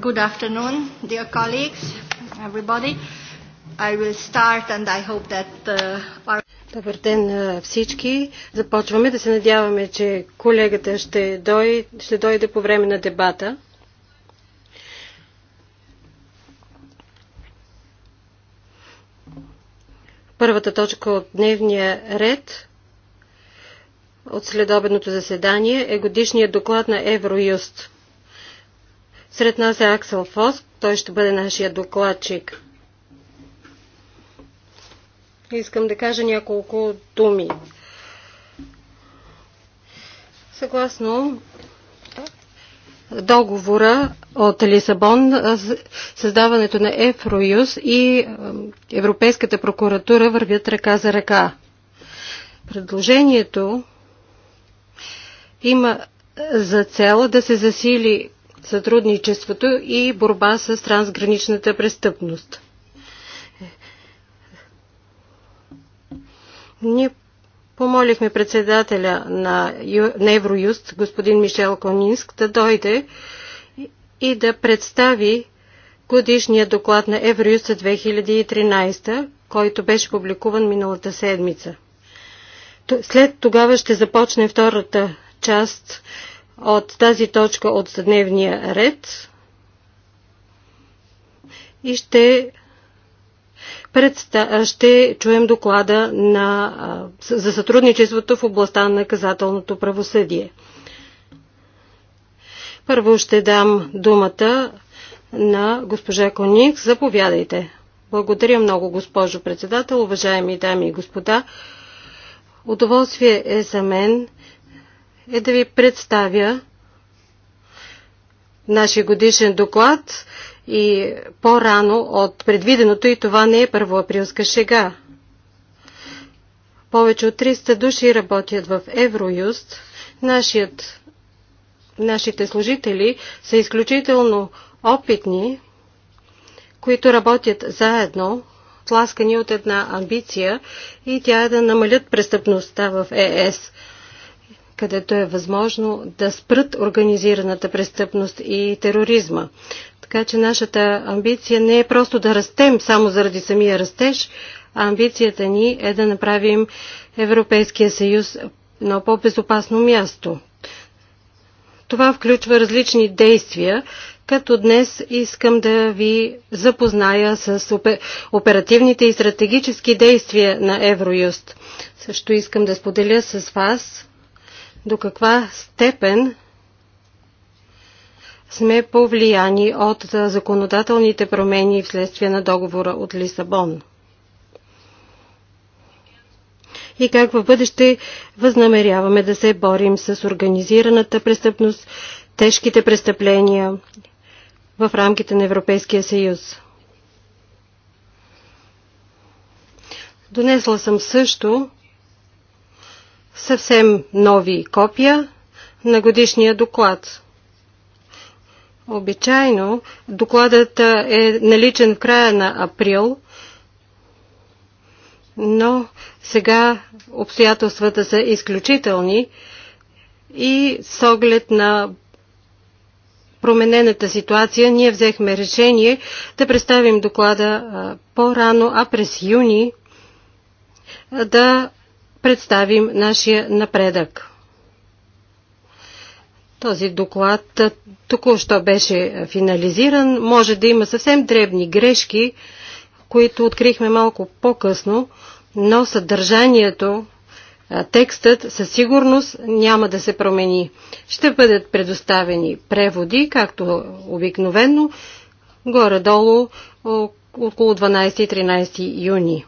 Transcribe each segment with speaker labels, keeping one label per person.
Speaker 1: Good afternoon, dear colleagues, everybody. I will start and I hope that uh, our... Добър ден на всички. Започваме да се надяваме, че колегата ще дойде, ще дойде по време на дебата. Първата точка от дневния ред от следобедното заседание е годишният доклад на Евроюст. Сред нас е Аксел Фос, той ще бъде нашия докладчик. Искам да кажа няколко думи. Съгласно договора от Лисабон, създаването на Евроюз и Европейската прокуратура вървят ръка за ръка. Предложението има за цел да се засили сътрудничеството и борба с трансграничната престъпност. Ние помолихме председателя на, на Евроюст, господин Мишел Конинск, да дойде и да представи годишния доклад на Евроюст 2013, който беше публикуван миналата седмица. След тогава ще започне втората част от тази точка от дневния ред и ще, предста... ще чуем доклада на... за сътрудничеството в областта на наказателното правосъдие. Първо ще дам думата на госпожа Коник. Заповядайте. Благодаря много, госпожо председател, уважаеми дами и господа. Удоволствие е за мен е да ви представя нашия годишен доклад и по-рано от предвиденото и това не е първоаприлска шега. Повече от 300 души работят в Евроюст. Нашият, нашите служители са изключително опитни, които работят заедно, тласкани от една амбиция и тя е да намалят престъпността в ЕС където е възможно да спрат организираната престъпност и тероризма. Така че нашата амбиция не е просто да растем само заради самия растеж, а амбицията ни е да направим Европейския съюз едно по-безопасно място. Това включва различни действия, като днес искам да ви запозная с оперативните и стратегически действия на Евроюст. Също искам да споделя с вас до каква степен сме повлияни от законодателните промени вследствие на договора от Лисабон. И как в бъдеще възнамеряваме да се борим с организираната престъпност, тежките престъпления в рамките на Европейския съюз. Донесла съм също съвсем нови копия на годишния доклад. Обичайно докладът е наличен в края на април, но сега обстоятелствата са изключителни и с оглед на променената ситуация ние взехме решение да представим доклада по-рано, а през юни да представим нашия напредък. Този доклад току-що беше финализиран. Може да има съвсем дребни грешки, които открихме малко по-късно, но съдържанието, текстът със сигурност няма да се промени. Ще бъдат предоставени преводи, както обикновено, горе-долу около 12-13 юни.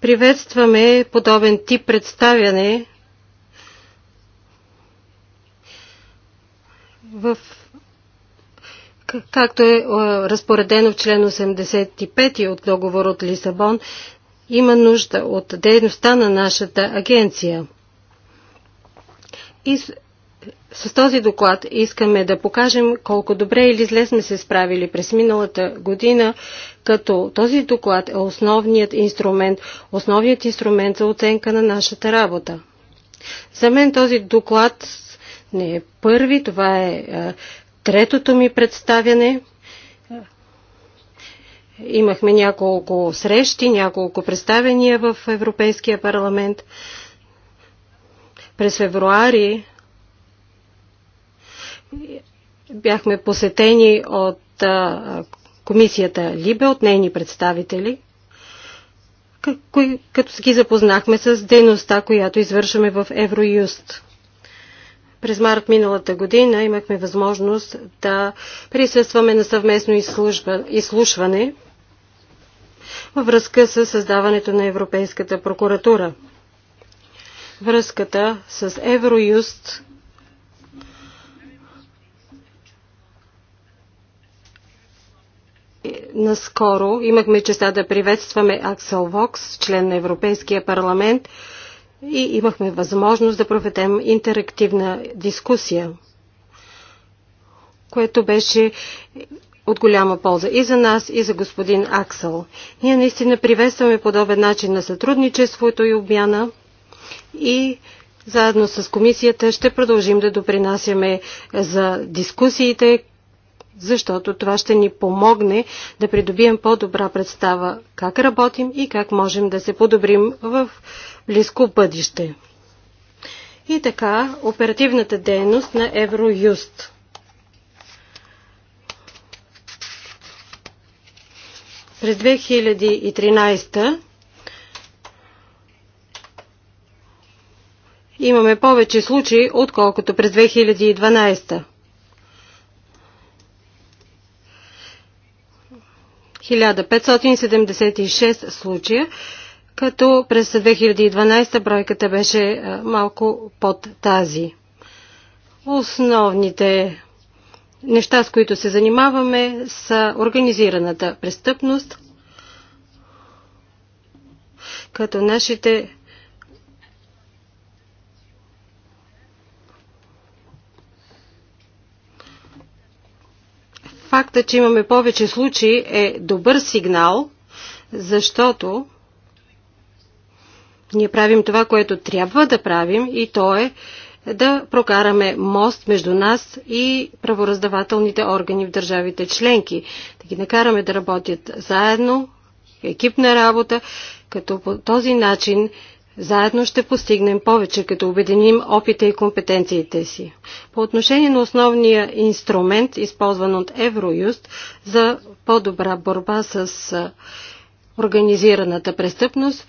Speaker 1: Приветстваме подобен тип представяне в както е разпоредено в член 85 от договор от Лисабон, има нужда от дейността на нашата агенция. И с, с този доклад искаме да покажем колко добре или зле сме се справили през миналата година като този доклад е основният инструмент, основният инструмент за оценка на нашата работа. За мен този доклад не е първи, това е, е третото ми представяне. Имахме няколко срещи, няколко представения в Европейския парламент. През февруари бяхме посетени от комисията Либе от нейни представители, като ги запознахме с дейността, която извършваме в Евроюст. През март миналата година имахме възможност да присъстваме на съвместно изслушване във връзка с създаването на Европейската прокуратура. Връзката с Евроюст наскоро имахме честа да приветстваме Аксел Вокс, член на Европейския парламент, и имахме възможност да проведем интерактивна дискусия, което беше от голяма полза и за нас, и за господин Аксел. Ние наистина приветстваме подобен начин на сътрудничеството и обмяна и заедно с комисията ще продължим да допринасяме за дискусиите, защото това ще ни помогне да придобием по-добра представа как работим и как можем да се подобрим в близко бъдеще. И така, оперативната дейност на Евроюст. През 2013 имаме повече случаи, отколкото през 2012. 1576 случая, като през 2012 бройката беше е, малко под тази. Основните неща, с които се занимаваме, са организираната престъпност, като нашите Факта, че имаме повече случаи е добър сигнал, защото ние правим това, което трябва да правим и то е да прокараме мост между нас и правораздавателните органи в държавите членки, да ги накараме да работят заедно, екипна работа, като по този начин заедно ще постигнем повече, като обединим опита и компетенциите си. По отношение на основния инструмент, използван от Евроюст за по-добра борба с организираната престъпност,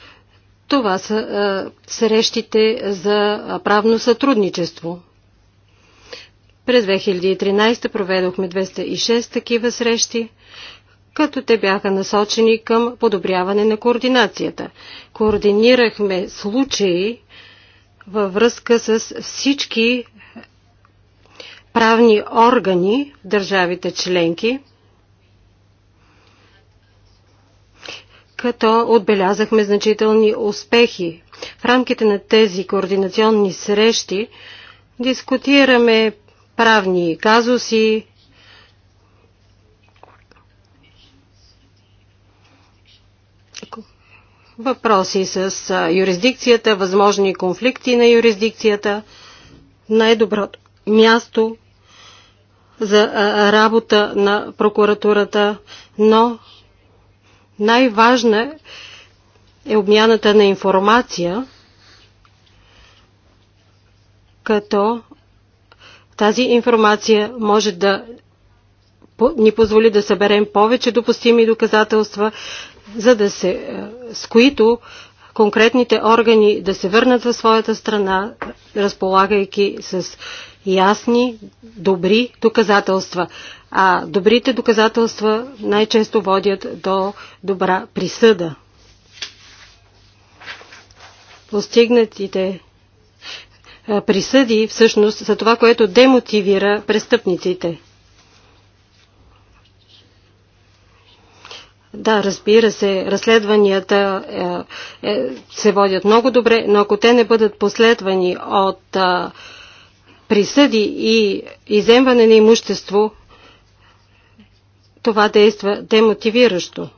Speaker 1: това са а, срещите за правно сътрудничество. През 2013 проведохме 206 такива срещи като те бяха насочени към подобряване на координацията. Координирахме случаи във връзка с всички правни органи в държавите членки, като отбелязахме значителни успехи. В рамките на тези координационни срещи дискутираме правни казуси, въпроси с юрисдикцията, възможни конфликти на юрисдикцията, най-доброто място за работа на прокуратурата, но най-важна е обмяната на информация, като тази информация може да ни позволи да съберем повече допустими доказателства, за да се, е, с които конкретните органи да се върнат в своята страна, разполагайки с ясни, добри доказателства. А добрите доказателства най-често водят до добра присъда. Постигнатите е, присъди всъщност са това, което демотивира престъпниците. Да, разбира се, разследванията е, е, се водят много добре, но ако те не бъдат последвани от е, присъди и иземване на имущество, това действа демотивиращо.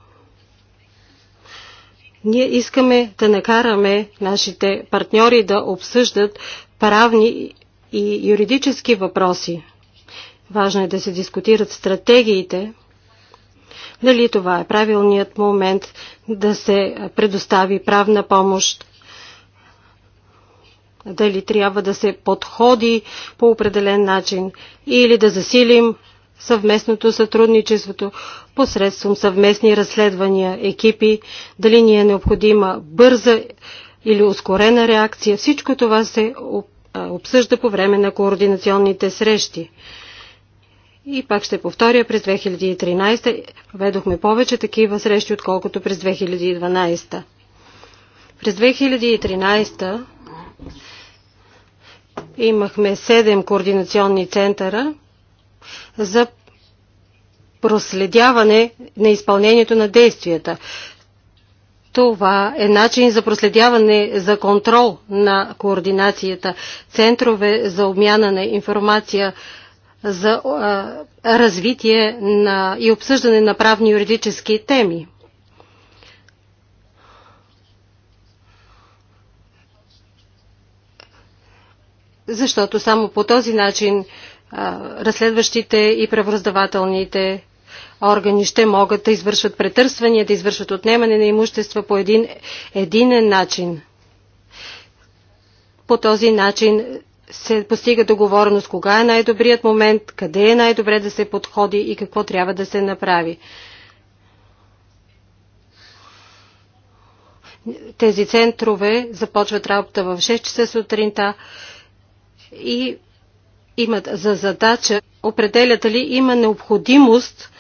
Speaker 1: Ние искаме да накараме нашите партньори да обсъждат правни и юридически въпроси. Важно е да се дискутират стратегиите, дали това е правилният момент да се предостави правна помощ, дали трябва да се подходи по определен начин или да засилим съвместното сътрудничеството посредством съвместни разследвания, екипи, дали ни е необходима бърза или ускорена реакция. Всичко това се обсъжда по време на координационните срещи. И пак ще повторя, през 2013 проведохме повече такива срещи, отколкото през 2012. През 2013 имахме 7 координационни центъра за проследяване на изпълнението на действията. Това е начин за проследяване за контрол на координацията, центрове за обмяна на информация за развитие на, и обсъждане на правни юридически теми. Защото само по този начин разследващите и правораздавателните органи ще могат да извършват претърсвания, да извършват отнемане на имущества по един единен начин. По този начин се постига договореност, кога е най-добрият момент, къде е най-добре да се подходи и какво трябва да се направи. Тези центрове започват работа в 6 часа сутринта и имат за задача определят ли има необходимост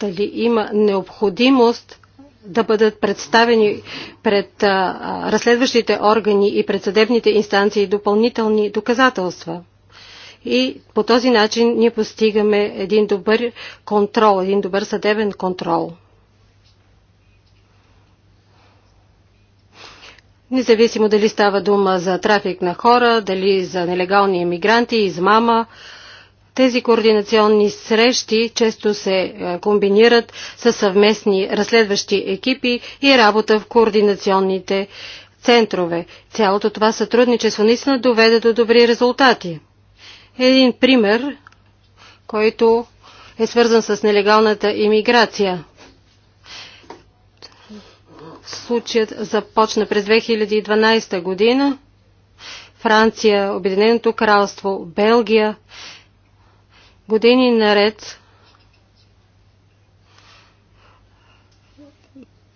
Speaker 1: дали има необходимост да бъдат представени пред разследващите органи и пред съдебните инстанции допълнителни доказателства. И по този начин ние постигаме един добър контрол, един добър съдебен контрол. Независимо дали става дума за трафик на хора, дали за нелегални иммигранти, измама, тези координационни срещи често се е, комбинират с съвместни разследващи екипи и работа в координационните центрове. Цялото това сътрудничество наистина доведе до добри резултати. Един пример, който е свързан с нелегалната иммиграция. Случаят започна през 2012 година. Франция, Обединеното кралство, Белгия Години наред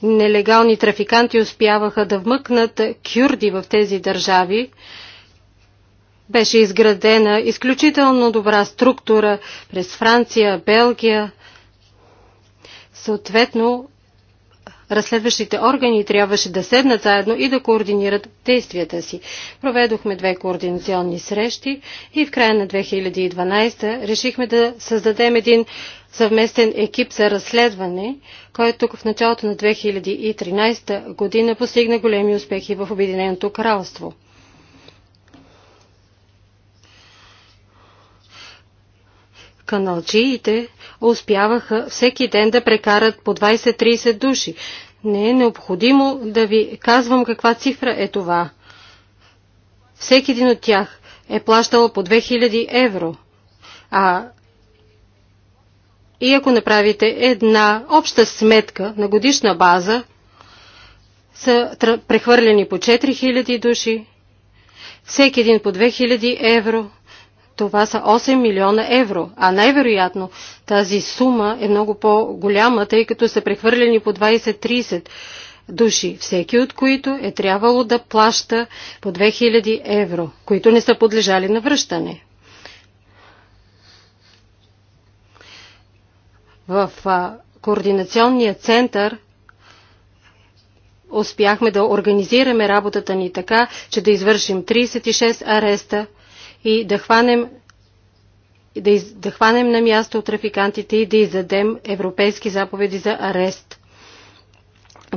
Speaker 1: нелегални трафиканти успяваха да вмъкнат кюрди в тези държави. Беше изградена изключително добра структура през Франция, Белгия. Съответно, разследващите органи трябваше да седнат заедно и да координират действията си. Проведохме две координационни срещи и в края на 2012 решихме да създадем един съвместен екип за разследване, който в началото на 2013 година постигна големи успехи в Обединеното кралство. Каналчиите успяваха всеки ден да прекарат по 20-30 души. Не е необходимо да ви казвам каква цифра е това. Всеки един от тях е плащал по 2000 евро. А и ако направите една обща сметка на годишна база, са прехвърлени по 4000 души, всеки един по 2000 евро – това са 8 милиона евро, а най-вероятно тази сума е много по-голяма, тъй като са прехвърлени по 20-30 души, всеки от които е трябвало да плаща по 2000 евро, които не са подлежали на връщане. В координационния център успяхме да организираме работата ни така, че да извършим 36 ареста и да хванем да, из, да хванем на място трафикантите и да издадем европейски заповеди за арест.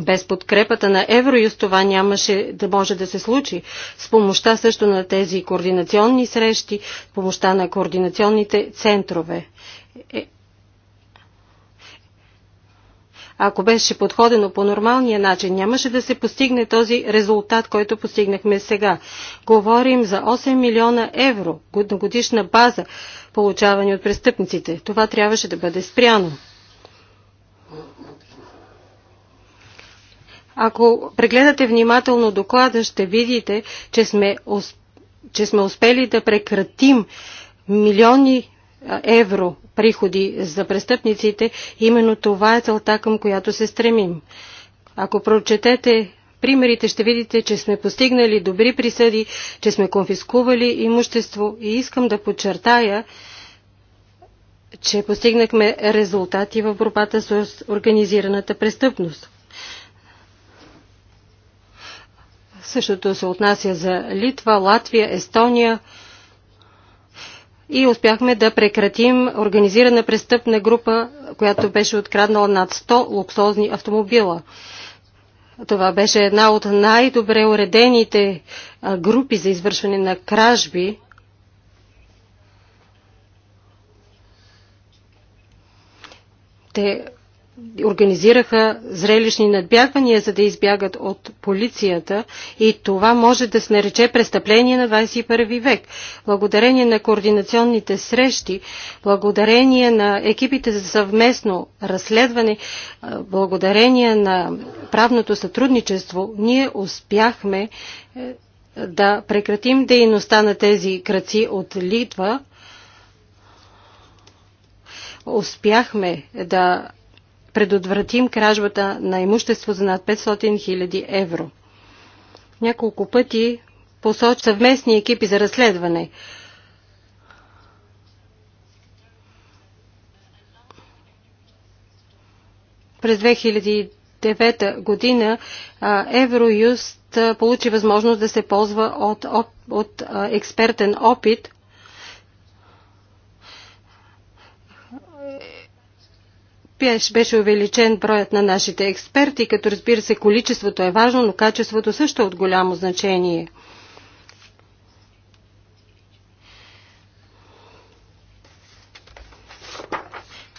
Speaker 1: Без подкрепата на Евроюст това нямаше да може да се случи. С помощта също на тези координационни срещи, с помощта на координационните центрове. Е, ако беше подходено по нормалния начин, нямаше да се постигне този резултат, който постигнахме сега. Говорим за 8 милиона евро на годишна база, получавани от престъпниците. Това трябваше да бъде спряно. Ако прегледате внимателно доклада, ще видите, че сме, че сме успели да прекратим милиони евро, приходи за престъпниците, именно това е целта, към която се стремим. Ако прочетете примерите, ще видите, че сме постигнали добри присъди, че сме конфискували имущество и искам да подчертая, че постигнахме резултати в борбата с организираната престъпност. Същото се отнася за Литва, Латвия, Естония, и успяхме да прекратим организирана престъпна група, която беше откраднала над 100 луксозни автомобила. Това беше една от най-добре уредените групи за извършване на кражби. Те организираха зрелищни надбягвания, за да избягат от полицията и това може да се нарече престъпление на 21 век. Благодарение на координационните срещи, благодарение на екипите за съвместно разследване, благодарение на правното сътрудничество, ние успяхме е, да прекратим дейността на тези краци от Литва, успяхме да предотвратим кражбата на имущество за над 500 000 евро. Няколко пъти посочи съвместни екипи за разследване. През 2009 година Евроюст получи възможност да се ползва от, от, от експертен опит беше увеличен броят на нашите експерти, като разбира се количеството е важно, но качеството също е от голямо значение.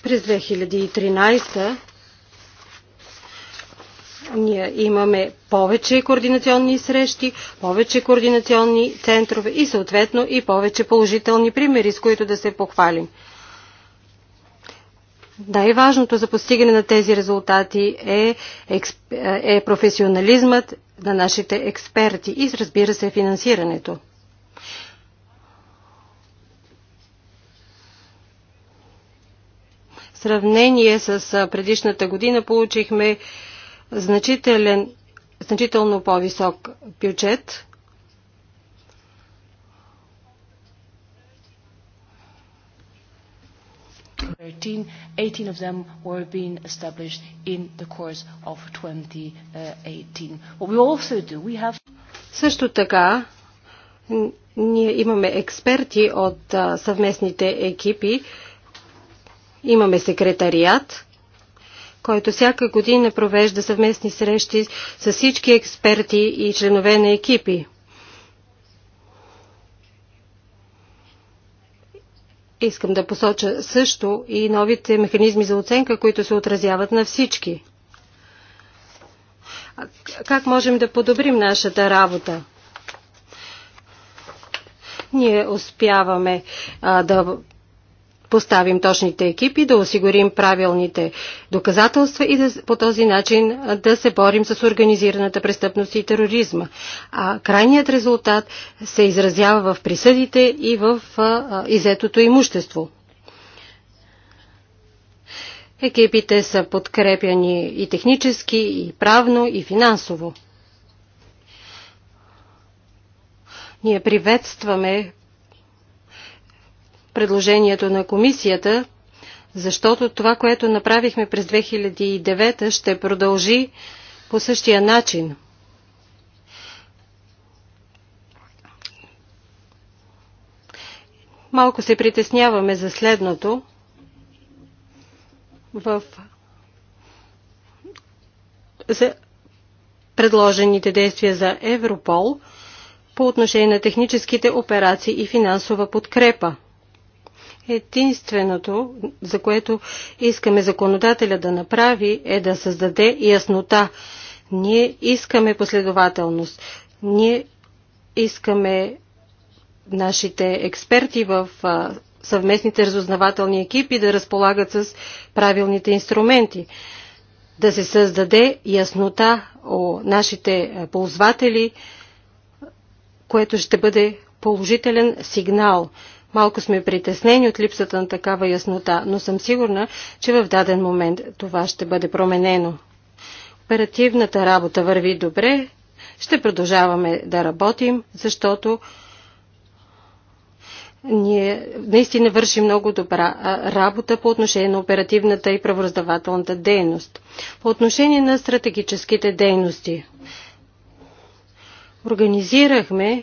Speaker 1: През 2013 ние имаме повече координационни срещи, повече координационни центрове и съответно и повече положителни примери, с които да се похвалим. Най-важното за постигане на тези резултати е, е професионализмът на нашите експерти и разбира се финансирането. В сравнение с предишната година получихме значителен, значително по-висок бюджет 13, 18 of them were being established in the course of 2018. What we also do, we have... Също така, ние имаме експерти от съвместните екипи, имаме секретариат, който всяка година провежда съвместни срещи с всички експерти и членове на екипи. Искам да посоча също и новите механизми за оценка, които се отразяват на всички. Как можем да подобрим нашата работа? Ние успяваме а, да поставим точните екипи, да осигурим правилните доказателства и да, по този начин да се борим с организираната престъпност и тероризма. А крайният резултат се изразява в присъдите и в а, изетото имущество. Екипите са подкрепяни и технически, и правно, и финансово. Ние приветстваме предложението на комисията, защото това, което направихме през 2009, ще продължи по същия начин. Малко се притесняваме за следното. В за предложените действия за Европол по отношение на техническите операции и финансова подкрепа. Единственото, за което искаме законодателя да направи, е да създаде яснота. Ние искаме последователност. Ние искаме нашите експерти в съвместните разузнавателни екипи да разполагат с правилните инструменти. Да се създаде яснота о нашите ползватели, което ще бъде положителен сигнал Малко сме притеснени от липсата на такава яснота, но съм сигурна, че в даден момент това ще бъде променено. Оперативната работа върви добре, ще продължаваме да работим, защото ние наистина вършим много добра работа по отношение на оперативната и правораздавателната дейност. По отношение на стратегическите дейности. Организирахме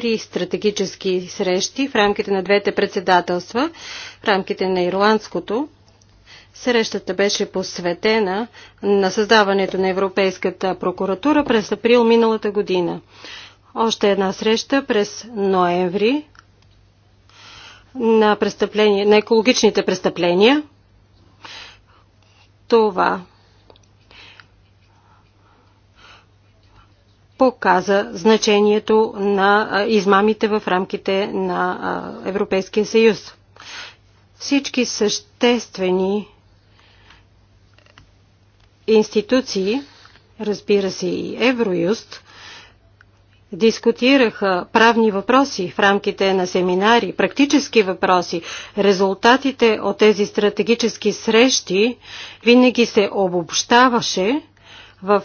Speaker 1: три стратегически срещи в рамките на двете председателства, в рамките на ирландското. Срещата беше посветена на създаването на Европейската прокуратура през април миналата година. Още една среща през ноември на, на екологичните престъпления. Това показа значението на измамите в рамките на Европейския съюз. Всички съществени институции, разбира се и Евроюст, дискутираха правни въпроси в рамките на семинари, практически въпроси. Резултатите от тези стратегически срещи винаги се обобщаваше в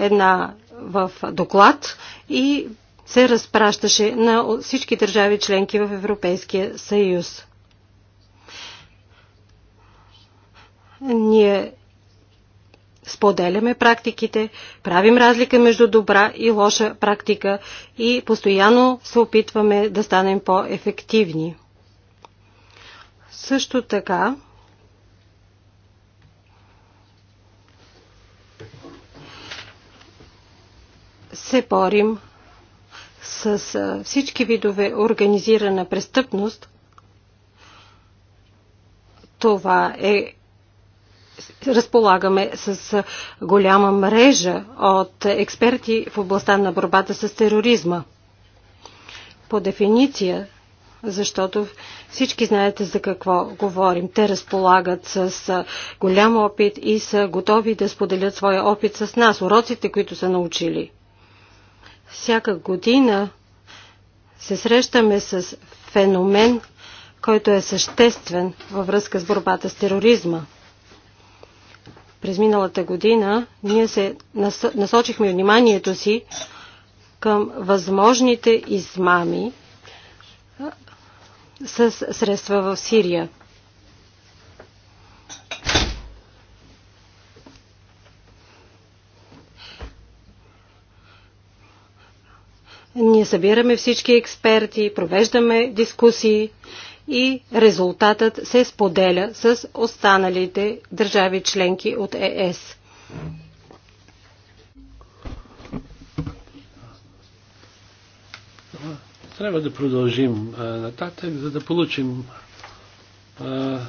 Speaker 1: една в доклад и се разпращаше на всички държави членки в Европейския съюз. Ние споделяме практиките, правим разлика между добра и лоша практика и постоянно се опитваме да станем по-ефективни. Също така, се борим с всички видове организирана престъпност. Това е разполагаме с голяма мрежа от експерти в областта на борбата с тероризма. По дефиниция, защото всички знаете за какво говорим. Те разполагат с голям опит и са готови да споделят своя опит с нас, уроците, които са научили. Всяка година се срещаме с феномен, който е съществен във връзка с борбата с тероризма. През миналата година ние се насочихме вниманието си към възможните измами с средства в Сирия. Ние събираме всички експерти, провеждаме дискусии и резултатът се споделя с останалите държави членки от ЕС.
Speaker 2: Трябва да продължим а, нататък, за да получим. А,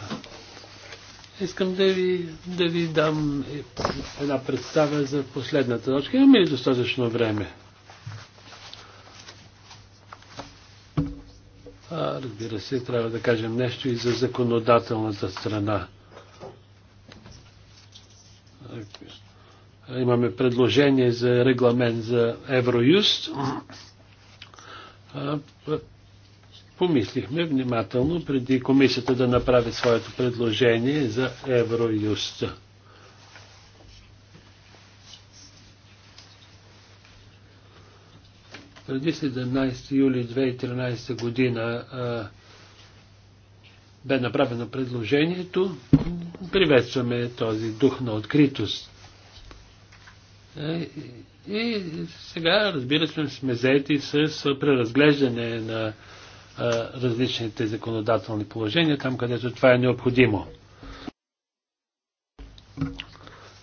Speaker 2: искам да ви, да ви дам една представа за последната точка. Имаме ли достатъчно време? А, разбира се, трябва да кажем нещо и за законодателната страна. Имаме предложение за регламент за Евроюст. Помислихме внимателно преди комисията да направи своето предложение за Евроюста. Преди 17 юли 2013 година а, бе направено предложението. Приветстваме този дух на откритост. Е, и сега, разбира се, сме заети с преразглеждане на различните законодателни положения, там където това е необходимо.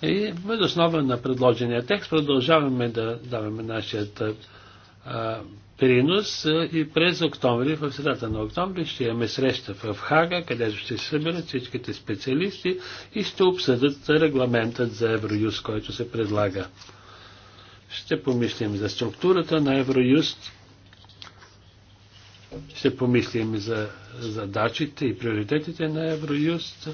Speaker 2: И въз основа на предложения текст продължаваме да даваме нашият принос и през октомври, в средата на октомври, ще имаме среща в Хага, където ще се съберат всичките специалисти и ще обсъдят регламентът за Евроюст, който се предлага. Ще помислим за структурата на Евроюст, ще помислим за задачите и приоритетите на Евроюст.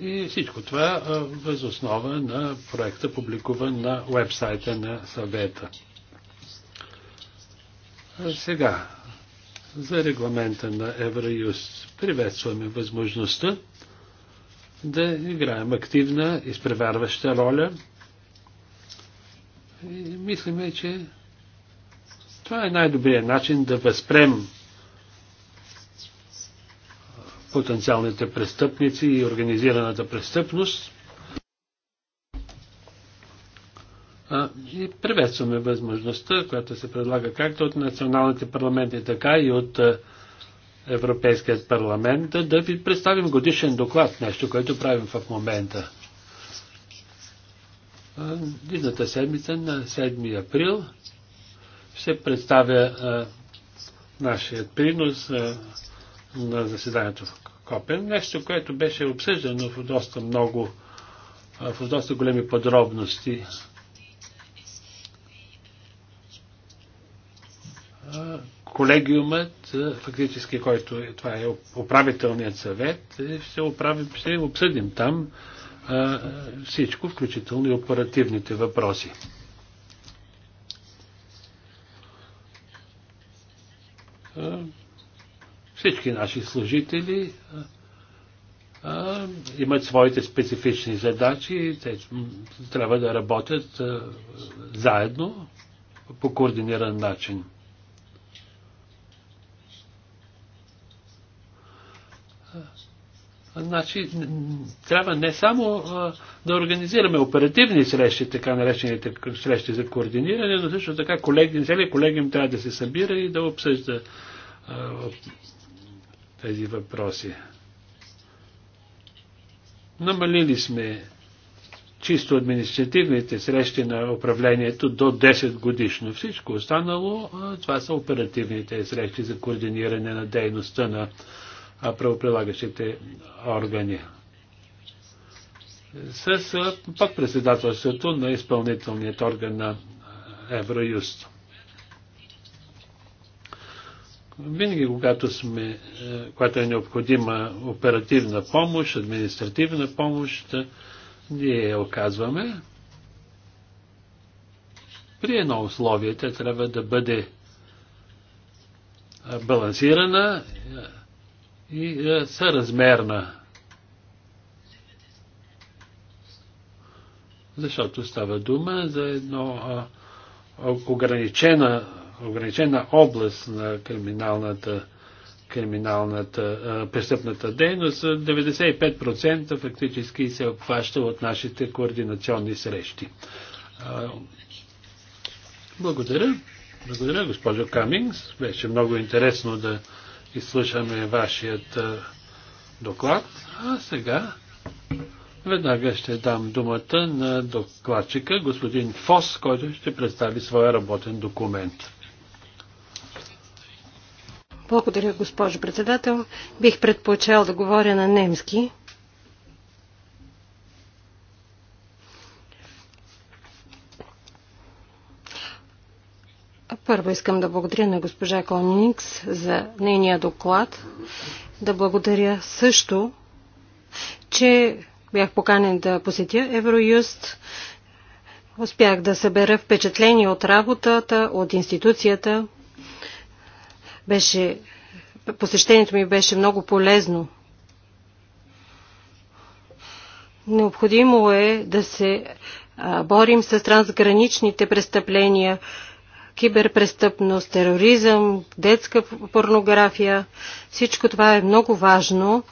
Speaker 2: И всичко това възоснова на проекта, публикуван на вебсайта на съвета. Сега, за регламента на Евроюст приветстваме възможността да играем активна, изпреварваща роля. И мислиме, че това е най-добрият начин да възпрем потенциалните престъпници и организираната престъпност. И приветстваме възможността, която се предлага както от националните парламенти, така и от Европейският парламент, да ви представим годишен доклад, нещо, което правим в момента. Дидната седмица, на 7 април, ще представя нашият принос на заседанието в Копен. Нещо, което беше обсъждано в доста много, в доста големи подробности. Колегиумът, фактически, който е, това е управителният съвет, е, ще, управи, ще обсъдим там всичко, включително и оперативните въпроси. Всички наши служители а, имат своите специфични задачи, те трябва да работят а, заедно по координиран начин. Значи, трябва не само а, да организираме оперативни срещи, така наречените срещи за координиране, но също така колеги, цели им трябва да се събира и да обсъжда а, тези въпроси. Намалили сме чисто административните срещи на управлението до 10 годишно. Всичко останало, това са оперативните срещи за координиране на дейността на правоприлагащите органи. С пък председателството на изпълнителният орган на Евроюст. Винаги, когато, сме, е, когато е необходима оперативна помощ, административна помощ, е, ние я оказваме. При едно условие тя трябва да бъде е, балансирана и съразмерна. Защото става дума за едно ограничена ограничена област на криминалната, криминалната престъпната дейност, 95% фактически се обхваща от нашите координационни срещи. Благодаря. Благодаря, госпожо Камингс. Беше много интересно да изслушаме вашият доклад. А сега веднага ще дам думата на докладчика, господин Фос, който ще представи своя работен документ.
Speaker 1: Благодаря, госпожо председател. Бих предпочел да говоря на немски. Първо искам да благодаря на госпожа Коникс за нейния доклад. Да благодаря също, че бях поканен да посетя Евроюст. Успях да събера впечатление от работата, от институцията. Беше, посещението ми беше много полезно. Необходимо е да се борим с трансграничните престъпления, киберпрестъпност, тероризъм, детска порнография. Всичко това е много важно.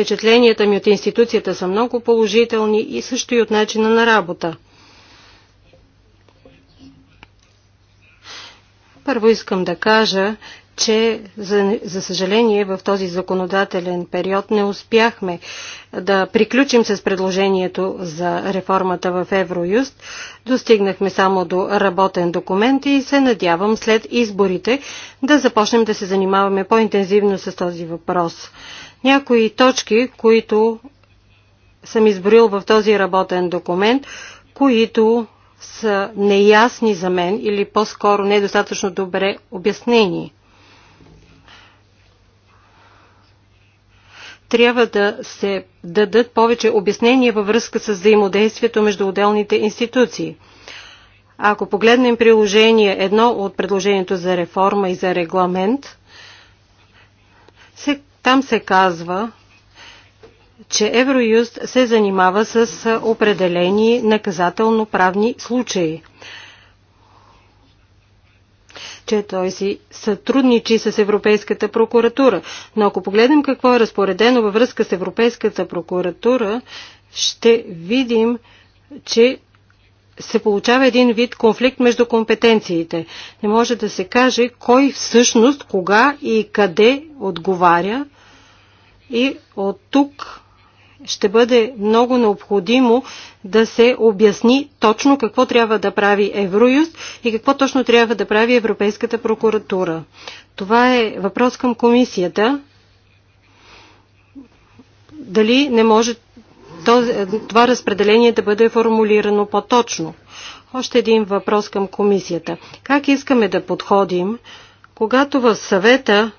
Speaker 1: Впечатленията ми от институцията са много положителни и също и от начина на работа. Първо искам да кажа, че за, за съжаление в този законодателен период не успяхме да приключим с предложението за реформата в Евроюст. Достигнахме само до работен документ и се надявам след изборите да започнем да се занимаваме по-интензивно с този въпрос. Някои точки, които съм изброил в този работен документ, които са неясни за мен или по-скоро недостатъчно добре обяснени. Трябва да се дадат повече обяснения във връзка с взаимодействието между отделните институции. Ако погледнем приложение едно от предложението за реформа и за регламент, се там се казва, че Евроюст се занимава с определени наказателно-правни случаи че той си сътрудничи с Европейската прокуратура. Но ако погледнем какво е разпоредено във връзка с Европейската прокуратура, ще видим, че се получава един вид конфликт между компетенциите. Не може да се каже кой всъщност, кога и къде отговаря. И от тук ще бъде много необходимо да се обясни точно какво трябва да прави Евроюст и какво точно трябва да прави Европейската прокуратура. Това е въпрос към комисията. Дали не може е, това разпределение да бъде формулирано по-точно. Още един въпрос към комисията. Как искаме да подходим, когато в съвета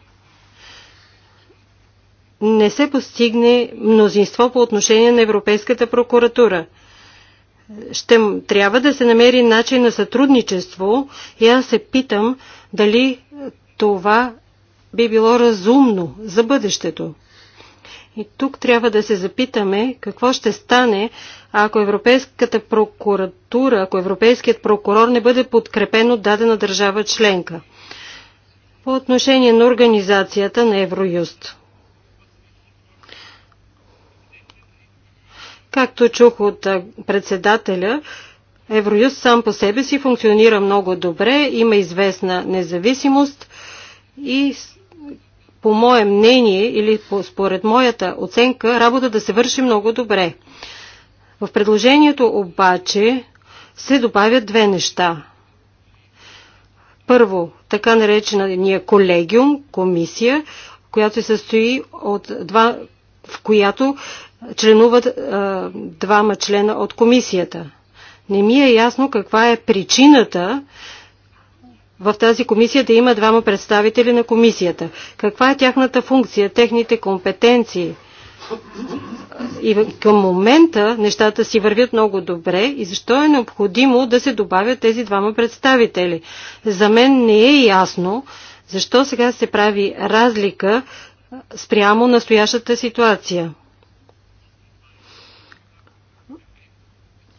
Speaker 1: не се постигне мнозинство по отношение на Европейската прокуратура? Ще трябва да се намери начин на сътрудничество и аз се питам дали това би било разумно за бъдещето. И тук трябва да се запитаме какво ще стане, ако Европейската прокуратура, ако Европейският прокурор не бъде подкрепен от дадена държава членка. По отношение на организацията на Евроюст. Както чух от председателя, Евроюст сам по себе си функционира много добре, има известна независимост и по мое мнение или по, според моята оценка, работа да се върши много добре. В предложението обаче се добавят две неща. Първо, така наречения колегиум, комисия, която се състои от два, в която членуват е, двама члена от комисията. Не ми е ясно каква е причината в тази комисия да има двама представители на комисията. Каква е тяхната функция, техните компетенции? И към момента нещата си вървят много добре и защо е необходимо да се добавят тези двама представители? За мен не е ясно защо сега се прави разлика спрямо настоящата ситуация.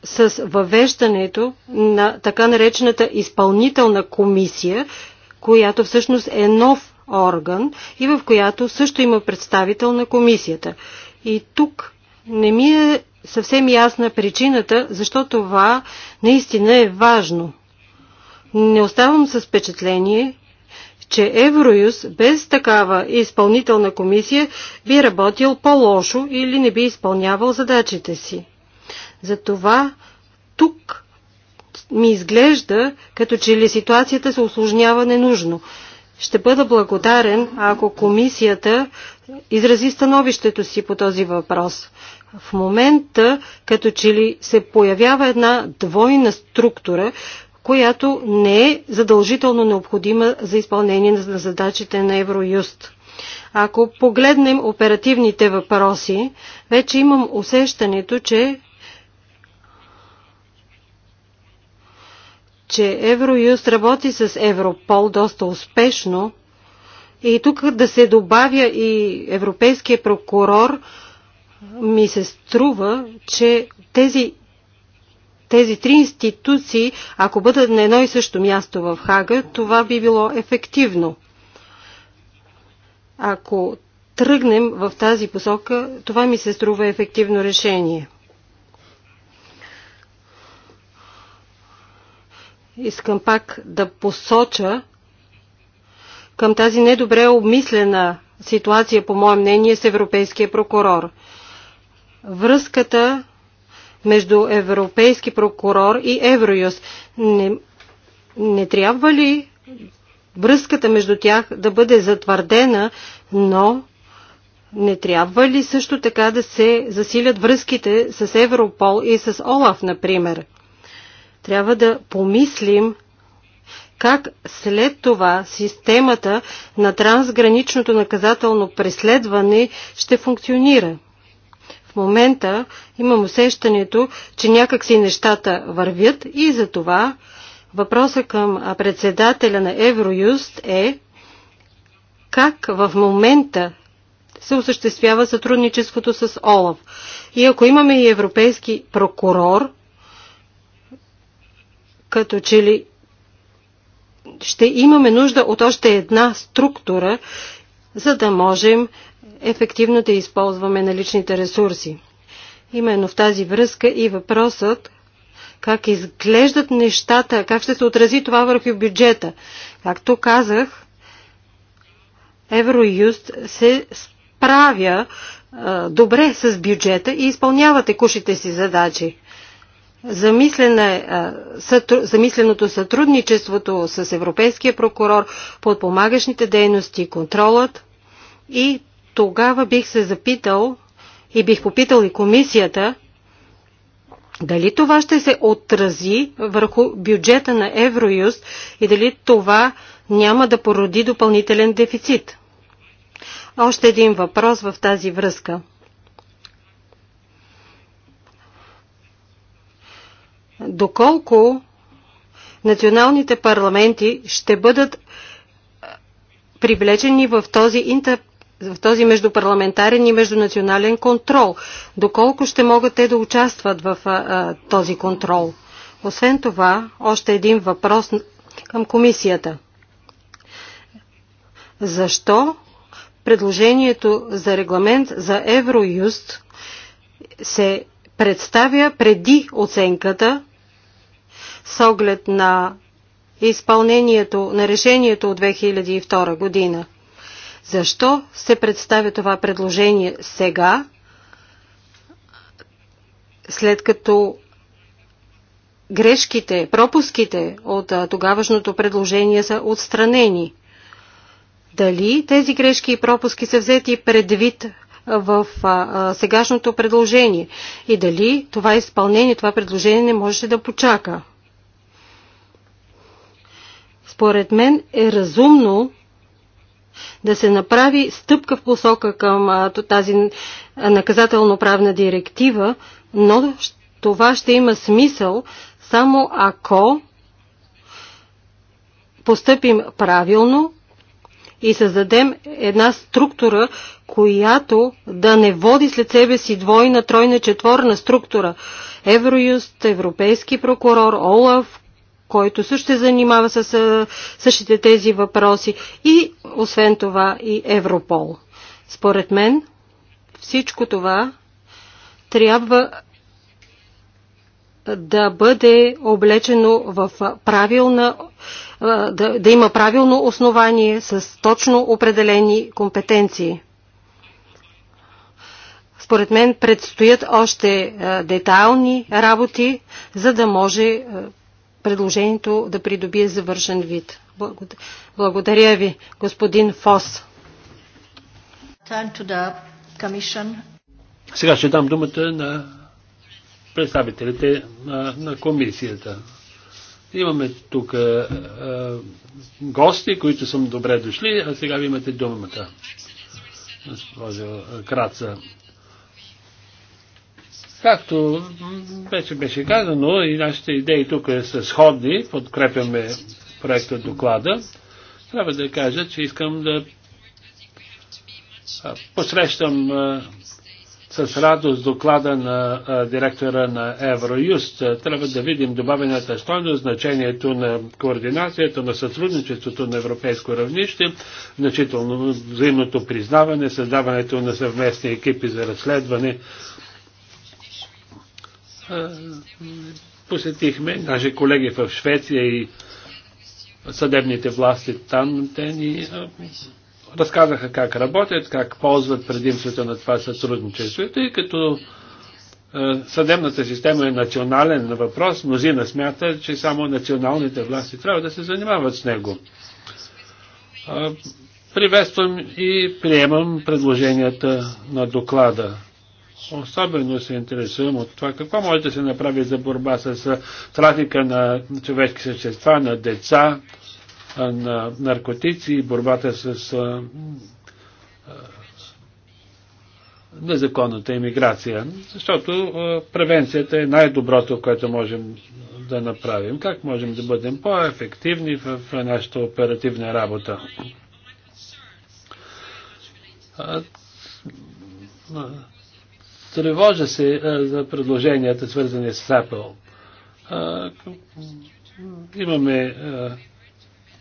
Speaker 1: с въвеждането на така наречената изпълнителна комисия, която всъщност е нов орган и в която също има представител на комисията. И тук не ми е съвсем ясна причината, защо това наистина е важно. Не оставам с впечатление, че Евроюз без такава изпълнителна комисия би работил по-лошо или не би изпълнявал задачите си. Затова тук ми изглежда, като че ли ситуацията се осложнява ненужно. Ще бъда благодарен, ако комисията изрази становището си по този въпрос. В момента, като че ли се появява една двойна структура, която не е задължително необходима за изпълнение на задачите на Евроюст. Ако погледнем оперативните въпроси, вече имам усещането, че че Евроюст работи с Европол доста успешно и тук да се добавя и европейския прокурор, ми се струва, че тези тези три институции, ако бъдат на едно и също място в Хага, това би било ефективно. Ако тръгнем в тази посока, това ми се струва ефективно решение. Искам пак да посоча към тази недобре обмислена ситуация, по мое мнение, с Европейския прокурор. Връзката между Европейски прокурор и Евроюз. Не, не трябва ли връзката между тях да бъде затвърдена, но не трябва ли също така да се засилят връзките с Европол и с Олаф, например? Трябва да помислим как след това системата на трансграничното наказателно преследване ще функционира. В момента имам усещането, че някакси нещата вървят и за това въпроса към председателя на Евроюст е как в момента се осъществява сътрудничеството с ОЛАВ. И ако имаме и европейски прокурор, като че ли ще имаме нужда от още една структура, за да можем ефективно да използваме наличните ресурси. Именно в тази връзка и въпросът как изглеждат нещата, как ще се отрази това върху бюджета. Както казах, Евроюст се справя добре с бюджета и изпълнява текущите си задачи. Е, замисленото сътрудничеството с Европейския прокурор, подпомагащите дейности, контролът и тогава бих се запитал и бих попитал и комисията дали това ще се отрази върху бюджета на Евроюст и дали това няма да породи допълнителен дефицит. Още един въпрос в тази връзка – доколко националните парламенти ще бъдат привлечени в този, интер... в този междупарламентарен и междунационален контрол, доколко ще могат те да участват в а, а, този контрол. Освен това, още един въпрос към комисията. Защо предложението за регламент за Евроюст се представя преди оценката с оглед на изпълнението на решението от 2002 година. Защо се представя това предложение сега, след като грешките, пропуските от тогавашното предложение са отстранени? Дали тези грешки и пропуски са взети предвид в сегашното предложение и дали това изпълнение, това предложение не можеше да почака? Според мен е разумно да се направи стъпка в посока към тази наказателно-правна директива, но това ще има смисъл само ако постъпим правилно и създадем една структура, която да не води след себе си двойна, тройна, четворна структура. Евроюст, Европейски прокурор, ОЛАФ, който също се занимава с същите тези въпроси и освен това и Европол. Според мен всичко това трябва да бъде облечено в правилна, да, да има правилно основание с точно определени компетенции. Според мен предстоят още детайлни работи, за да може предложението да придобие завършен вид. Благодаря ви, господин Фос.
Speaker 2: Сега ще дам думата на представителите на, на комисията. Имаме тук а, а, гости, които съм добре дошли, а сега ви имате думата. Госпожо Краца, Както вече беше казано, и нашите идеи тук са сходни, подкрепяме проекта доклада. Трябва да кажа, че искам да посрещам с радост доклада на директора на Евроюст. Трябва да видим добавената стойност, значението на координацията, на сътрудничеството на европейско равнище, значително взаимното признаване, създаването на съвместни екипи за разследване посетихме наши колеги в Швеция и съдебните власти там, те ни разказаха как работят, как ползват предимството на това сътрудничество. И тъй като съдебната система е национален въпрос, мнозина смята, че само националните власти трябва да се занимават с него. Приветствам и приемам предложенията на доклада. Особено се интересувам от това какво може да се направи за борба с трафика на човешки същества, на деца, на наркотици, борбата с незаконната иммиграция. Защото превенцията е най-доброто, което можем да направим. Как можем да бъдем по-ефективни в нашата оперативна работа? Тревожа се а, за предложенията, свързани с Apple. А, имаме а,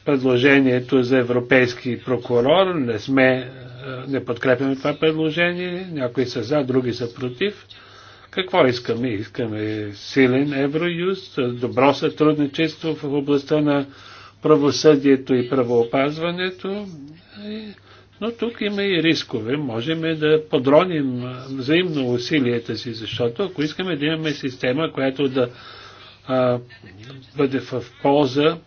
Speaker 2: предложението за европейски прокурор. Не сме, а, не подкрепяме това предложение. Някои са за, други са против. Какво искаме? Искаме силен Евроюз, добро сътрудничество в областта на правосъдието и правоопазването. И, но тук има и рискове. Можем да подроним взаимно усилията си, защото ако искаме да имаме система, която да а, бъде в полза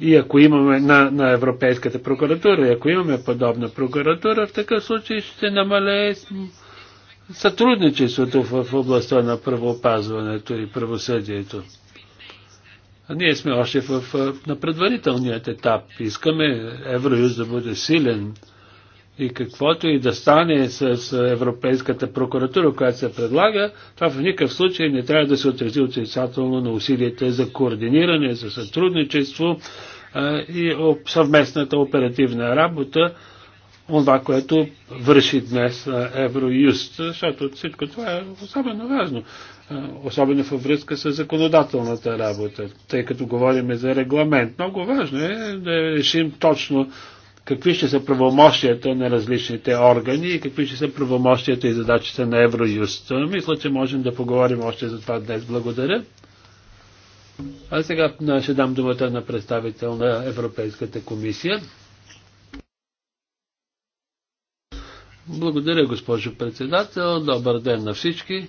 Speaker 2: и ако имаме на, на Европейската прокуратура, и ако имаме подобна прокуратура, в такъв случай ще намалее сътрудничеството в, областта на правоопазването и правосъдието. Ние сме още в, на предварителният етап. Искаме Евроюз да бъде силен и каквото и да стане с Европейската прокуратура, която се предлага, това в никакъв случай не трябва да се отрази отрицателно на усилията за координиране, за сътрудничество и съвместната оперативна работа, това, което върши днес Евроюст, защото всичко това е особено важно особено във връзка с законодателната работа, тъй като говорим за регламент. Много важно е да решим точно какви ще са правомощията на различните органи и какви ще са правомощията и задачите на Евроюст. Мисля, че можем да поговорим още за това днес. Благодаря. А сега ще дам думата на представител на Европейската комисия. Благодаря, госпожо председател. Добър ден на всички.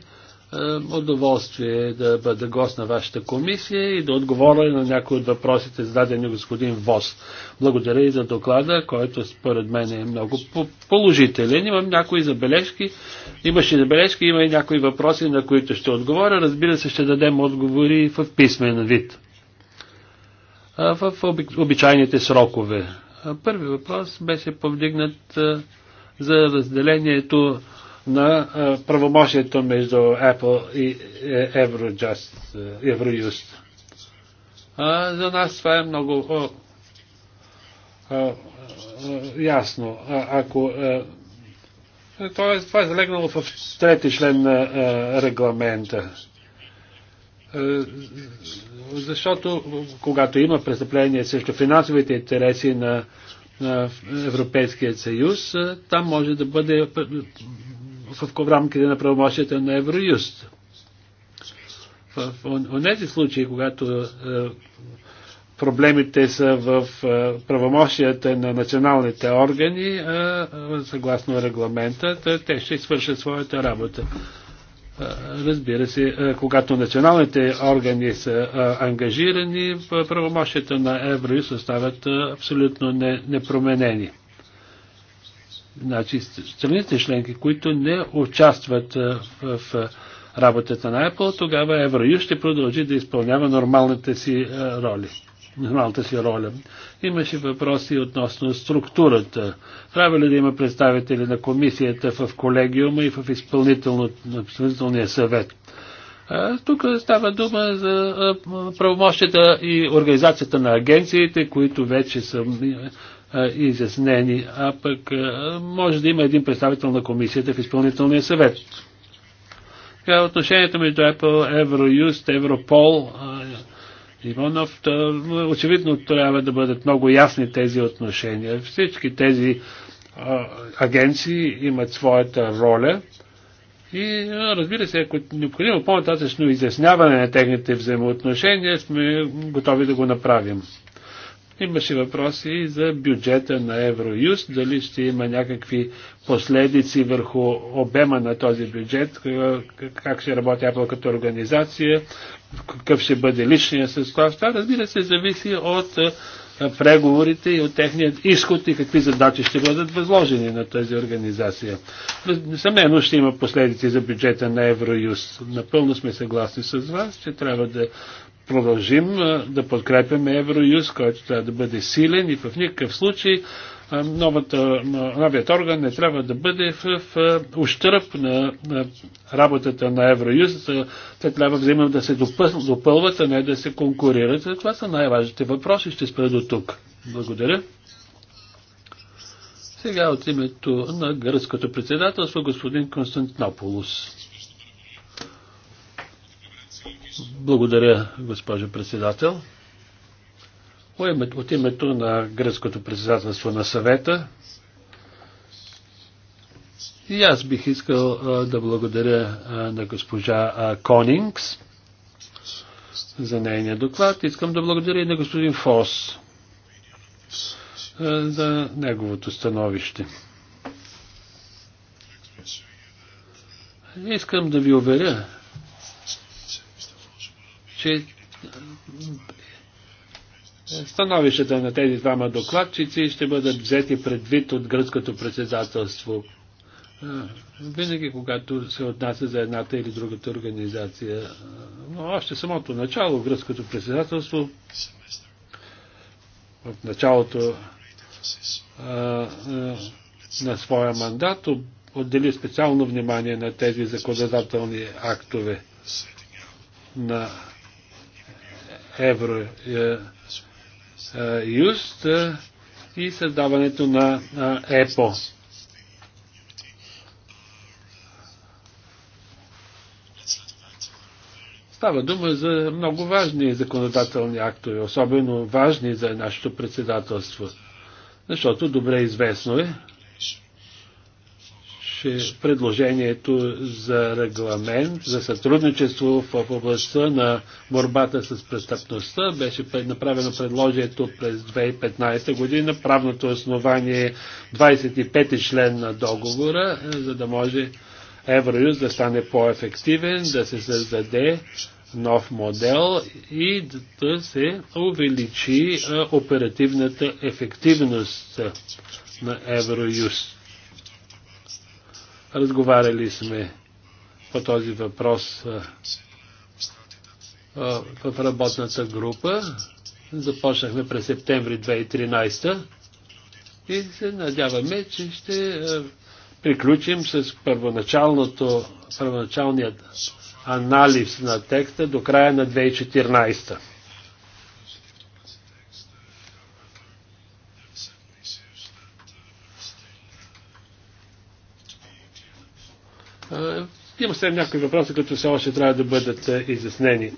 Speaker 2: Е, удоволствие е да бъда гост на вашата комисия и да отговоря на някои от въпросите, зададени господин Вос. Благодаря и за доклада, който според мен е много положителен. Имам някои забележки, имаше забележки, има и някои въпроси, на които ще отговоря. Разбира се, ще дадем отговори в писмен вид. В обичайните срокове. Първи въпрос беше повдигнат за разделението на правомощието между Apple и е, Eurojust, е, Eurojust. А, за нас това е много о, а, а, ясно. А, ако, а, е, това, е, това е залегнало в трети член на а, регламента. А, защото когато има престъпление срещу финансовите интереси на на Европейския съюз, там може да бъде в рамките на правомощията на Евроюст. В тези случаи, когато е, проблемите са в е, правомощията на националните органи, е, съгласно регламента, те ще свършат своята работа. Разбира се, когато националните органи са ангажирани, правомощията на Евроюз остават абсолютно непроменени. Значи, страните членки, които не участват в, в работата на Apple, тогава Евроюз ще продължи да изпълнява нормалната си роли. Нормалната си роля. Имаше въпроси относно структурата. Трябва ли да има представители на комисията в колегиума и в изпълнителния съвет? Тук става дума за правомощията и организацията на агенциите, които вече са изяснени, а пък може да има един представител на комисията в изпълнителния съвет. Така, отношението между Apple, Евроюст, Европол, Иванов, очевидно трябва да бъдат много ясни тези отношения. Всички тези а, агенции имат своята роля и разбира се, ако е необходимо по-нататъчно изясняване на техните взаимоотношения, сме готови да го направим. Имаше въпроси за бюджета на Евроюст, дали ще има някакви последици върху обема на този бюджет, как ще работи Apple като организация, какъв ще бъде личния състав. Това разбира се зависи от преговорите и от техният изход и какви задачи ще бъдат възложени на тази организация. Несъмнено ще има последици за бюджета на Евроюз. Напълно сме съгласни с вас, че трябва да продължим да подкрепяме Евроюз, който трябва да бъде силен и в никакъв случай новата, новият орган не трябва да бъде в, в ущърп на, на работата на Евроюз. Те трябва взаимно да се допълват, а не да се конкурират. Това са най-важните въпроси. Ще спра до тук. Благодаря. Сега от името на гръцкото председателство господин Константинополус. Благодаря, госпожо председател. От името на гръцкото председателство на съвета и аз бих искал да благодаря на госпожа Конингс за нейния доклад. Искам да благодаря и на господин Фос за неговото становище. Искам да ви уверя, че становищата на тези двама докладчици ще бъдат взети предвид от гръцкото председателство. Винаги, когато се отнася за едната или другата организация. Но още самото начало, гръцкото председателство, от началото на своя мандат, отдели специално внимание на тези законодателни актове на Евро Юст и създаването на ЕПО. Става дума за много важни законодателни актове, особено важни за нашето председателство, защото добре известно е, беше предложението за регламент за сътрудничество в областта на борбата с престъпността. Беше направено предложението през 2015 година, правното основание 25 е ти член на договора, е, за да може Евроюз да стане по-ефективен, да се създаде нов модел и да се увеличи е, оперативната ефективност на Евроюст. Разговаряли сме по този въпрос в работната група. Започнахме през септември 2013 и се надяваме, че ще приключим с първоначалното, първоначалният анализ на текста до края на 2014. Има след някои въпроси, които все още трябва да бъдат е, изяснени.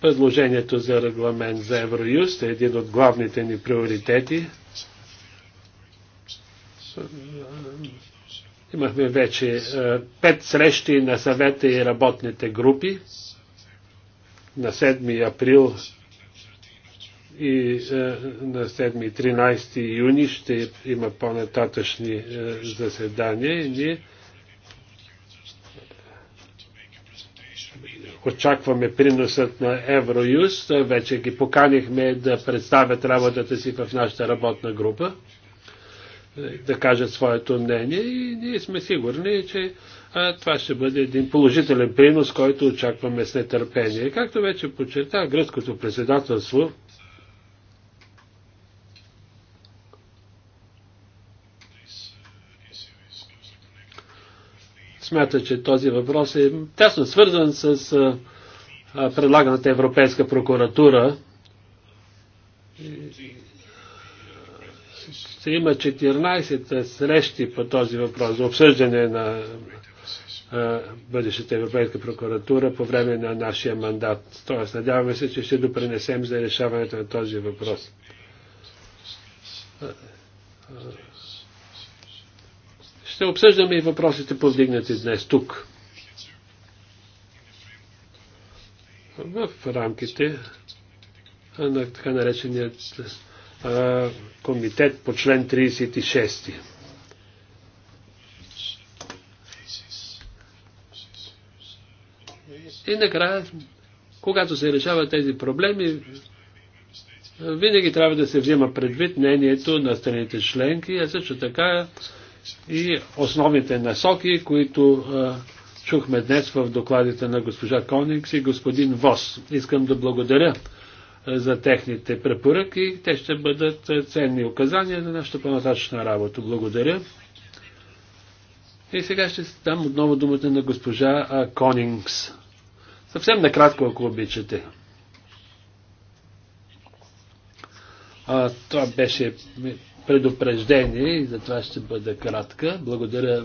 Speaker 2: Предложението за регламент за Евроюст е един от главните ни приоритети. Имахме вече е, пет срещи на съвета и работните групи. На 7 април и е, на 7 и 13 юни ще има по-нататъчни е, заседания и ние очакваме приносът на Евроюз. Вече ги поканихме да представят работата си в нашата работна група, да кажат своето мнение и ние сме сигурни, че а, е, това ще бъде един положителен принос, който очакваме с нетърпение. Както вече подчерта, гръцкото председателство смята, че този въпрос е тясно свързан с а, предлаганата Европейска прокуратура. Ще има 14 срещи по този въпрос за обсъждане на а, бъдещата Европейска прокуратура по време на нашия мандат. Тоест, надяваме се, че ще допринесем за решаването на този въпрос ще обсъждаме и въпросите повдигнати днес тук. В рамките на така нареченият комитет по член 36. И накрая, когато се решават тези проблеми, винаги трябва да се взема предвид мнението на страните членки, а също така и основните насоки, които чухме днес в докладите на госпожа Коникс и господин Вос. Искам да благодаря за техните препоръки. Те ще бъдат ценни указания на нашата по-нататъчна работа. Благодаря. И сега ще дам отново думата на госпожа Конингс. Съвсем накратко, ако обичате. А, това беше предупреждение и за това ще бъда кратка. Благодаря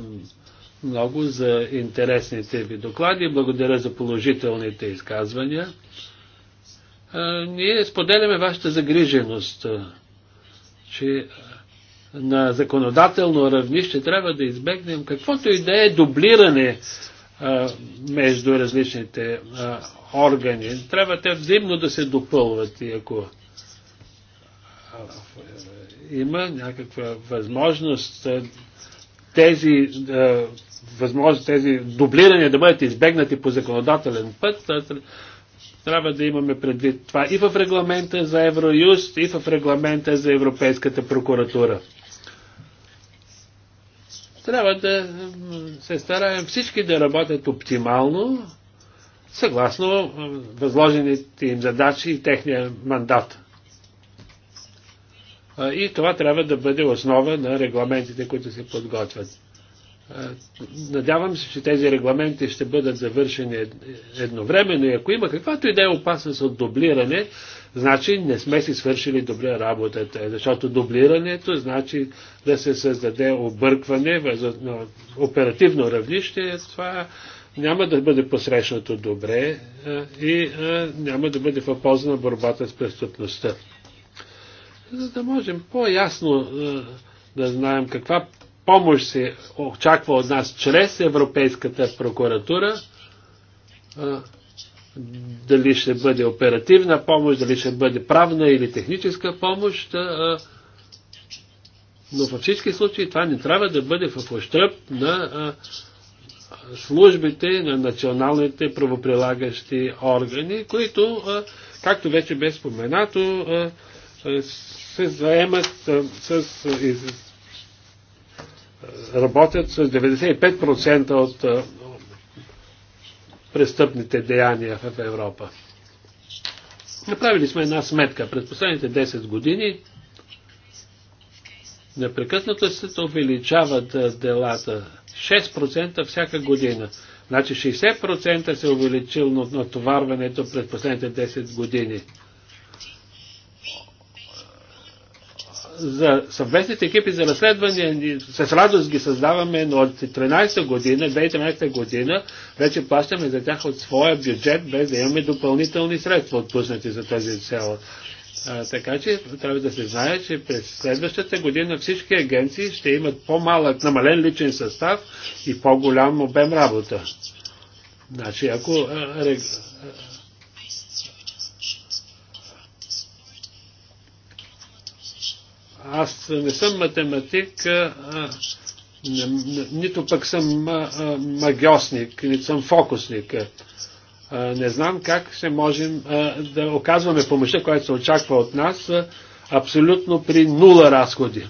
Speaker 2: много за интересните ви доклади, благодаря за положителните изказвания. Ние споделяме вашата загриженост, че на законодателно равнище трябва да избегнем каквото и да е дублиране между различните органи. Трябва те взаимно да се допълват и ако има някаква възможност е, тези, е, възможност тези дублирания да бъдат избегнати по законодателен път, е, трябва да имаме предвид това и в регламента за Евроюст, и в регламента за Европейската прокуратура. Трябва да се стараем всички да работят оптимално, съгласно възложените им задачи и техния мандат. И това трябва да бъде основа на регламентите, които се подготвят. Надявам се, че тези регламенти ще бъдат завършени едновременно и ако има каквато и да е опасност от дублиране, значи не сме си свършили добре работата. Защото дублирането значи да се създаде объркване на оперативно равнище. Това няма да бъде посрещнато добре и няма да бъде в полза на борбата с престъпността за да можем по-ясно е, да знаем каква помощ се очаква от нас чрез Европейската прокуратура, е, дали ще бъде оперативна помощ, дали ще бъде правна или техническа помощ, е, но във всички случаи това не трябва да бъде в ощръп на службите на националните правоприлагащи органи, които, както вече бе споменато, е, се заемат е, с, с е, работят с 95% от престъпните деяния в Европа. Направили сме една сметка. През последните 10 години непрекъснато се увеличават делата. 6% всяка година. Значи 60% се увеличило натоварването през последните 10 години. за съвместните екипи за разследване с радост ги създаваме, но от 13 година, 2013 година, вече плащаме за тях от своя бюджет, без да имаме допълнителни средства отпуснати за тази цел. А, така че трябва да се знае, че през следващата година всички агенции ще имат по-малък, намален личен състав и по-голям обем работа. Значи, ако а, Аз не съм математик, а, нито пък съм магиосник, нито съм фокусник. Не знам как ще можем да оказваме помощта, която се очаква от нас, абсолютно при нула разходи.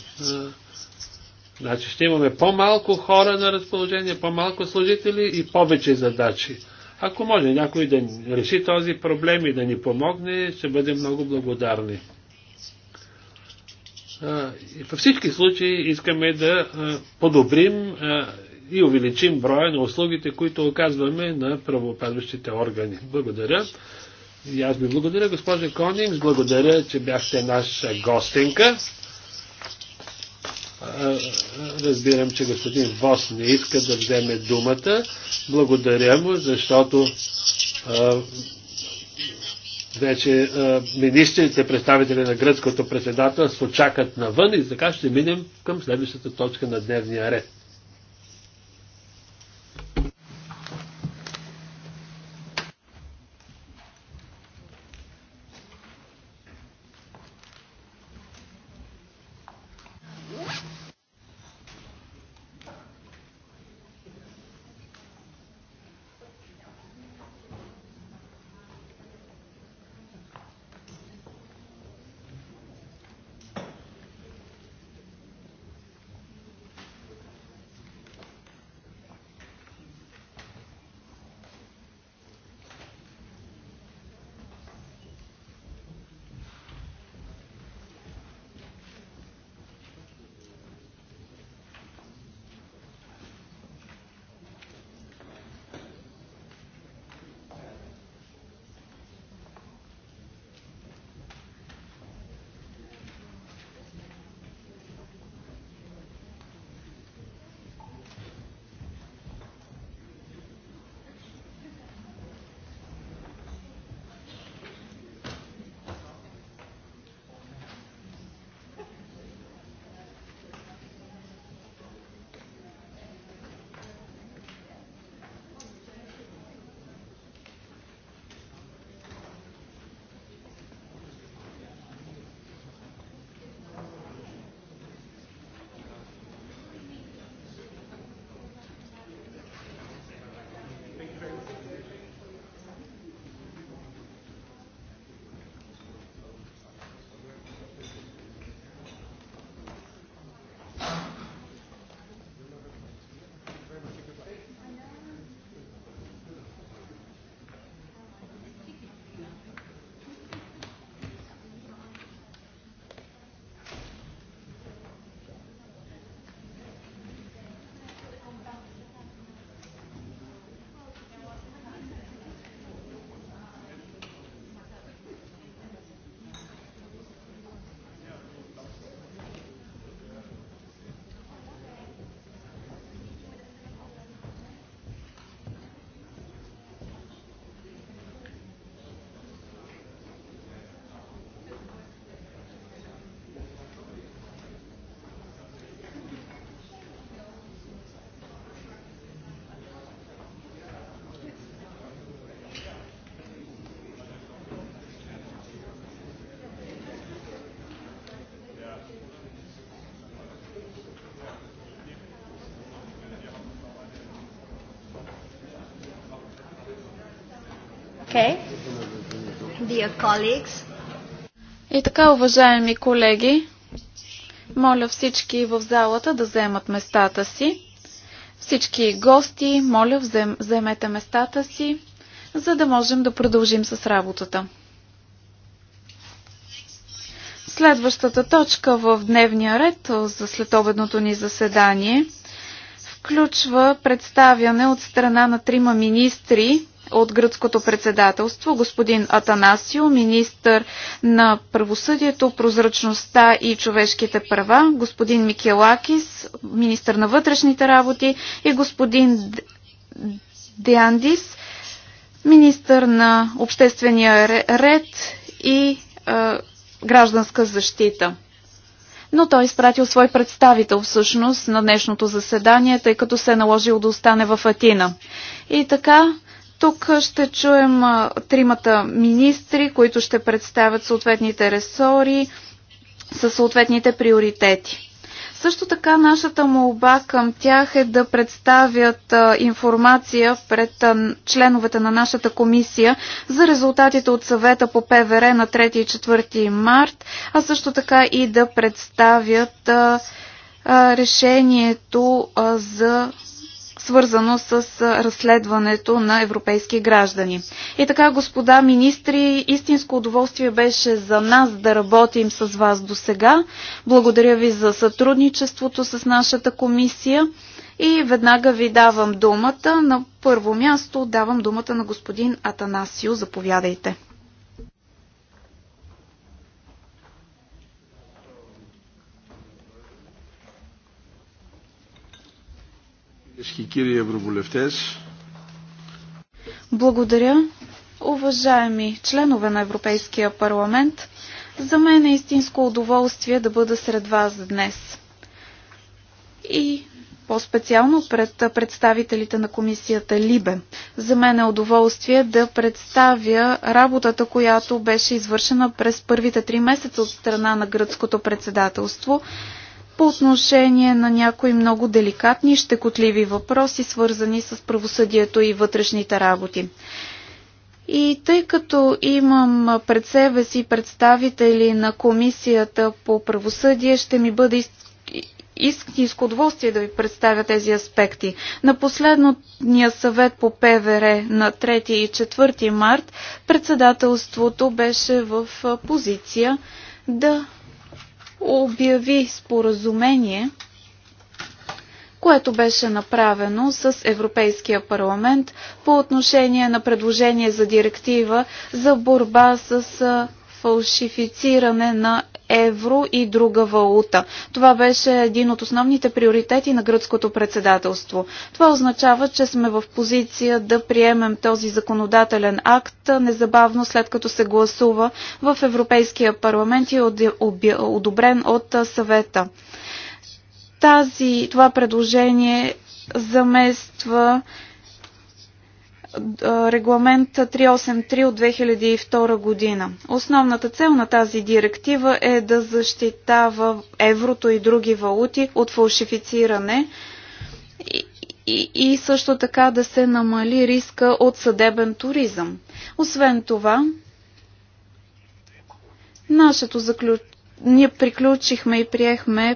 Speaker 2: Значи ще имаме по-малко хора на разположение, по-малко служители и повече задачи. Ако може някой да реши този проблем и да ни помогне, ще бъдем много благодарни. Във всички случаи искаме да подобрим и увеличим броя на услугите, които оказваме на правопазващите органи. Благодаря. И аз ви благодаря, госпожа Конингс. Благодаря, че бяхте наша гостенка. Разбирам, че господин Вос не иска да вземе думата. Благодаря му, защото вече министрите, представители на гръцкото председателство чакат навън и така ще минем към следващата точка на дневния ред.
Speaker 3: Okay. Dear colleagues.
Speaker 4: И така, уважаеми колеги, моля всички в залата да вземат местата си. Всички гости, моля, взем, вземете местата си, за да можем да продължим с работата. Следващата точка в дневния ред за следобедното ни заседание включва представяне от страна на трима министри от гръцкото председателство, господин Атанасио, министър на правосъдието, прозрачността и човешките права, господин Микелакис, министър на вътрешните работи и господин Деандис, министър на обществения ред и е, гражданска защита но той е изпратил свой представител всъщност на днешното заседание, тъй като се е наложил да остане в Атина. И така, тук ще чуем тримата министри, които ще представят съответните ресори със съответните приоритети. Също така нашата молба към тях е да представят а, информация пред а, членовете на нашата комисия за резултатите от съвета по ПВР на 3 и 4 март, а също така и да представят а, решението за свързано с разследването на европейски граждани. И така, господа министри, истинско удоволствие беше за нас да работим с вас до сега. Благодаря ви за сътрудничеството с нашата комисия. И веднага ви давам думата. На първо място давам думата на господин Атанасио. Заповядайте. Благодаря, уважаеми членове на Европейския парламент. За мен е истинско удоволствие да бъда сред вас днес. И по-специално пред представителите на комисията Либе. За мен е удоволствие да представя работата, която беше извършена през първите три месеца от страна на гръцкото председателство по отношение на някои много деликатни и щекотливи въпроси, свързани с правосъдието и вътрешните работи. И тъй като имам пред себе си представители на Комисията по правосъдие, ще ми бъде истинско удоволствие да ви представя тези аспекти. На последния съвет по ПВР на 3 и 4 март председателството беше в позиция да обяви споразумение, което беше направено с Европейския парламент по отношение на предложение за директива за борба с фалшифициране на евро и друга валута. Това беше един от основните приоритети на гръцкото председателство. Това означава, че сме в позиция да приемем този законодателен акт незабавно след като се гласува в Европейския парламент и е одобрен от съвета. Тази, това предложение замества регламент 383 от 2002 година. Основната цел на тази директива е да защитава еврото и други валути от фалшифициране и, и, и също така да се намали риска от съдебен туризъм. Освен това, нашето заключение ние приключихме и приехме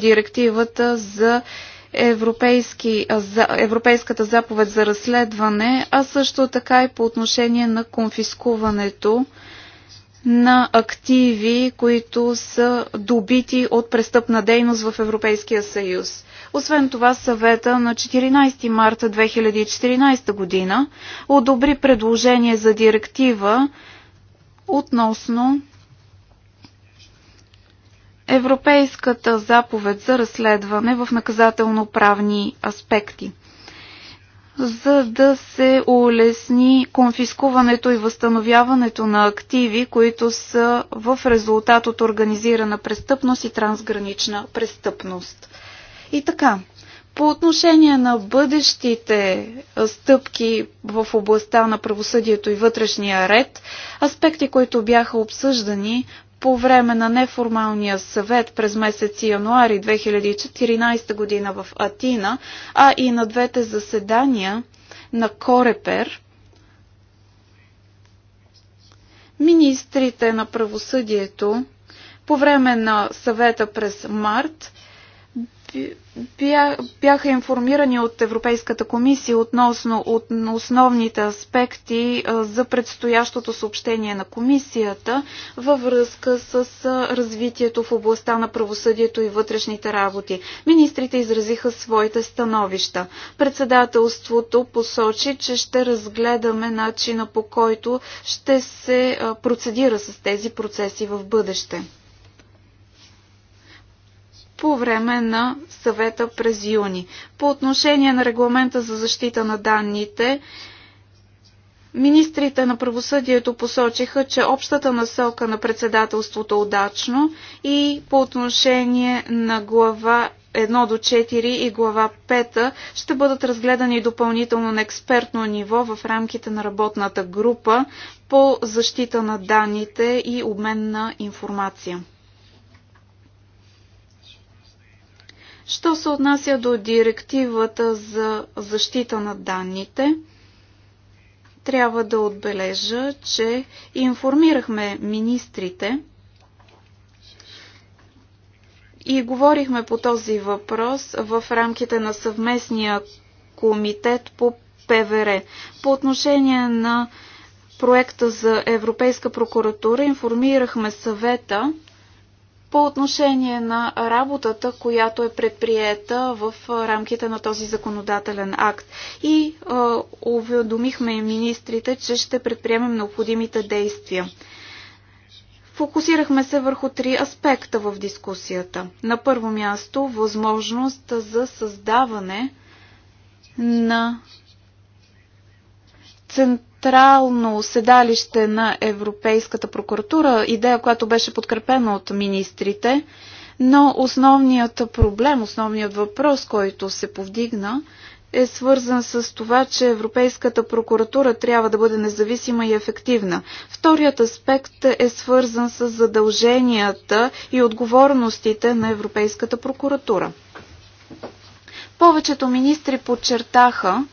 Speaker 4: директивата за европейски, Европейската заповед за разследване, а също така и по отношение на конфискуването на активи, които са добити от престъпна дейност в Европейския съюз. Освен това, съвета на 14 марта 2014 година одобри предложение за директива относно Европейската заповед за разследване в наказателно-правни аспекти за да се улесни конфискуването и възстановяването на активи, които са в резултат от организирана престъпност и трансгранична престъпност. И така, по отношение на бъдещите стъпки в областта на правосъдието и вътрешния ред, аспекти, които бяха обсъждани, по време на неформалния съвет през месец януари 2014 година в Атина, а и на двете заседания на Корепер, министрите на правосъдието по време на съвета през март бяха информирани от Европейската комисия относно от основните аспекти за предстоящото съобщение на комисията във връзка с развитието в областта на правосъдието и вътрешните работи. Министрите изразиха своите становища. Председателството посочи, че ще разгледаме начина по който ще се процедира с тези процеси в бъдеще по време на съвета през юни. По отношение на регламента за защита на данните, Министрите на правосъдието посочиха, че общата насока на председателството удачно и по отношение на глава 1 до 4 и глава 5 ще бъдат разгледани допълнително на експертно ниво в рамките на работната група по защита на данните и обмен на информация. Що се отнася до директивата за защита на данните, трябва да отбележа, че информирахме министрите и говорихме по този въпрос в рамките на съвместния комитет по ПВР. По отношение на проекта за Европейска прокуратура информирахме съвета по отношение на работата, която е предприета в рамките на този законодателен акт. И а, уведомихме министрите, че ще предприемем необходимите действия. Фокусирахме се върху три аспекта в дискусията. На първо място възможност за създаване на централно седалище на Европейската прокуратура, идея, която беше подкрепена от министрите, но основният проблем, основният въпрос, който се повдигна, е свързан с това, че Европейската прокуратура трябва да бъде независима и ефективна. Вторият аспект е свързан с задълженията и отговорностите на Европейската прокуратура. Повечето министри подчертаха,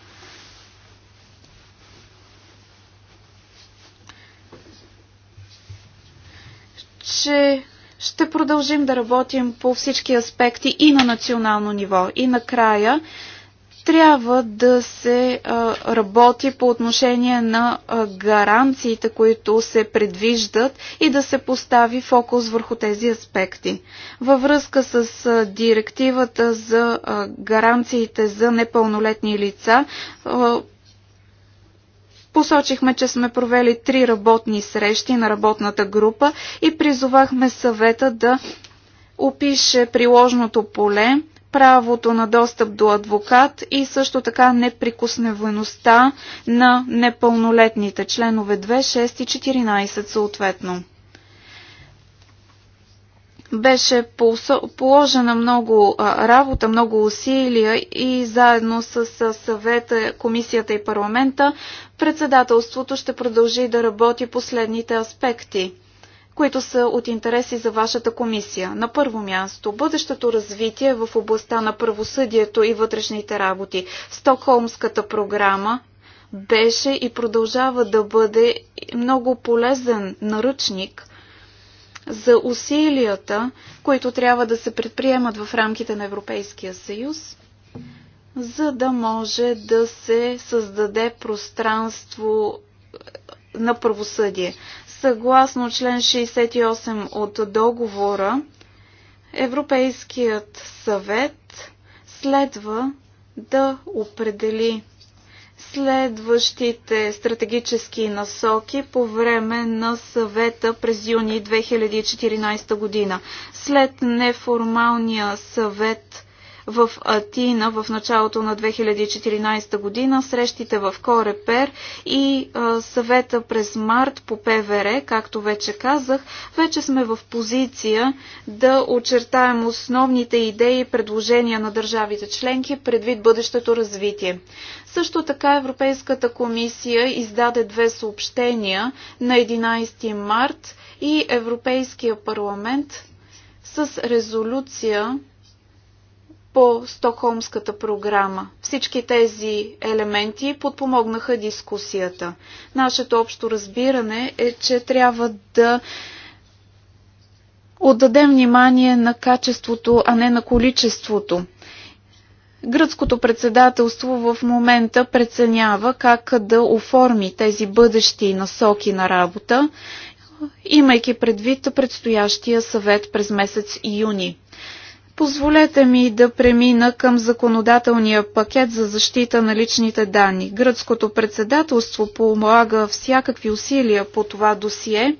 Speaker 4: че ще продължим да работим по всички аспекти и на национално ниво. И накрая трябва да се а, работи по отношение на а, гаранциите, които се предвиждат и да се постави фокус върху тези аспекти. Във връзка с а, директивата за гаранциите за непълнолетни лица, Посочихме, че сме провели три работни срещи на работната група и призовахме съвета да опише приложното поле, правото на достъп до адвокат и също така неприкосновеността на непълнолетните членове 2, 6 и 14 съответно беше положена много работа, много усилия и заедно с съвета, комисията и парламента председателството ще продължи да работи последните аспекти които са от интереси за вашата комисия. На първо място, бъдещето развитие в областта на правосъдието и вътрешните работи. Стокхолмската програма беше и продължава да бъде много полезен наръчник за усилията, които трябва да се предприемат в рамките на Европейския съюз, за да може да се създаде пространство на правосъдие. Съгласно член 68 от договора, Европейският съвет следва да определи следващите стратегически насоки по време на съвета през юни 2014 година. След неформалния съвет в Атина в началото на 2014 година, срещите в Корепер и съвета през март по ПВР, както вече казах, вече сме в позиция да очертаем основните идеи и предложения на държавите членки предвид бъдещето развитие. Също така Европейската комисия издаде две съобщения на 11 март и Европейския парламент с резолюция по Стокхолмската програма. Всички тези елементи подпомогнаха дискусията. Нашето общо разбиране е, че трябва да отдадем внимание на качеството, а не на количеството. Гръцкото председателство в момента преценява как да оформи тези бъдещи насоки на работа, имайки предвид предстоящия съвет през месец юни. Позволете ми да премина към законодателния пакет за защита на личните данни. Гръцкото председателство помага всякакви усилия по това досие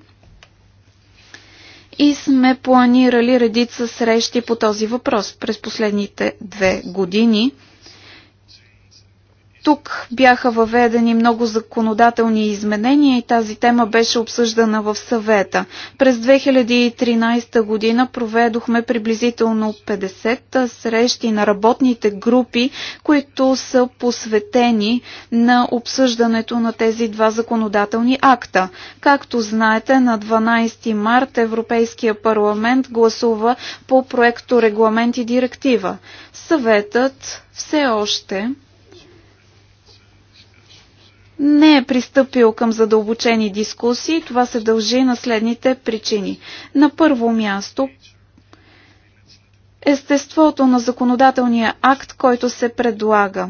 Speaker 4: и сме планирали редица срещи по този въпрос през последните две години – тук бяха въведени много законодателни изменения и тази тема беше обсъждана в съвета. През 2013 година проведохме приблизително 50 срещи на работните групи, които са посветени на обсъждането на тези два законодателни акта. Както знаете, на 12 март Европейския парламент гласува по проекто регламент и директива. Съветът все още не е пристъпил към задълбочени дискусии. Това се дължи на следните причини. На първо място, естеството на законодателния акт, който се предлага.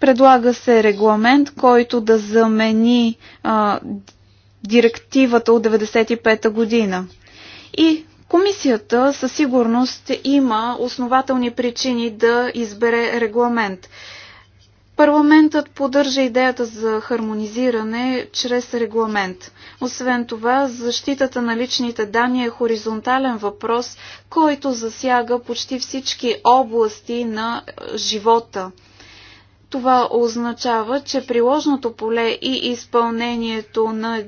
Speaker 4: Предлага се регламент, който да замени а, директивата от 1995 година. И комисията със сигурност има основателни причини да избере регламент. Парламентът поддържа идеята за хармонизиране чрез регламент. Освен това, защитата на личните данни е хоризонтален въпрос, който засяга почти всички области на е, живота. Това означава, че приложното поле и изпълнението на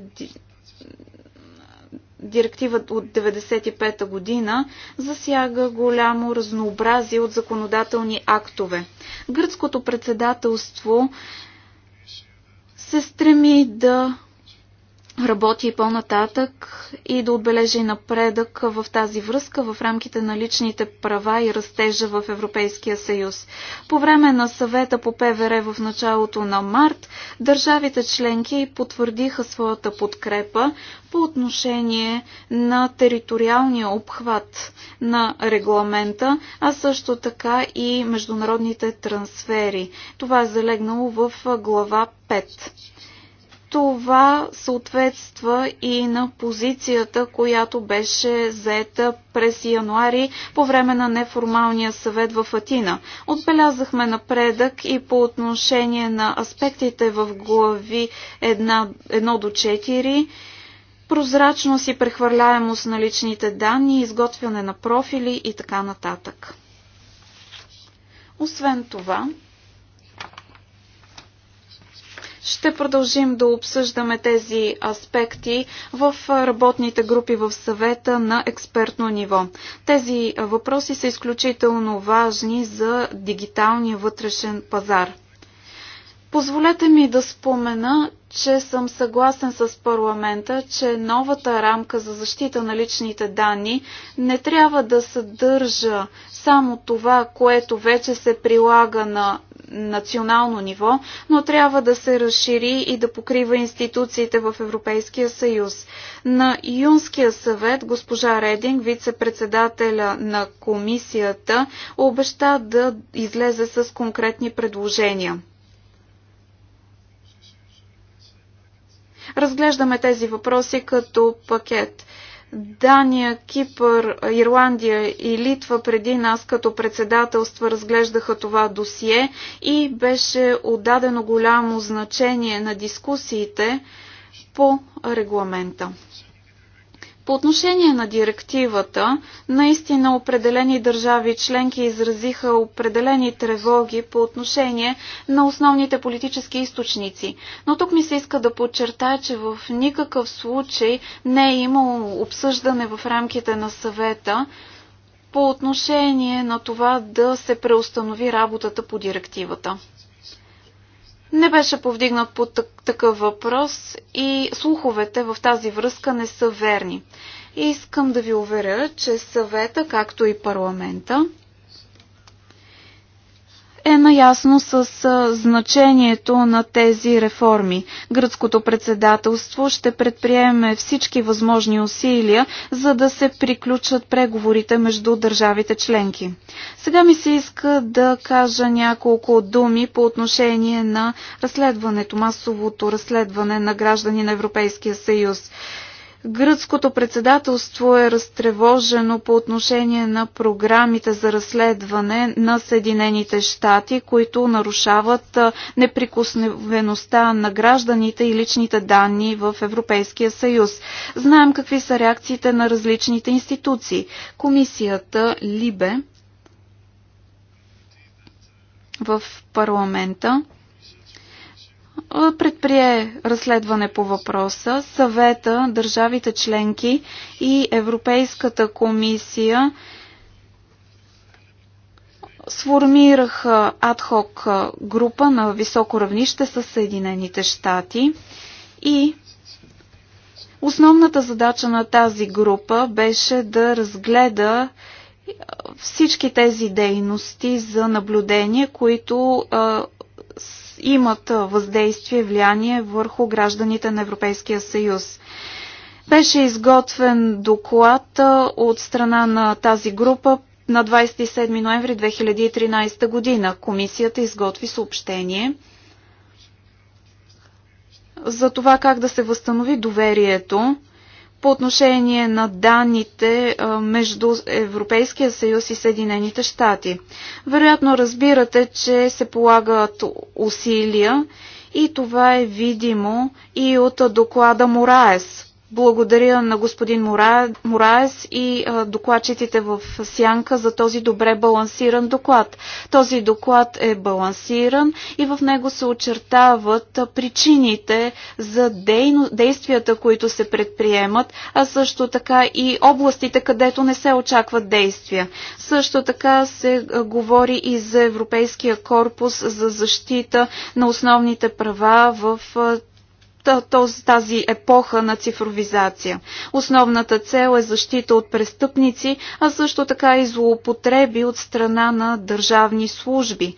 Speaker 4: Директива от 1995 година засяга голямо разнообразие от законодателни актове. Гръцкото председателство се стреми да работи по-нататък и да отбележи напредък в тази връзка в рамките на личните права и растежа в Европейския съюз. По време на съвета по ПВР в началото на март, държавите членки потвърдиха своята подкрепа по отношение на териториалния обхват на регламента, а също така и международните трансфери. Това е залегнало в глава 5 това съответства и на позицията, която беше заета през януари по време на неформалния съвет в Атина. Отбелязахме напредък и по отношение на аспектите в глави 1, 1 до 4 прозрачност и прехвърляемост на личните данни, изготвяне на профили и така нататък. Освен това, ще продължим да обсъждаме тези аспекти в работните групи в съвета на експертно ниво. Тези въпроси са изключително важни за дигиталния вътрешен пазар. Позволете ми да спомена, че съм съгласен с парламента, че новата рамка за защита на личните данни не трябва да съдържа само това, което вече се прилага на национално ниво, но трябва да се разшири и да покрива институциите в Европейския съюз. На Юнския съвет госпожа Рединг, вице-председателя на комисията, обеща да излезе с конкретни предложения. Разглеждаме тези въпроси като пакет. Дания, Кипър, Ирландия и Литва преди нас като председателства разглеждаха това досие и беше отдадено голямо значение на дискусиите по регламента. По отношение на директивата, наистина определени държави членки изразиха определени тревоги по отношение на основните политически източници. Но тук ми се иска да подчертая, че в никакъв случай не е имало обсъждане в рамките на съвета по отношение на това да се преустанови работата по директивата. Не беше повдигнат по такъв въпрос и слуховете в тази връзка не са верни. И искам да ви уверя, че съвета, както и парламента, е наясно с значението на тези реформи. Гръцкото председателство ще предприеме всички възможни усилия, за да се приключат преговорите между държавите членки. Сега ми се иска да кажа няколко думи по отношение на разследването, масовото разследване на граждани на Европейския съюз. Гръцкото председателство е разтревожено по отношение на програмите за разследване на Съединените щати, които нарушават неприкосновеността на гражданите и личните данни в Европейския съюз. Знаем какви са реакциите на различните институции. Комисията Либе в парламента предприе разследване по въпроса. Съвета, държавите членки и Европейската комисия сформираха адхок група на високо равнище с Съединените щати и основната задача на тази група беше да разгледа всички тези дейности за наблюдение, които имат въздействие, влияние върху гражданите на Европейския съюз. Беше изготвен доклад от страна на тази група на 27 ноември 2013 година. Комисията изготви съобщение за това как да се възстанови доверието по отношение на данните между Европейския съюз и Съединените щати. Вероятно разбирате, че се полагат усилия и това е видимо и от доклада Мораес. Благодаря на господин Мораес и докладчиците в Сянка за този добре балансиран доклад. Този доклад е балансиран и в него се очертават причините за действията, които се предприемат, а също така и областите, където не се очакват действия. Също така се говори и за Европейския корпус за защита на основните права в тази епоха на цифровизация. Основната цел е защита от престъпници, а също така и злоупотреби от страна на държавни служби.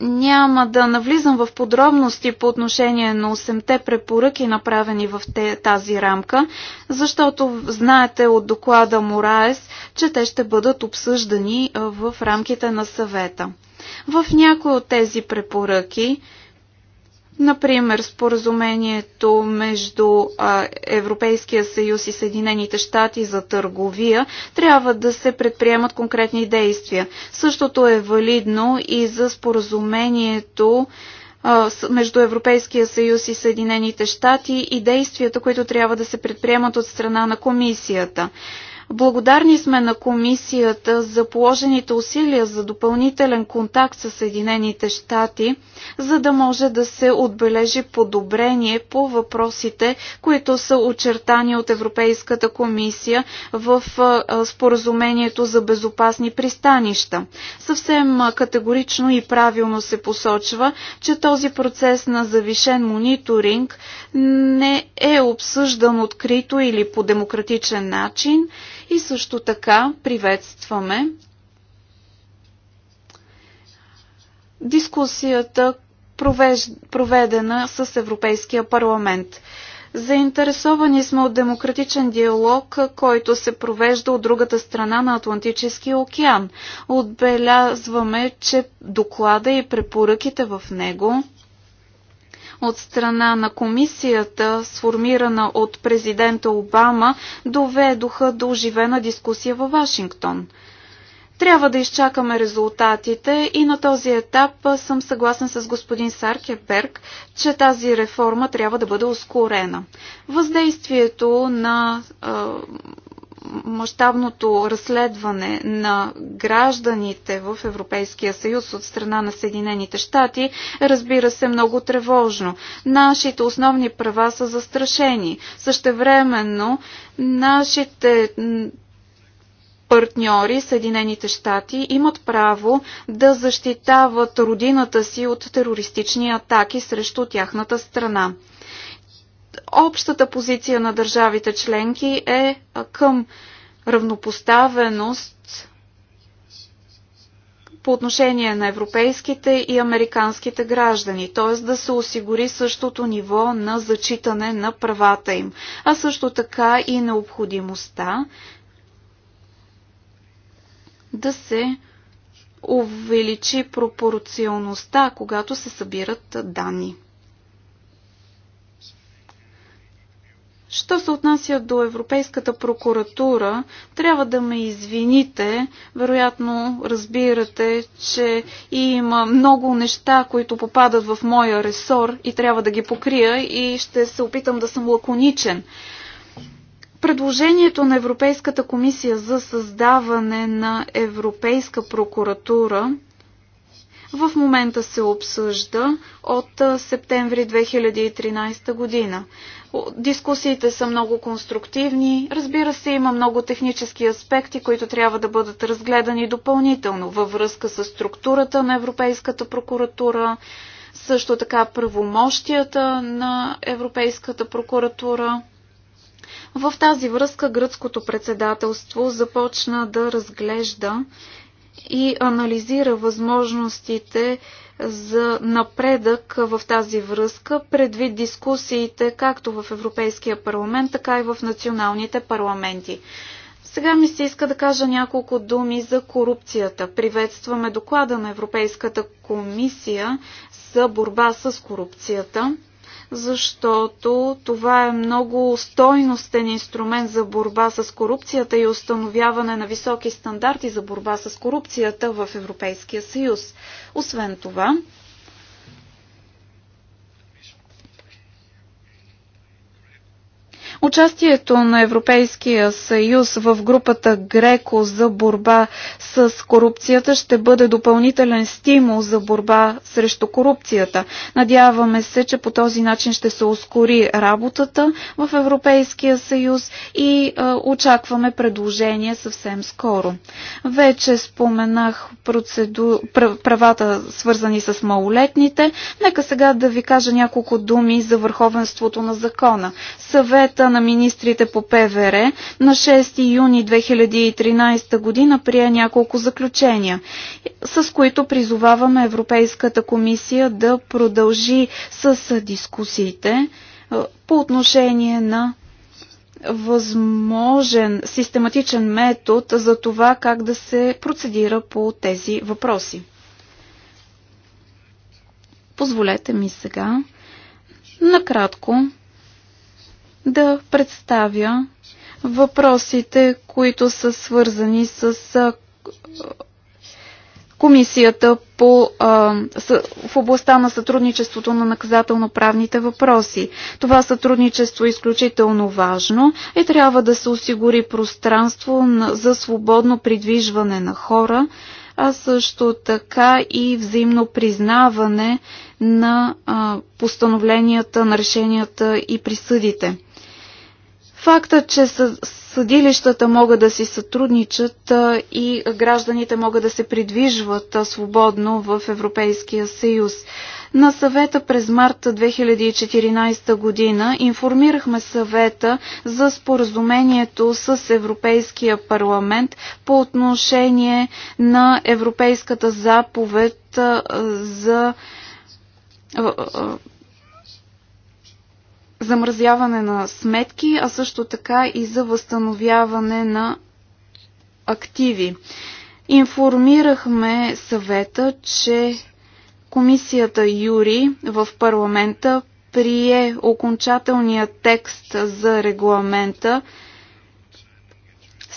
Speaker 4: Няма да навлизам в подробности по отношение на 8-те препоръки, направени в тази рамка, защото знаете от доклада Мораес, че те ще бъдат обсъждани в рамките на съвета. В някои от тези препоръки Например, споразумението между Европейския съюз и Съединените щати за търговия трябва да се предприемат конкретни действия. Същото е валидно и за споразумението между Европейския съюз и Съединените щати и действията, които трябва да се предприемат от страна на комисията. Благодарни сме на комисията за положените усилия за допълнителен контакт с Съединените щати, за да може да се отбележи подобрение по въпросите, които са очертани от Европейската комисия в споразумението за безопасни пристанища. Съвсем категорично и правилно се посочва, че този процес на завишен мониторинг не е обсъждан открито или по демократичен начин и също така приветстваме дискусията, проведена с Европейския парламент. Заинтересовани сме от демократичен диалог, който се провежда от другата страна на Атлантическия океан. Отбелязваме, че доклада и препоръките в него от страна на комисията, сформирана от президента Обама, доведоха до оживена дискусия във Вашингтон. Трябва да изчакаме резултатите и на този етап съм съгласен с господин Саркеберг, че тази реформа трябва да бъде ускорена. Въздействието на е, мащабното разследване на гражданите в Европейския съюз от страна на Съединените щати, разбира се, много тревожно. Нашите основни права са застрашени. Същевременно, нашите партньори, Съединените щати, имат право да защитават родината си от терористични атаки срещу тяхната страна общата позиция на държавите членки е към равнопоставеност по отношение на европейските и американските граждани, т.е. да се осигури същото ниво на зачитане на правата им, а също така и необходимостта да се увеличи пропорционалността, когато се събират данни. Що се отнася до Европейската прокуратура, трябва да ме извините. Вероятно разбирате, че има много неща, които попадат в моя ресор и трябва да ги покрия и ще се опитам да съм лаконичен. Предложението на Европейската комисия за създаване на Европейска прокуратура в момента се обсъжда от септември 2013 година. Дискусиите са много конструктивни. Разбира се, има много технически аспекти, които трябва да бъдат разгледани допълнително във връзка с структурата на Европейската прокуратура, също така правомощията на Европейската прокуратура. В тази връзка гръцкото председателство започна да разглежда и анализира възможностите за напредък в тази връзка, предвид дискусиите както в Европейския парламент, така и в националните парламенти. Сега ми се иска да кажа няколко думи за корупцията. Приветстваме доклада на Европейската комисия за борба с корупцията защото това е много стойностен инструмент за борба с корупцията и установяване на високи стандарти за борба с корупцията в Европейския съюз. Освен това, Участието на Европейския съюз в групата Греко за борба с корупцията ще бъде допълнителен стимул за борба срещу корупцията. Надяваме се, че по този начин ще се ускори работата в Европейския съюз и а, очакваме предложение съвсем скоро. Вече споменах процеду... правата свързани с малолетните. Нека сега да ви кажа няколко думи за върховенството на закона. Съвета на министрите по ПВР на 6 юни 2013 година прие няколко заключения, с които призоваваме Европейската комисия да продължи с дискусиите е, по отношение на възможен систематичен метод за това как да се процедира по тези въпроси. Позволете ми сега накратко да представя въпросите, които са свързани с Комисията по, а, с, в областта на сътрудничеството на наказателно-правните въпроси. Това сътрудничество е изключително важно и трябва да се осигури пространство на, за свободно придвижване на хора, а също така и взаимно признаване на а, постановленията, на решенията и присъдите. Факта, че съдилищата могат да си сътрудничат и гражданите могат да се придвижват свободно в Европейския съюз. На съвета през март 2014 година информирахме съвета за споразумението с Европейския парламент по отношение на Европейската заповед за замразяване на сметки, а също така и за възстановяване на активи. Информирахме съвета, че комисията Юри в парламента прие окончателния текст за регламента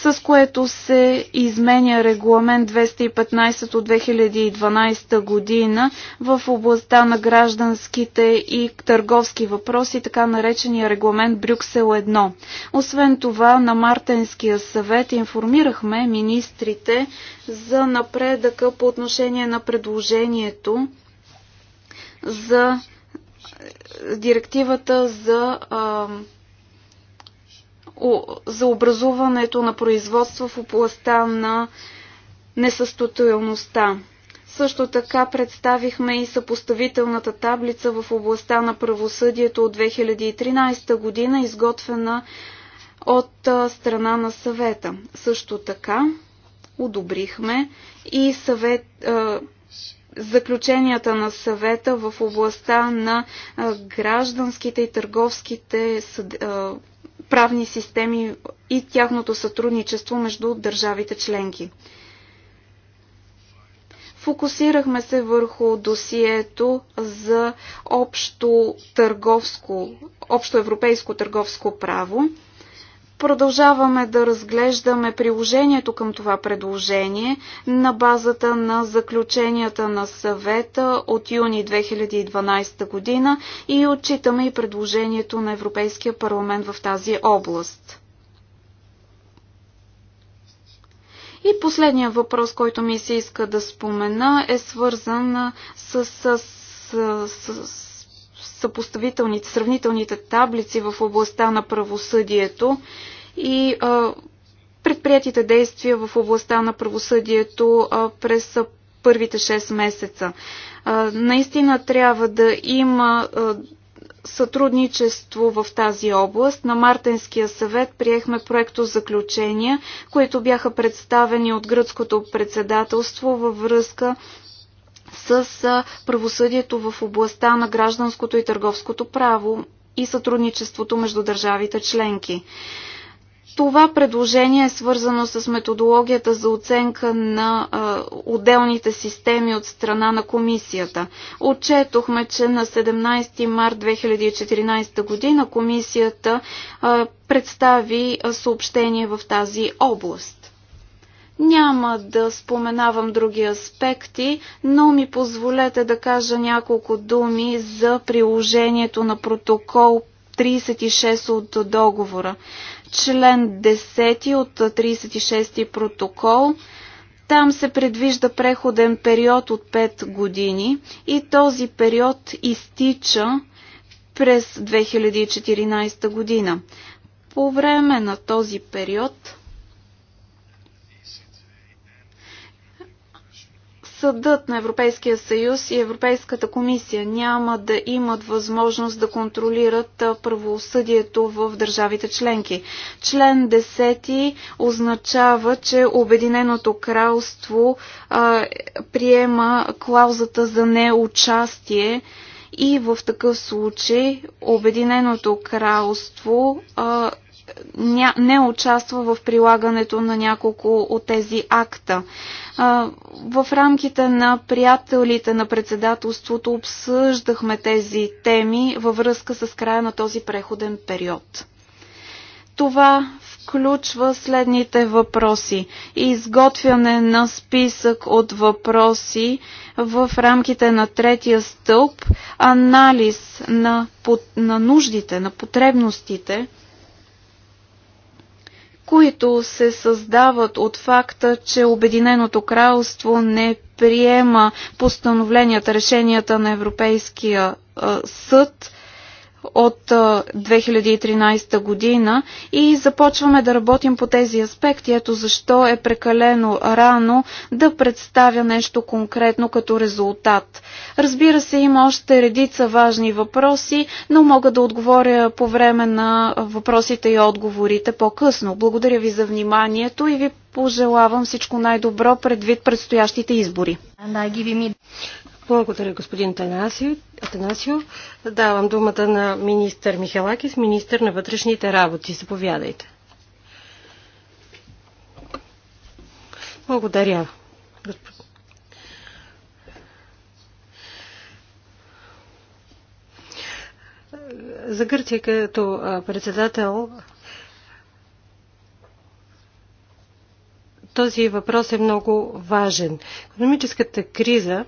Speaker 4: с което се изменя регламент 215 от 2012 година в областта на гражданските и търговски въпроси, така наречения регламент Брюксел 1. Освен това, на Мартенския съвет информирахме министрите за напредъка по отношение на предложението за директивата за за образуването на производство в областта на несъстоятелността. Също така представихме и съпоставителната таблица в областта на правосъдието от 2013 година, изготвена от страна на съвета. Също така одобрихме и съвет, е, заключенията на съвета в областта на гражданските и търговските съд, правни системи и тяхното сътрудничество между държавите членки. Фокусирахме се върху досието за общо търговско, общо европейско търговско право. Продължаваме да разглеждаме приложението към това предложение на базата на заключенията на съвета от юни 2012 година и отчитаме и предложението на Европейския парламент в тази област. И последният въпрос, който ми се иска да спомена, е свързан с, с, с, с съпоставителните, сравнителните таблици в областта на правосъдието и предприятите действия в областта на правосъдието през първите 6 месеца. Наистина трябва да има сътрудничество в тази област. На Мартенския съвет приехме проекто заключения, които бяха представени от гръцкото председателство във връзка с правосъдието в областта на гражданското и търговското право и сътрудничеството между държавите членки. Това предложение е свързано с методологията за оценка на а, отделните системи от страна на комисията. Отчетохме, че на 17 март 2014 година комисията а, представи съобщение в тази област. Няма да споменавам други аспекти, но ми позволете да кажа няколко думи за приложението на протокол 36 от договора. Член 10 от 36 протокол там се предвижда преходен период от 5 години и този период изтича през 2014 година. По време на този период Съдът на Европейския съюз и Европейската комисия няма да имат възможност да контролират правосъдието в държавите членки. Член 10 означава, че Обединеното кралство а, приема клаузата за неучастие и в такъв случай Обединеното кралство а, не участва в прилагането на няколко от тези акта. В рамките на приятелите на председателството обсъждахме тези теми във връзка с края на този преходен период. Това включва следните въпроси. Изготвяне на списък от въпроси в рамките на третия стълб, анализ на, на нуждите, на потребностите които се създават от факта, че Обединеното кралство не приема постановленията, решенията на Европейския съд от 2013 година и започваме да работим по тези аспекти. Ето защо е прекалено рано да представя нещо конкретно като резултат. Разбира се, има още редица важни въпроси, но мога да отговоря по време на въпросите и отговорите по-късно. Благодаря ви за вниманието и ви пожелавам всичко най-добро предвид предстоящите избори.
Speaker 1: Благодаря, господин Танасио. Давам думата на министър Михалакис, министър на вътрешните работи. Заповядайте. Благодаря. За Гърция като председател този въпрос е много важен. Економическата криза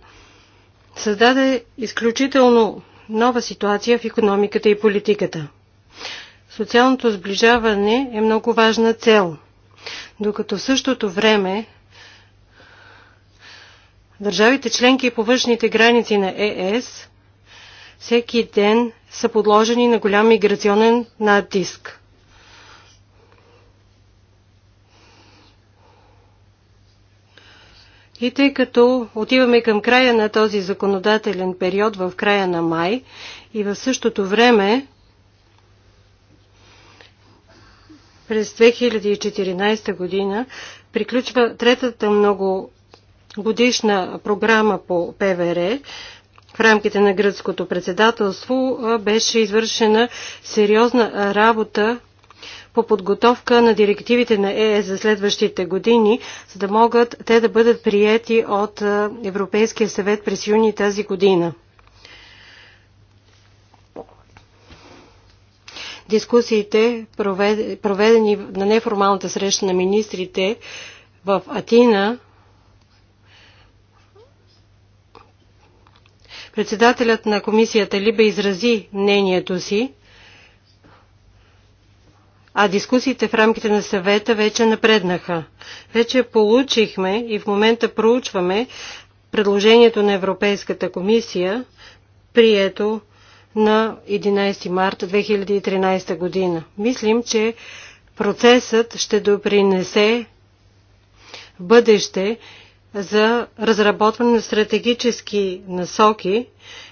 Speaker 1: създаде изключително нова ситуация в економиката и политиката. Социалното сближаване е много важна цел, докато в същото време държавите членки и повършните граници на ЕС всеки ден са подложени на голям миграционен натиск. И тъй като отиваме към края на този законодателен период, в края на май, и в същото време през 2014 година приключва третата много годишна програма по ПВР. В рамките на гръцкото председателство беше извършена сериозна работа по подготовка на директивите на ЕС за следващите години, за да могат те да бъдат приети от Европейския съвет през юни тази година. Дискусиите, проведени на неформалната среща на министрите в Атина, председателят на комисията Либе изрази мнението си, а дискусиите в рамките на съвета вече напреднаха. Вече получихме и в момента проучваме предложението на Европейската комисия, прието на 11 марта 2013 година. Мислим, че процесът ще допринесе в бъдеще за разработване на стратегически насоки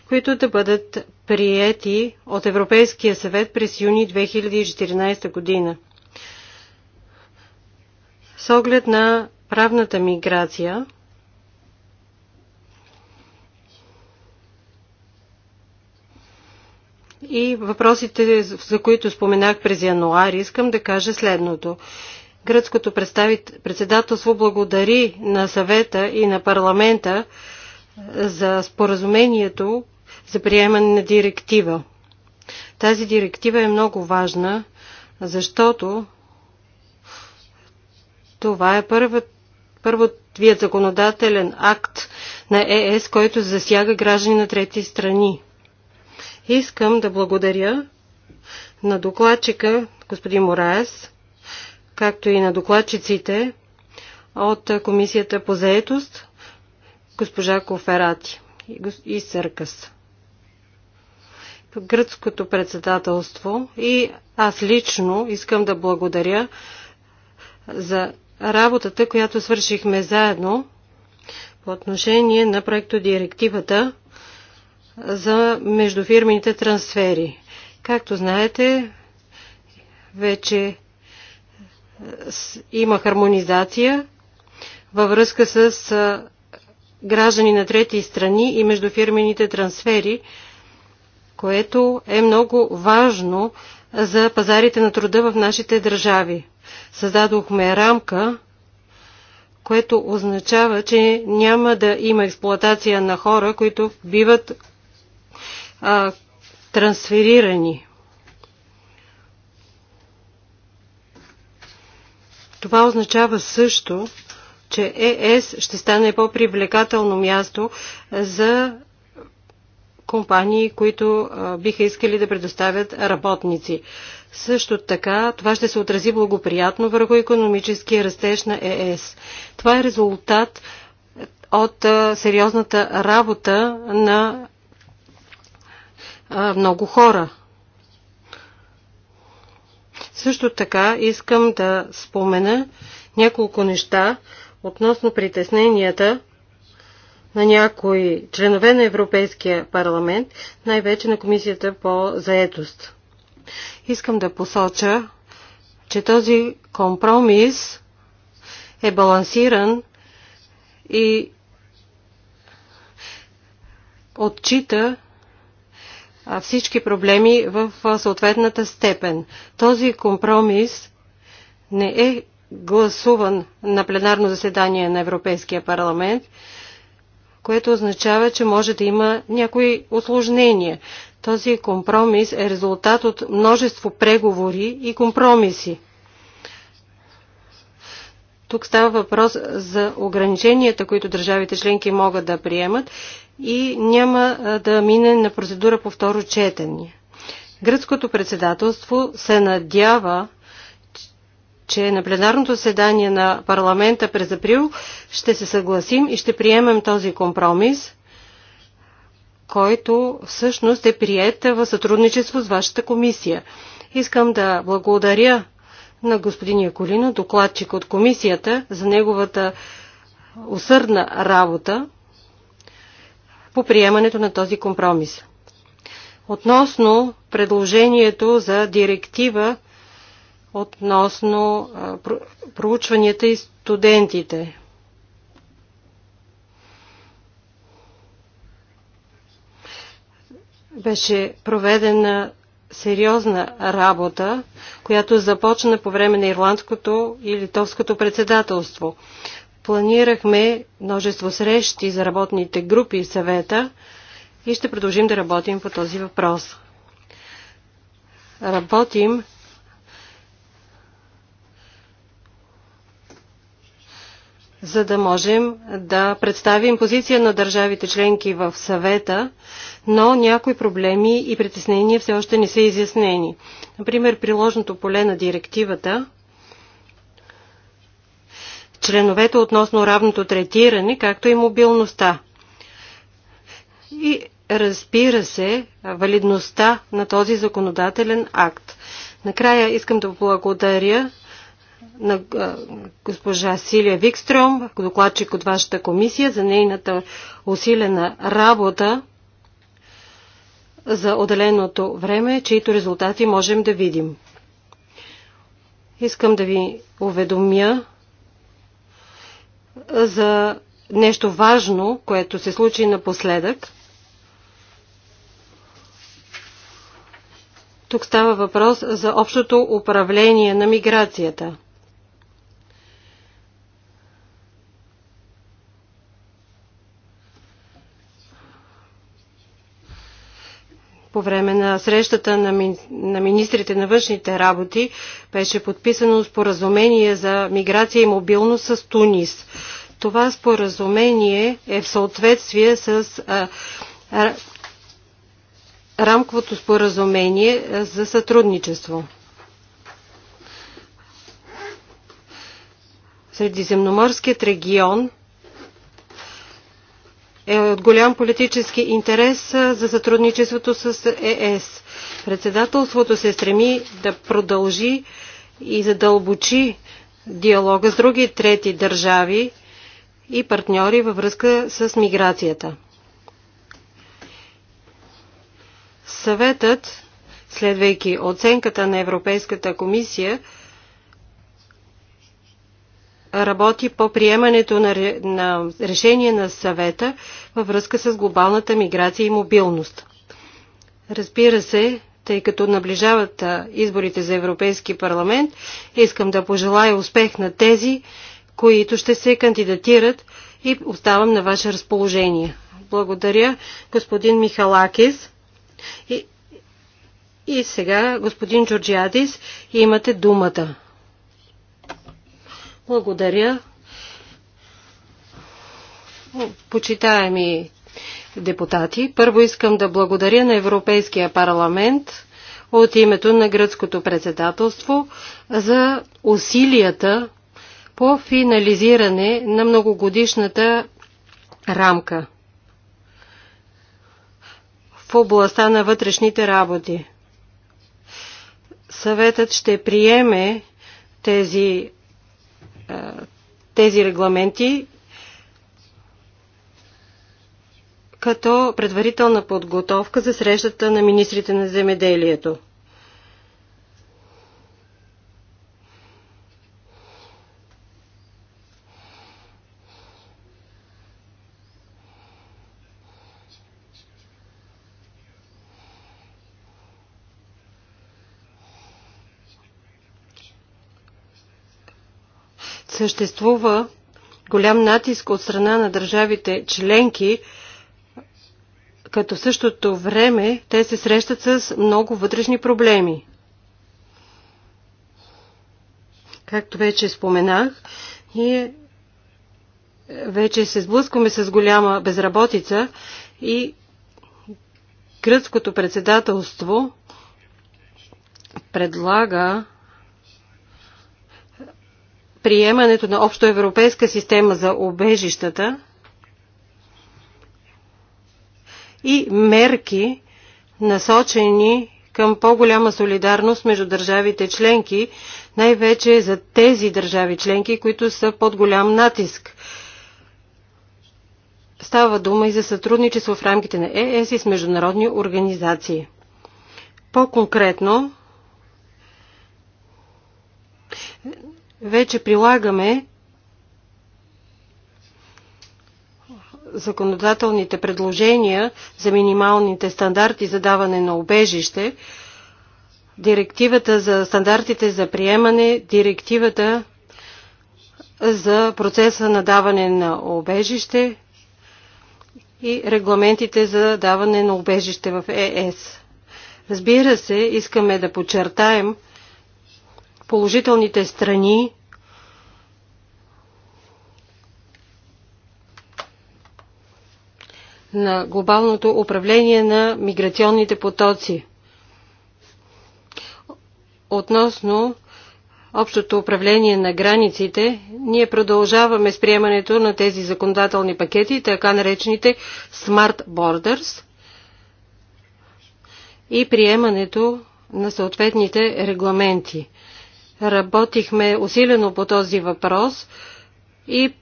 Speaker 1: които да бъдат приети от Европейския съвет през юни 2014 година. С оглед на правната миграция, и въпросите, за които споменах през януари, искам да кажа следното. Гръцкото председателство благодари на съвета и на парламента за споразумението, за приемане на директива. Тази директива е много важна, защото това е първият първот вият законодателен акт на ЕС, който засяга граждани на трети страни. Искам да благодаря на докладчика господин Мораес, както и на докладчиците от Комисията по заетост, госпожа Коферати и Съркъс гръцкото председателство и аз лично искам да благодаря за работата, която свършихме заедно по отношение на проекто директивата за междуфирмените трансфери. Както знаете, вече има хармонизация във връзка с граждани на трети страни и междуфирмените трансфери, което е много важно за пазарите на труда в нашите държави. Създадохме рамка, което означава, че няма да има експлоатация на хора, които биват а, трансферирани. Това означава също, че ЕС ще стане по-привлекателно място за компании, които биха искали да предоставят работници. Също така, това ще се отрази благоприятно върху економическия растеж на ЕС. Това е резултат от сериозната работа на много хора. Също така искам да спомена няколко неща относно притесненията, на някои членове на Европейския парламент, най-вече на Комисията по заетост. Искам да посоча, че този компромис е балансиран и отчита всички проблеми в съответната степен. Този компромис не е гласуван на пленарно заседание на Европейския парламент, което означава, че може да има някои осложнения. Този компромис е резултат от множество преговори и компромиси. Тук става въпрос за ограниченията, които държавите членки могат да приемат и няма да мине на процедура по второ четене. Гръцкото председателство се надява че на пленарното седание на парламента през април ще се съгласим и ще приемем този компромис, който всъщност е прият в сътрудничество с вашата комисия. Искам да благодаря на господин Яколино, докладчик от комисията, за неговата усърдна работа по приемането на този компромис. Относно предложението за директива относно проучванията и студентите. Беше проведена сериозна работа, която започна по време на ирландското и литовското председателство. Планирахме множество срещи за работните групи и съвета и ще продължим да работим по този въпрос. Работим за да можем да представим позиция на държавите членки в съвета, но някои проблеми и притеснения все още не са изяснени. Например, приложното поле на директивата, членовете относно равното третиране, както и мобилността. И разбира се, валидността на този законодателен акт. Накрая искам да благодаря на госпожа Силия Викстрюм, докладчик от вашата комисия, за нейната усилена работа за отделеното време, чието резултати можем да видим. Искам да ви уведомя за нещо важно, което се случи напоследък. Тук става въпрос за общото управление на миграцията – по време на срещата на, ми, на министрите на външните работи беше подписано споразумение за миграция и мобилност с Тунис. Това споразумение е в съответствие с а, а, рамковото споразумение за сътрудничество. Средиземноморският регион – е от голям политически интерес за сътрудничеството с ЕС. Председателството се стреми да продължи и задълбочи диалога с други трети държави и партньори във връзка с миграцията. Съветът, следвайки оценката на Европейската комисия, работи по приемането на, на решение на съвета във връзка с глобалната миграция и мобилност. Разбира се, тъй като наближават изборите за Европейски парламент, искам да пожелая успех на тези, които ще се кандидатират и оставам на ваше разположение. Благодаря, господин Михалакис. И, и сега, господин Джорджиадис, имате думата. Благодаря. Почитаеми депутати, първо искам да благодаря на Европейския парламент от името на гръцкото председателство за усилията по финализиране на многогодишната рамка в областта на вътрешните работи. Съветът ще приеме тези е, тези регламенти като предварителна подготовка за срещата на министрите на земеделието. съществува голям натиск от страна на държавите членки, като в същото време те се срещат с много вътрешни проблеми. Както вече споменах, ние вече се сблъскваме с голяма безработица и гръцкото председателство предлага приемането на общоевропейска система за обежищата и мерки, насочени към по-голяма солидарност между държавите членки, най-вече за тези държави членки, които са под голям натиск. Става дума и за сътрудничество в рамките на ЕС и с международни организации. По-конкретно, вече прилагаме законодателните предложения за минималните стандарти за даване на обежище, директивата за стандартите за приемане, директивата за процеса на даване на обежище и регламентите за даване на обежище в ЕС. Разбира се, искаме да подчертаем, положителните страни на глобалното управление на миграционните потоци. Относно общото управление на границите, ние продължаваме с приемането на тези законодателни пакети, така наречените Smart Borders и приемането на съответните регламенти. Работихме усилено по този въпрос и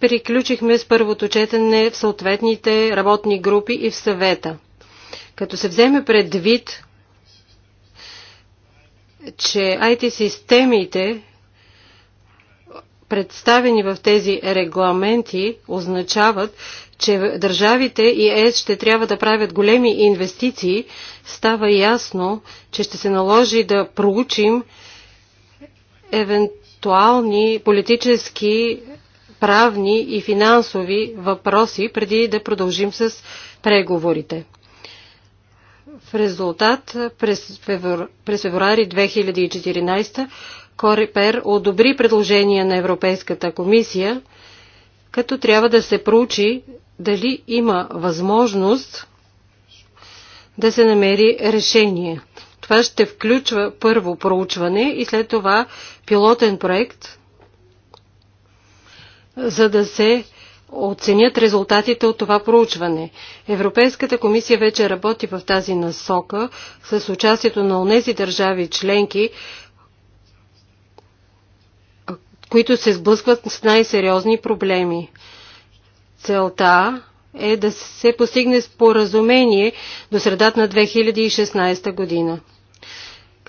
Speaker 1: приключихме с първото четене в съответните работни групи и в съвета. Като се вземе предвид, че IT-системите, представени в тези регламенти, означават, че държавите и ЕС ще трябва да правят големи инвестиции, става ясно, че ще се наложи да проучим евентуални политически, правни и финансови въпроси, преди да продължим с преговорите. В резултат през, февр... през феврари 2014 Корипер одобри предложение на Европейската комисия, като трябва да се проучи дали има възможност да се намери решение това ще включва първо проучване и след това пилотен проект, за да се оценят резултатите от това проучване. Европейската комисия вече работи в тази насока с участието на онези държави членки, които се сблъскват с най-сериозни проблеми. Целта е да се постигне споразумение до средата на 2016 година.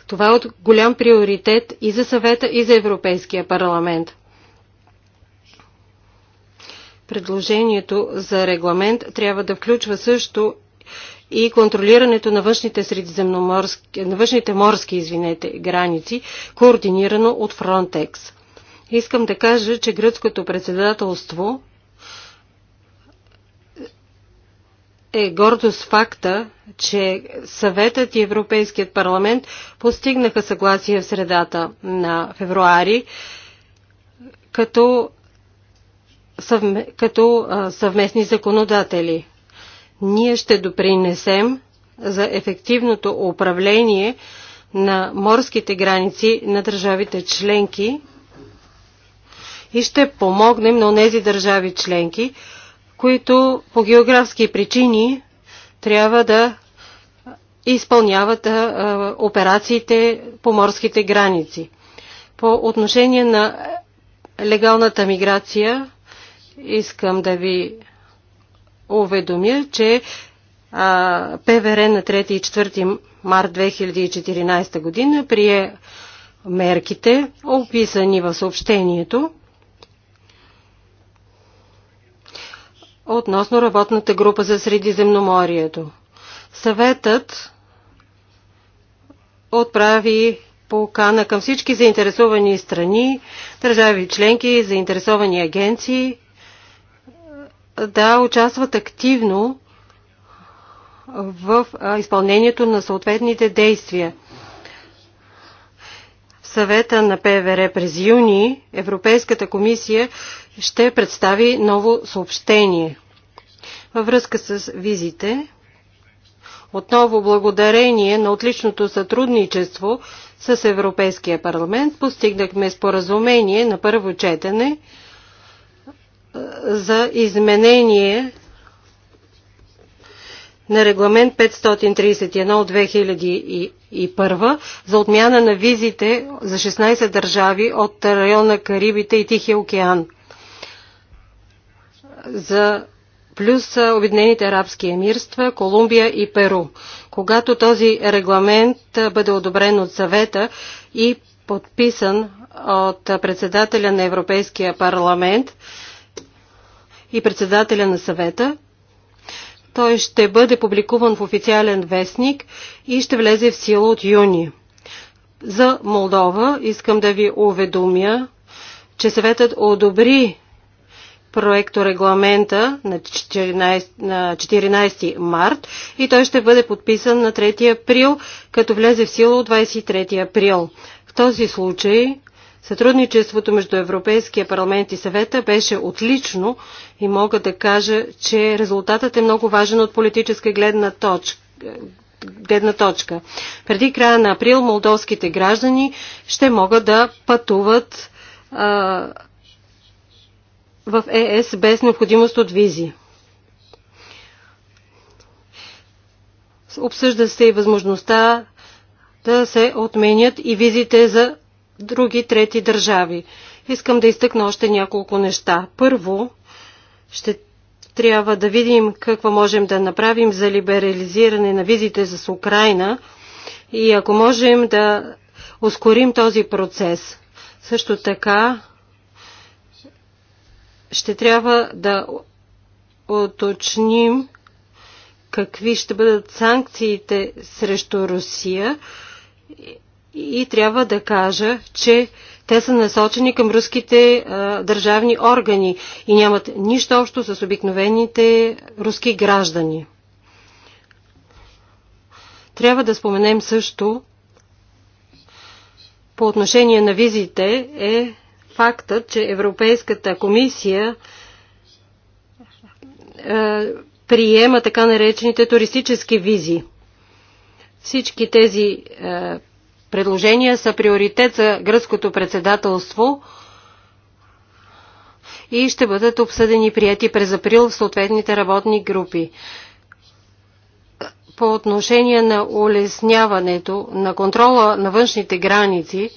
Speaker 1: Това е от голям приоритет и за съвета, и за Европейския парламент. Предложението за регламент трябва да включва също и контролирането на външните, средиземноморски, на външните морски извинете, граници, координирано от Frontex. Искам да кажа, че гръцкото председателство е гордо с факта, че съветът и Европейският парламент постигнаха съгласие в средата на февруари, като, съвме, като а, съвместни законодатели. Ние ще допринесем за ефективното управление на морските граници на държавите членки и ще помогнем на тези държави членки, които по географски причини трябва да изпълняват а, операциите по морските граници. По отношение на легалната миграция, искам да ви уведомя, че а, ПВР на 3 и 4 март 2014 година прие мерките, описани в съобщението, относно работната група за Средиземноморието. Съветът отправи покана към всички заинтересовани страни, държави членки, заинтересовани агенции да участват активно в изпълнението на съответните действия съвета на ПВР през юни Европейската комисия ще представи ново съобщение. Във връзка с визите, отново благодарение на отличното сътрудничество с Европейския парламент, постигнахме споразумение на първо четене за изменение на регламент 531 от 2001 за отмяна на визите за 16 държави от района Карибите и Тихия океан за плюс Обединените арабски емирства, Колумбия и Перу. Когато този регламент бъде одобрен от съвета и подписан от председателя на Европейския парламент и председателя на съвета, той ще бъде публикуван в официален вестник и ще влезе в сила от юни. За Молдова искам да ви уведомя, че съветът одобри проекторегламента на 14, на 14 март и той ще бъде подписан на 3 април, като влезе в сила от 23 април. В този случай сътрудничеството между Европейския парламент и съвета беше отлично и мога да кажа, че резултатът е много важен от политическа гледна точка гледна точка. Преди края на април молдовските граждани ще могат да пътуват а, в ЕС без необходимост от визи. Обсъжда се и възможността да се отменят и визите за други трети държави. Искам да изтъкна още няколко неща. Първо, ще трябва да видим какво можем да направим за либерализиране на визите с Украина и ако можем да ускорим този процес. Също така ще трябва да уточним какви ще бъдат санкциите срещу Русия и трябва да кажа, че те са насочени към руските а, държавни органи и нямат нищо общо с обикновените руски граждани. Трябва да споменем също по отношение на визите е фактът, че Европейската комисия а, приема така наречените туристически визи. Всички тези е, предложения са приоритет за гръцкото председателство и ще бъдат обсъдени и прияти през април в съответните работни групи. По отношение на улесняването на контрола на външните граници,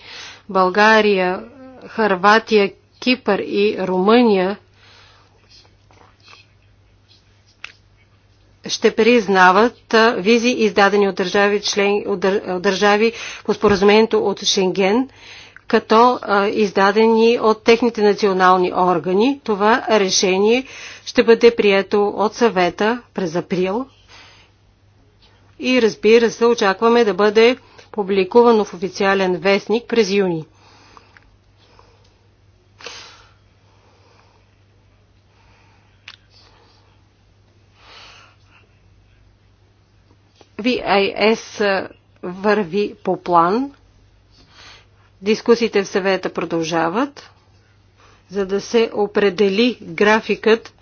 Speaker 1: България, Харватия, Кипър и Румъния ще признават визи, издадени от държави, член, от държави по споразумението от Шенген, като издадени от техните национални органи. Това решение ще бъде прието от съвета през април и разбира се, очакваме да бъде публикувано в официален вестник през юни. VIS върви по план. Дискусиите в съвета продължават, за да се определи графикът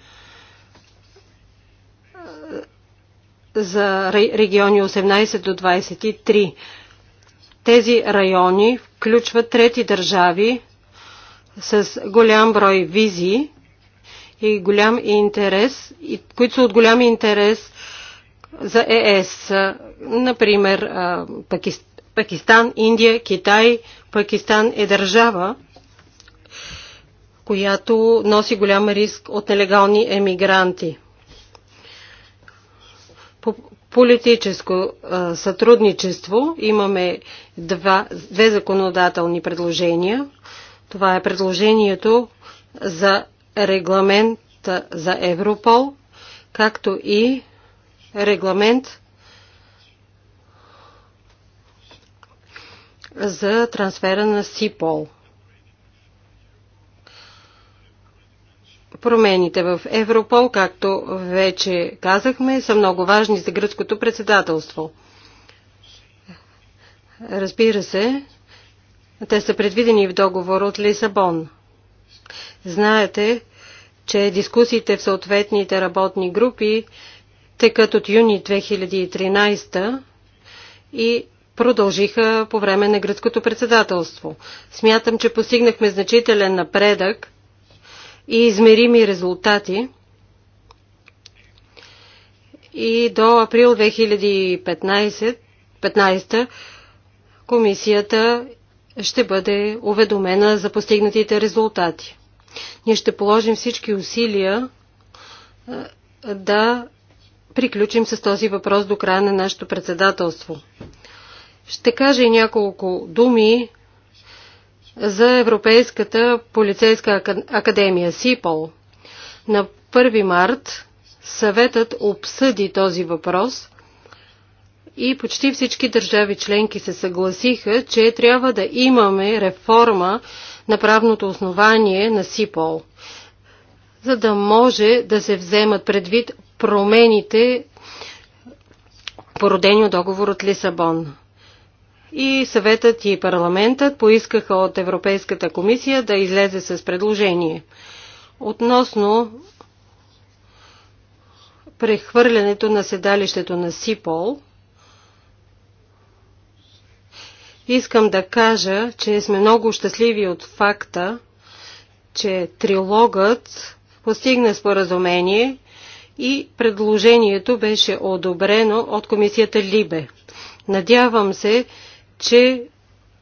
Speaker 1: за региони 18 до 23. Тези райони включват трети държави с голям брой визии и голям интерес, които са от голям интерес за ЕС. Например, Пакистан, Индия, Китай. Пакистан е държава, която носи голям риск от нелегални емигранти. По политическо сътрудничество имаме два, две законодателни предложения. Това е предложението за регламент за Европол, както и регламент за трансфера на СИПОЛ. Промените в Европол, както вече казахме, са много важни за гръцкото председателство. Разбира се, те са предвидени в договор от Лисабон. Знаете, че дискусиите в съответните работни групи текат от юни 2013 и продължиха по време на гръцкото председателство. Смятам, че постигнахме значителен напредък и измерими резултати. И до април 2015 15, комисията ще бъде уведомена за постигнатите резултати. Ние ще положим всички усилия да приключим с този въпрос до края на нашето председателство. Ще кажа и няколко думи за Европейската полицейска академия СИПОЛ. На 1 март съветът обсъди този въпрос и почти всички държави членки се съгласиха, че трябва да имаме реформа на правното основание на СИПОЛ, за да може да се вземат предвид промените, породени от договор от Лисабон. И съветът и парламентът поискаха от Европейската комисия да излезе с предложение относно прехвърлянето на седалището на СИПОЛ. Искам да кажа, че сме много щастливи от факта, че трилогът постигна споразумение и предложението беше одобрено от комисията Либе. Надявам се, че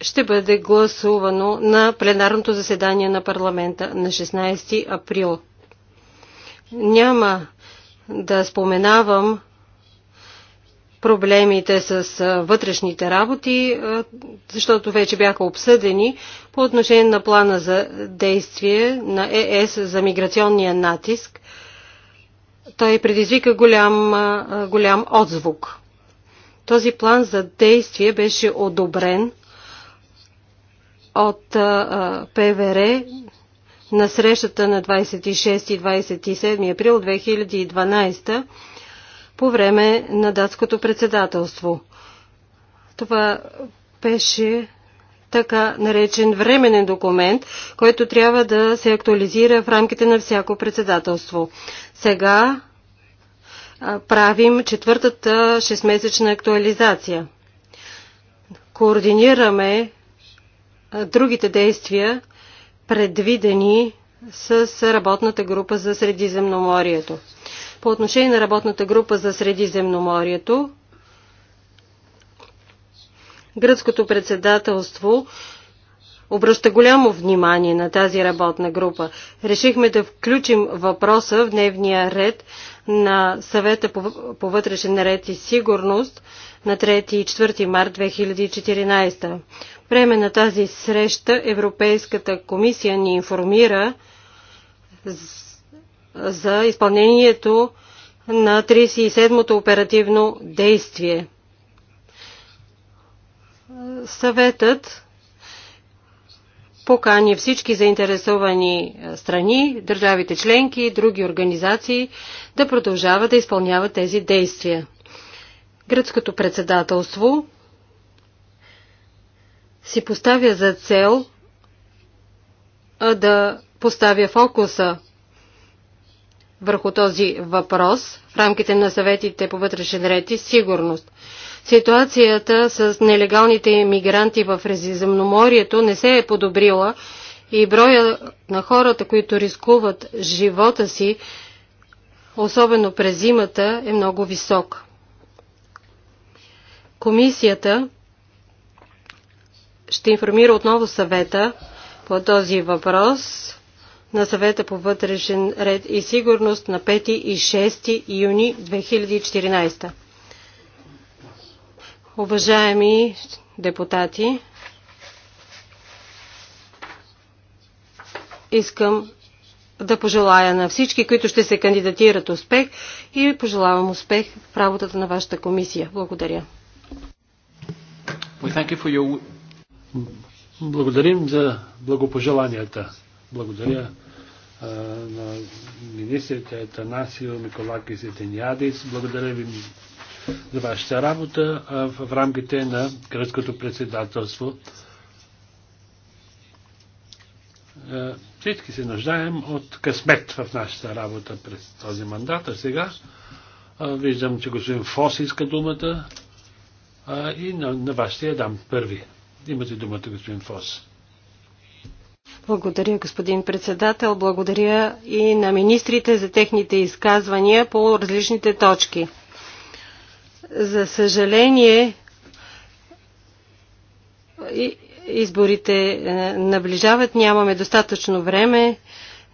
Speaker 1: ще бъде гласувано на пленарното заседание на парламента на 16 април. Няма да споменавам проблемите с вътрешните работи, защото вече бяха обсъдени по отношение на плана за действие на ЕС за миграционния натиск той предизвика голям, голям отзвук. Този план за действие беше одобрен от ПВР на срещата на 26 и 27 април 2012 по време на датското председателство. Това беше така наречен временен документ, който трябва да се актуализира в рамките на всяко председателство. Сега правим четвъртата 6-месечна актуализация. Координираме другите действия, предвидени с работната група за Средиземноморието. По отношение на работната група за Средиземноморието, Гръцкото председателство обръща голямо внимание на тази работна група. Решихме да включим въпроса в дневния ред на съвета по, вътрешен ред и сигурност на 3 и 4 март 2014. Време на тази среща Европейската комисия ни информира за изпълнението на 37-то оперативно действие – съветът покани всички заинтересовани страни, държавите членки и други организации да продължават да изпълняват тези действия. Гръцкото председателство си поставя за цел да поставя фокуса върху този въпрос в рамките на съветите по вътрешен ред и сигурност. Ситуацията с нелегалните иммигранти в Резиземноморието не се е подобрила и броя на хората, които рискуват живота си, особено през зимата, е много висок. Комисията ще информира отново съвета по този въпрос на съвета по вътрешен ред и сигурност на 5 и 6 юни 2014. Уважаеми депутати, искам да пожелая на всички, които ще се кандидатират успех и пожелавам успех в работата на вашата комисия. Благодаря.
Speaker 2: Благодарим за благопожеланията. Благодаря а, на министрите Танасио Миколакис и Тениадис. Благодаря ви за вашата работа в рамките на гръцкото председателство. Е, всички се нуждаем от късмет в нашата работа през този мандат, а сега виждам, че господин Фос иска думата и на, на вас ще я дам първи. Имате думата, господин Фос.
Speaker 1: Благодаря, господин председател. Благодаря и на министрите за техните изказвания по различните точки. За съжаление, изборите е, наближават, нямаме достатъчно време.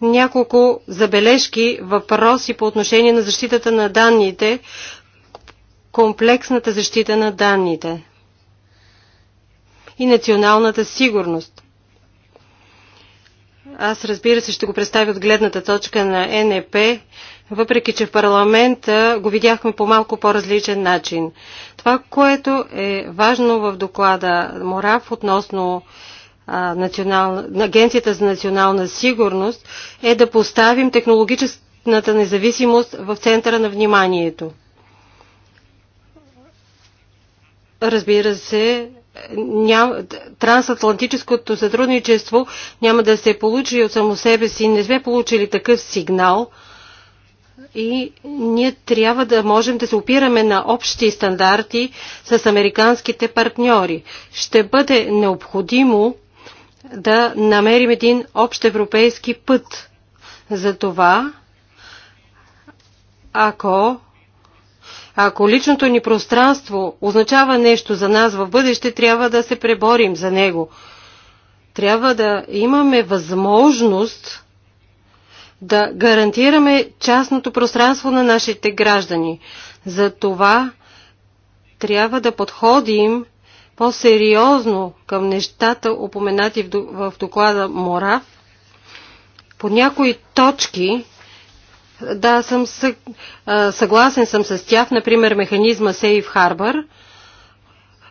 Speaker 1: Няколко забележки, въпроси по отношение на защитата на данните, комплексната защита на данните и националната сигурност. Аз разбира се ще го представя от гледната точка на НЕП въпреки че в парламента го видяхме по малко по-различен начин. Това, което е важно в доклада Морав относно а, национал... Агенцията за национална сигурност е да поставим технологическата независимост в центъра на вниманието. Разбира се, ням, трансатлантическото сътрудничество няма да се получи от само себе си. Не сме получили такъв сигнал – и ние трябва да можем да се опираме на общи стандарти с американските партньори. Ще бъде необходимо да намерим един общ европейски път за това, ако, ако личното ни пространство означава нещо за нас в бъдеще, трябва да се преборим за него. Трябва да имаме възможност да гарантираме частното пространство на нашите граждани. За това трябва да подходим по-сериозно към нещата, упоменати в доклада Морав. По някои точки, да, съм съгласен съм с тях, например механизма Safe Harbor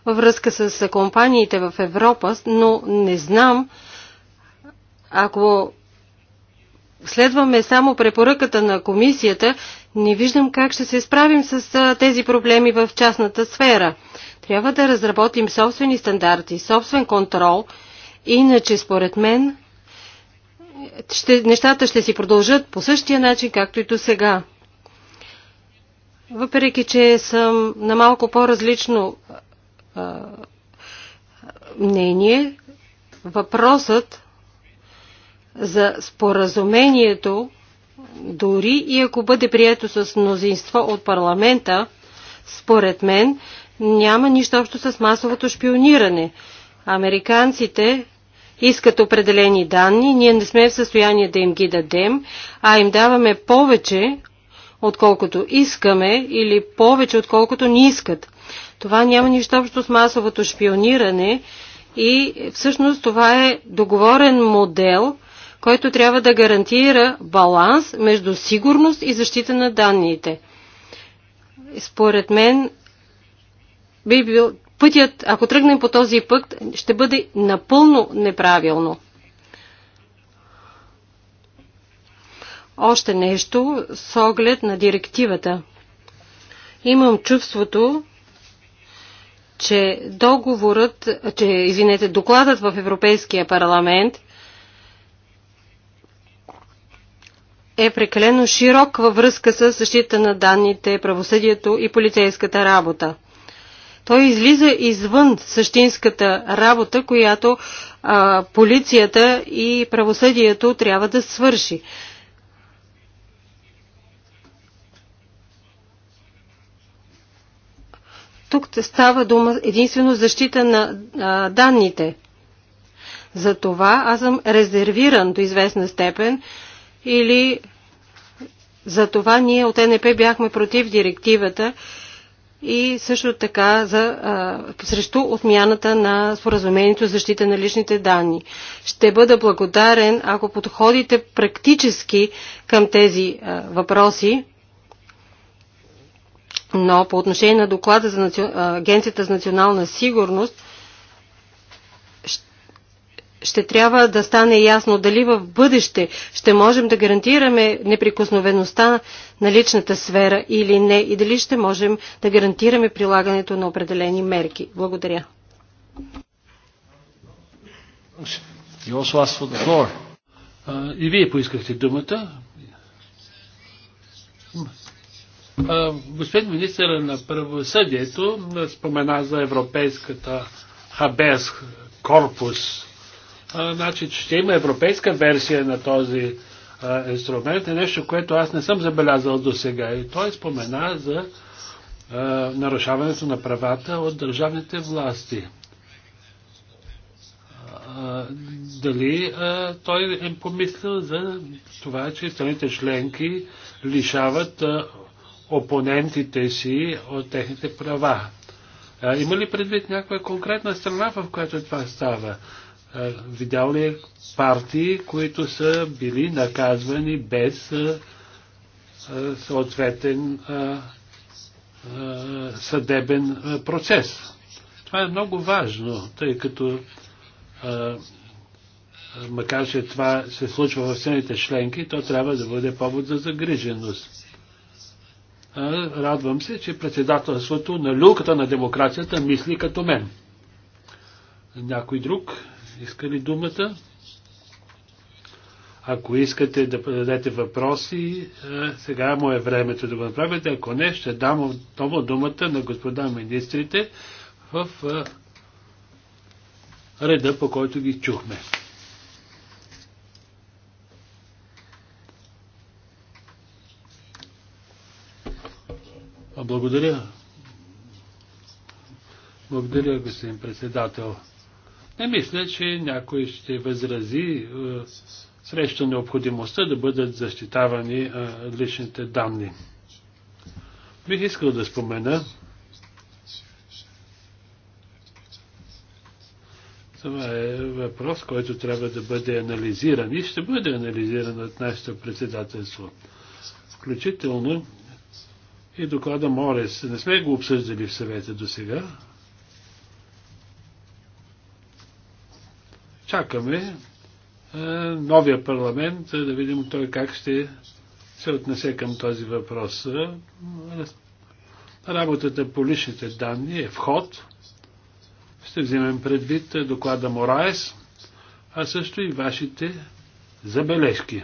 Speaker 1: във връзка с компаниите в Европа, но не знам, ако следваме само препоръката на комисията, не виждам как ще се справим с тези проблеми в частната сфера. Трябва да разработим собствени стандарти, собствен контрол, иначе според мен ще, нещата ще си продължат по същия начин, както и до сега. Въпреки, че съм на малко по-различно мнение, въпросът за споразумението, дори и ако бъде прието с мнозинство от парламента, според мен няма нищо общо с масовото шпиониране. Американците искат определени данни, ние не сме в състояние да им ги дадем, а им даваме повече, отколкото искаме или повече, отколкото ни искат. Това няма нищо общо с масовото шпиониране и всъщност това е договорен модел – който трябва да гарантира баланс между сигурност и защита на данните. Според мен би бил пътят, ако тръгнем по този път, ще бъде напълно неправилно. Още нещо с оглед на директивата. Имам чувството, че договорът, че, извинете, докладът в Европейския парламент е прекалено широк във връзка с защита на данните, правосъдието и полицейската работа. Той излиза извън същинската работа, която а, полицията и правосъдието трябва да свърши. Тук става дума единствено защита на а, данните. това аз съм резервиран до известна степен или за това ние от НП бяхме против директивата и също така за, а, срещу отмяната на споразумението за защита на личните данни. Ще бъда благодарен, ако подходите практически към тези а, въпроси, но по отношение на доклада за наци... Агенцията за национална сигурност, ще трябва да стане ясно дали в бъдеще ще можем да гарантираме неприкосновеността на личната сфера или не и дали ще можем да гарантираме прилагането на определени мерки. Благодаря.
Speaker 2: И вие поискахте думата. Господин министър на правосъдието спомена за европейската хабес корпус а, значи, ще има европейска версия на този а, инструмент, е нещо, което аз не съм забелязал до сега. И той спомена за а, нарушаването на правата от държавните власти. А, дали а, той е помислил за това, че страните членки лишават а, опонентите си от техните права. А, има ли предвид някаква конкретна страна, в която това става? видял ли партии, които са били наказвани без съответен съдебен процес. Това е много важно, тъй като макар че това се случва в страните членки, то трябва да бъде повод за загриженост. Радвам се, че председателството на люлката на демокрацията мисли като мен. Някой друг? искали думата? Ако искате да подадете въпроси, е, сега му е времето да го направите. Ако не, ще дам отново думата на господа министрите в е, реда, по който ги чухме. Благодаря. Благодаря, господин председател. Не мисля, че някой ще възрази а, е, срещу необходимостта да бъдат защитавани е, личните данни. Бих искал да спомена Това е въпрос, който трябва да бъде анализиран и ще бъде анализиран от нашето председателство. Включително и доклада Морес. Не сме го обсъждали в съвета до сега, чакаме е, новия парламент, да видим той как ще се отнесе към този въпрос. Е, работата по личните данни е вход. Ще вземем предвид доклада Мораес, а също и вашите забележки,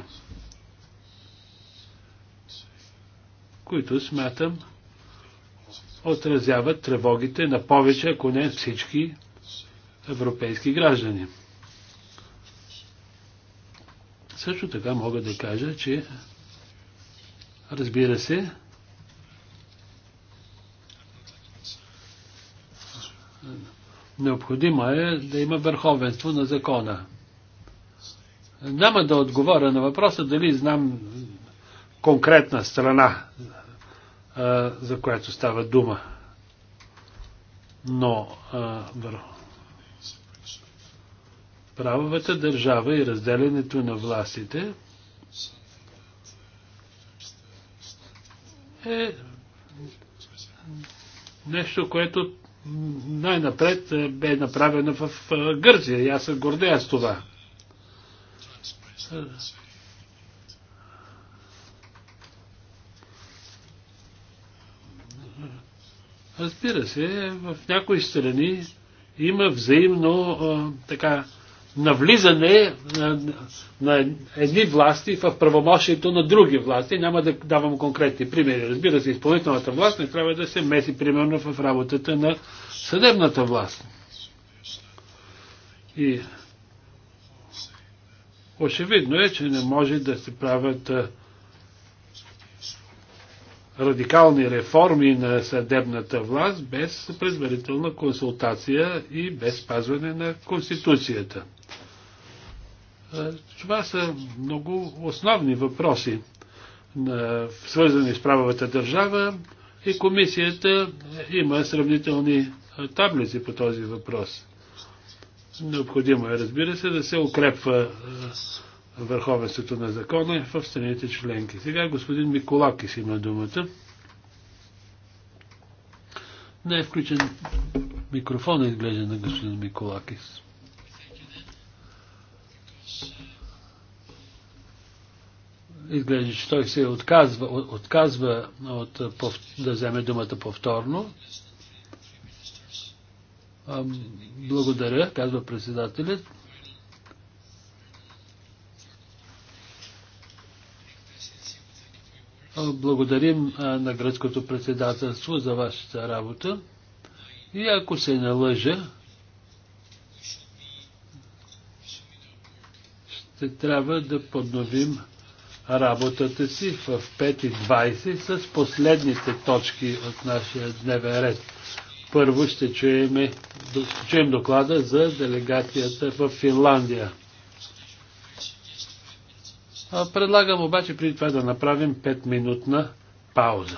Speaker 2: които смятам отразяват тревогите на повече, ако не всички европейски граждани. Също така мога да кажа, че разбира се, необходимо е да има върховенство на закона. Няма да отговоря на въпроса дали знам конкретна страна, за която става дума. Но върху правовата държава и разделянето на властите е нещо, което най-напред бе направено в Гърция и аз се гордея с това. Разбира се, в някои страни има взаимно а, така навлизане на, на едни власти в правомощието на други власти. Няма да давам конкретни примери. Разбира се, изпълнителната власт не трябва да се меси примерно в работата на съдебната власт. И очевидно е, че не може да се правят радикални реформи на съдебната власт без предварителна консултация и без спазване на Конституцията. Е, това са много основни въпроси, е, свързани с правовата държава и комисията има сравнителни е, таблици по този въпрос. Необходимо е, разбира се, да се укрепва върховенството на закона в страните членки. Сега господин Миколакис има думата. Не е включен микрофон, изглежда на господин Миколакис. изглежда, че той се отказва, отказва от, да вземе думата повторно. Благодаря, казва председателят. Благодарим на гръцкото председателство за вашата работа. И ако се налъжа, ще трябва да подновим работата си в 5.20 с последните точки от нашия дневен ред. Първо ще чуем, чуем доклада за делегацията в Финландия. Предлагам обаче преди това да направим 5-минутна пауза.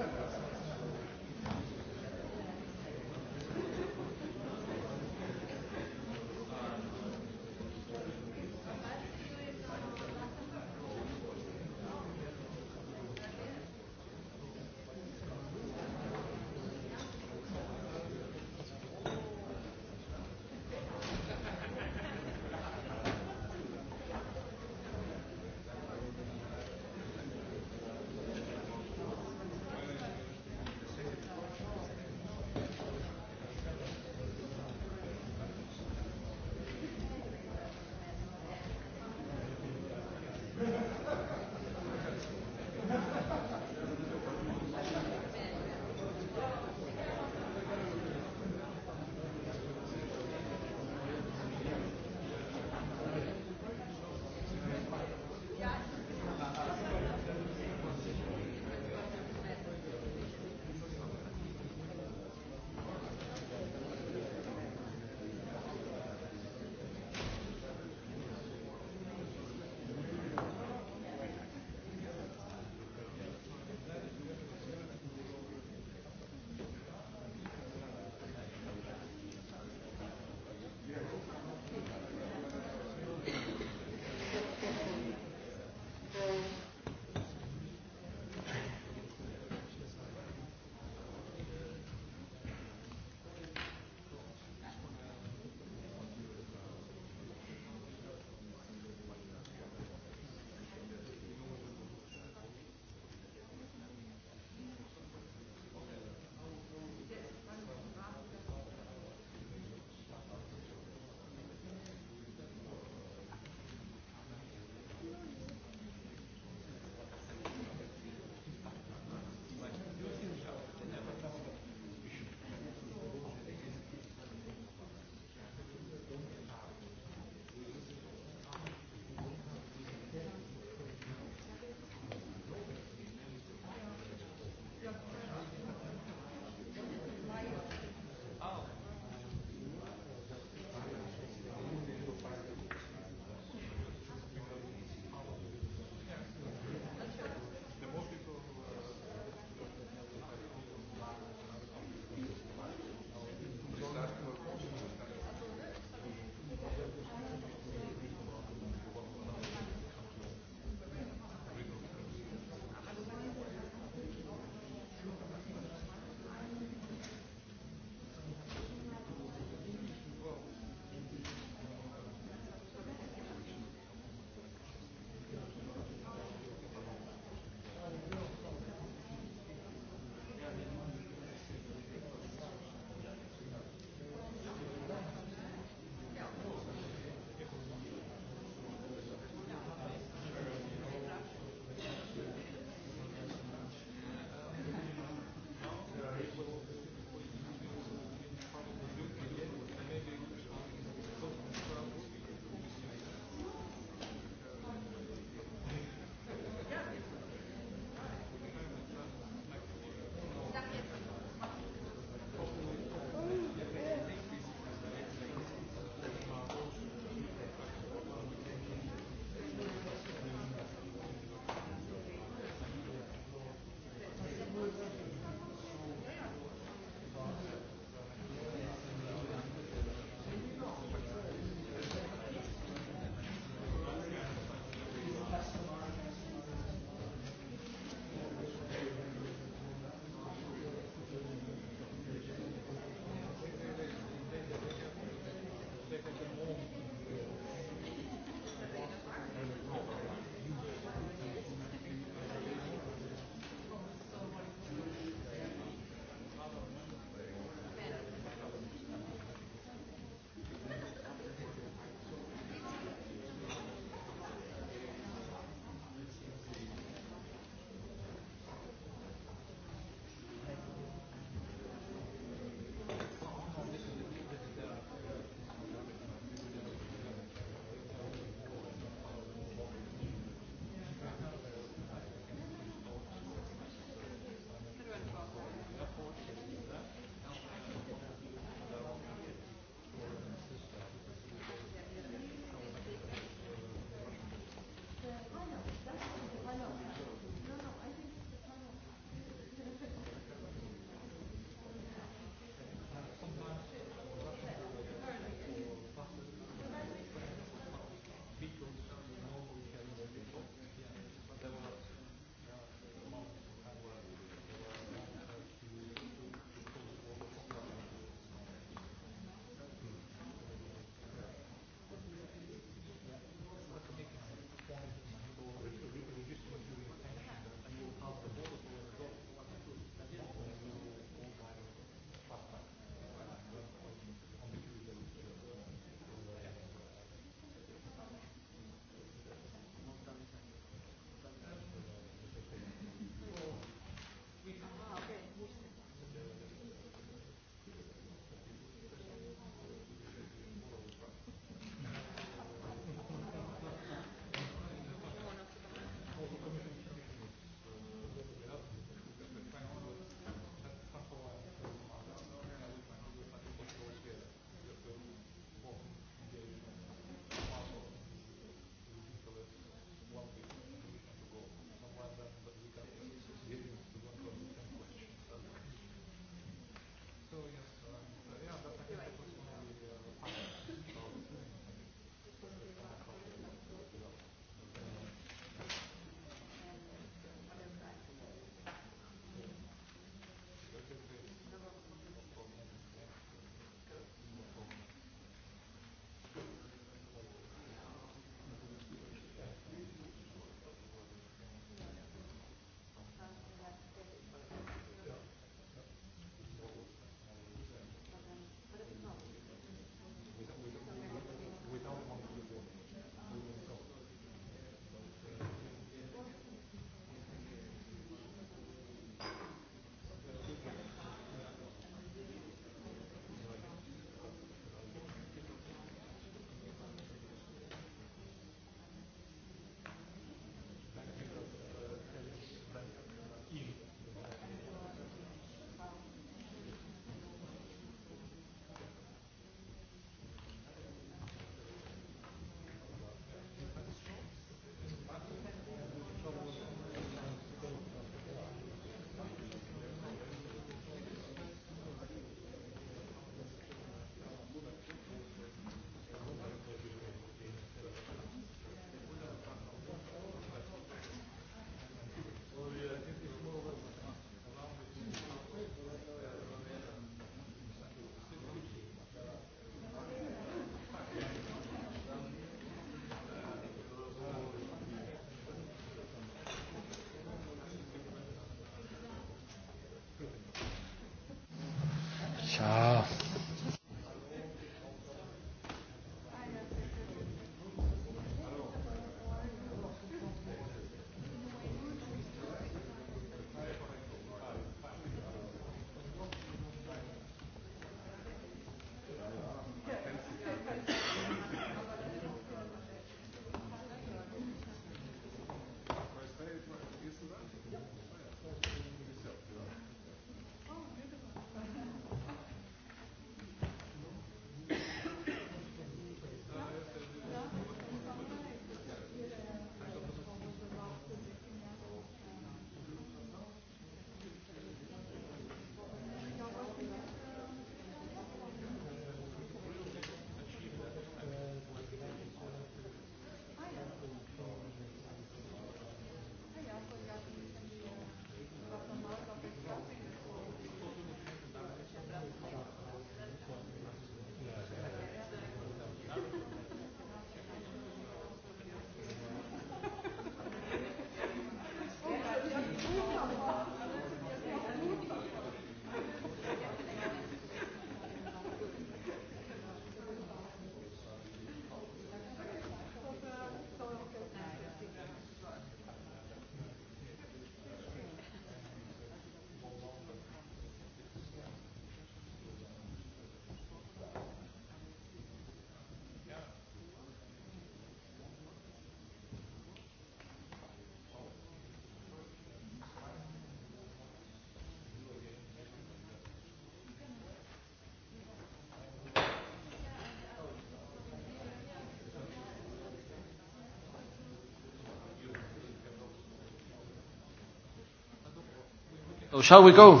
Speaker 2: Oh, shall we go?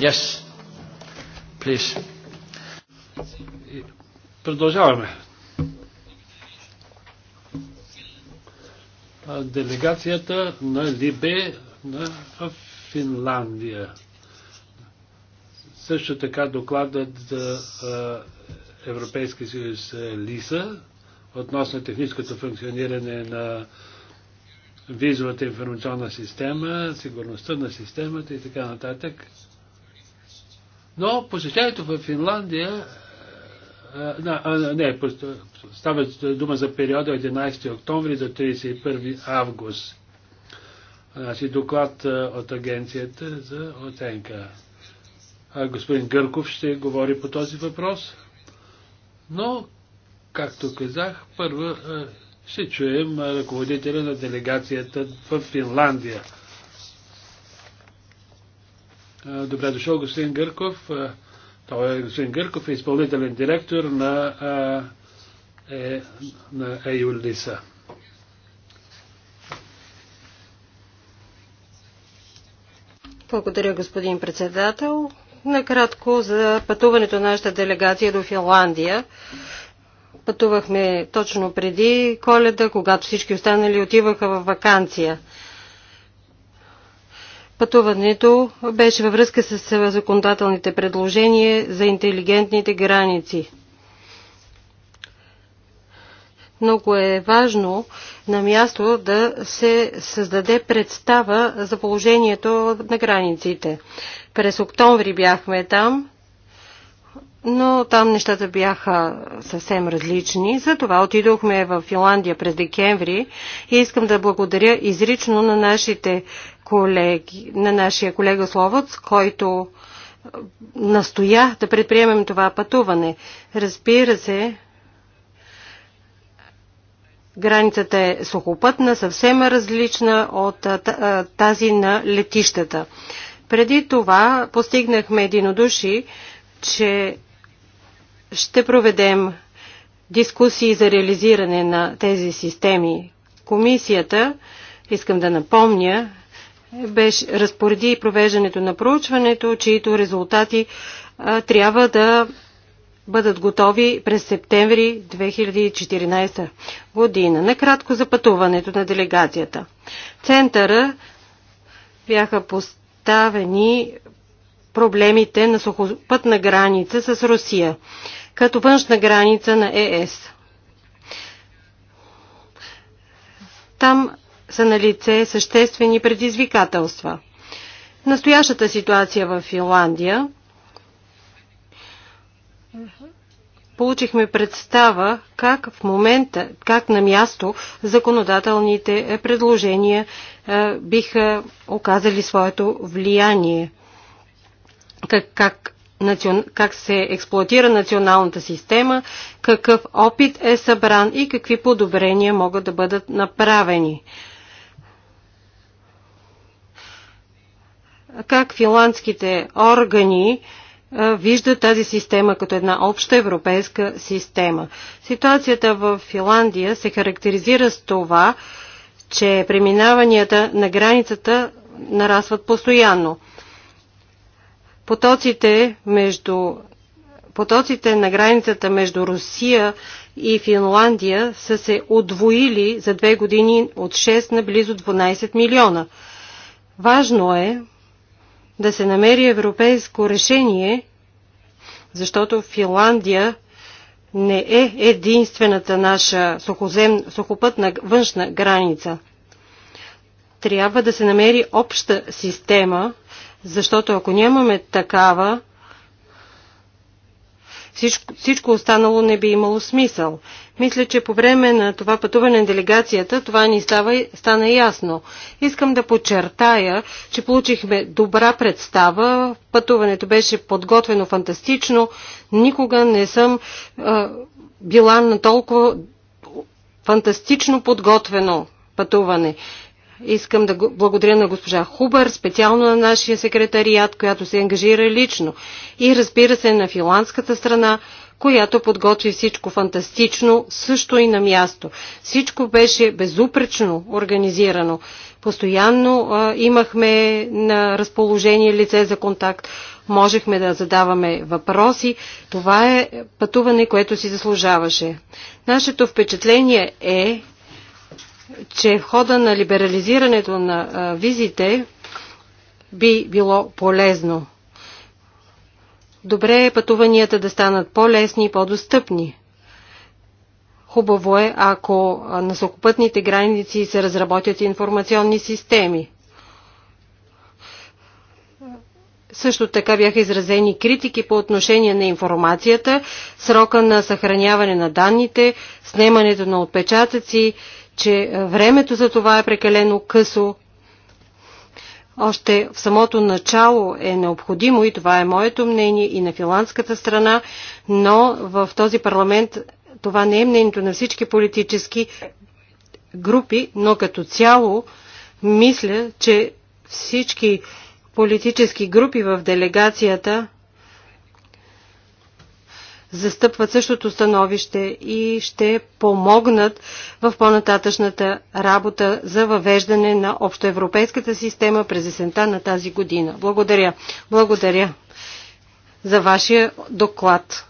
Speaker 2: Yes. Please. Продължаваме. Делегацията на Либе на Финландия. Също така докладът за Европейския съюз е, ЛИСА относно техническото функциониране на визовата информационна система, сигурността на системата и така нататък. Но посещението в Финландия а, а, не, става дума за периода 11 октомври до 31 август. Значи доклад от агенцията за оценка. А господин Гърков ще говори по този въпрос. Но, както казах, първо ще чуем ръководителя на делегацията в Финландия. Добре дошъл, господин Гърков. Той е господин Гърков, е изпълнителен директор на, е, на Еюлиса.
Speaker 1: Благодаря, господин председател. Накратко за пътуването на нашата делегация до Финландия. Пътувахме точно преди коледа, когато всички останали отиваха във вакансия. Пътуването беше във връзка с законодателните предложения за интелигентните граници. Много е важно на място да се създаде представа за положението на границите. През октомври бяхме там но там нещата бяха съвсем различни. Затова отидохме в Финландия през декември и искам да благодаря изрично на нашите колеги, на нашия колега Словоц, който настоя да предприемем това пътуване. Разбира се, границата е сухопътна, съвсем различна от тази на летищата. Преди това постигнахме единодуши, че ще проведем дискусии за реализиране на тези системи. Комисията, искам да напомня, беше, разпореди провеждането на проучването, чието резултати а, трябва да бъдат готови през септември 2014 година. Накратко за пътуването на делегацията. Центъра бяха поставени проблемите на сухопътна граница с Русия като външна граница на ЕС. Там са на лице съществени предизвикателства. Настоящата ситуация в Финландия получихме представа как в момента, как на място законодателните предложения е, биха оказали своето влияние. Как, как как се експлуатира националната система, какъв опит е събран и какви подобрения могат да бъдат направени. Как финландските органи виждат тази система като една обща европейска система. Ситуацията в Финландия се характеризира с това, че преминаванията на границата нарастват постоянно – Потоците, между, потоците на границата между Русия и Финландия са се удвоили за две години от 6 на близо 12 милиона. Важно е да се намери европейско решение, защото Финландия не е единствената наша сухозем, сухопътна външна граница. Трябва да се намери обща система, защото ако нямаме такава, всичко, всичко останало не би имало смисъл. Мисля, че по време на това пътуване на делегацията това ни става, стана ясно. Искам да подчертая, че получихме добра представа, пътуването беше подготвено фантастично, никога не съм а, била на толкова фантастично подготвено пътуване. Искам да благодаря на госпожа Хубър, специално на нашия секретариат, която се ангажира лично и разбира се на филандската страна, която подготви всичко фантастично, също и на място. Всичко беше безупречно организирано. Постоянно а, имахме на разположение лице за контакт, можехме да задаваме въпроси. Това е пътуване, което си заслужаваше. Нашето впечатление е, че в хода на либерализирането на визите би било полезно. Добре е пътуванията да станат по-лесни и по-достъпни. Хубаво е, ако на сухопътните граници се разработят информационни системи. Също така бяха изразени критики по отношение на информацията, срока на съхраняване на данните, снемането на отпечатъци че е, времето за това е прекалено късо. Още в самото начало е необходимо, и това е моето мнение, и на финландската страна, но в този парламент това не е мнението на всички политически групи, но като цяло мисля, че всички политически групи в делегацията застъпват същото становище и ще помогнат в по-нататъчната работа за въвеждане на общоевропейската система през есента на тази година. Благодаря. Благодаря за вашия доклад.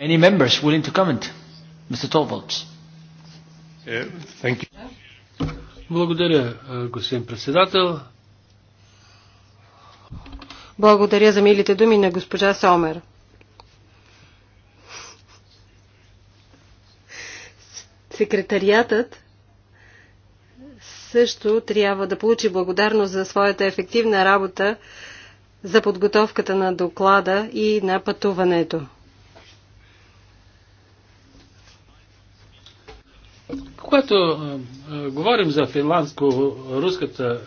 Speaker 3: Any
Speaker 2: members willing to comment? Mr. Torvalds. Uh, thank you. Благодаря, господин председател.
Speaker 1: Благодаря за милите думи на госпожа Сомер. Секретариатът също трябва да получи благодарност за своята ефективна работа за подготовката на доклада и на пътуването.
Speaker 2: Когато а, говорим за финландско-руската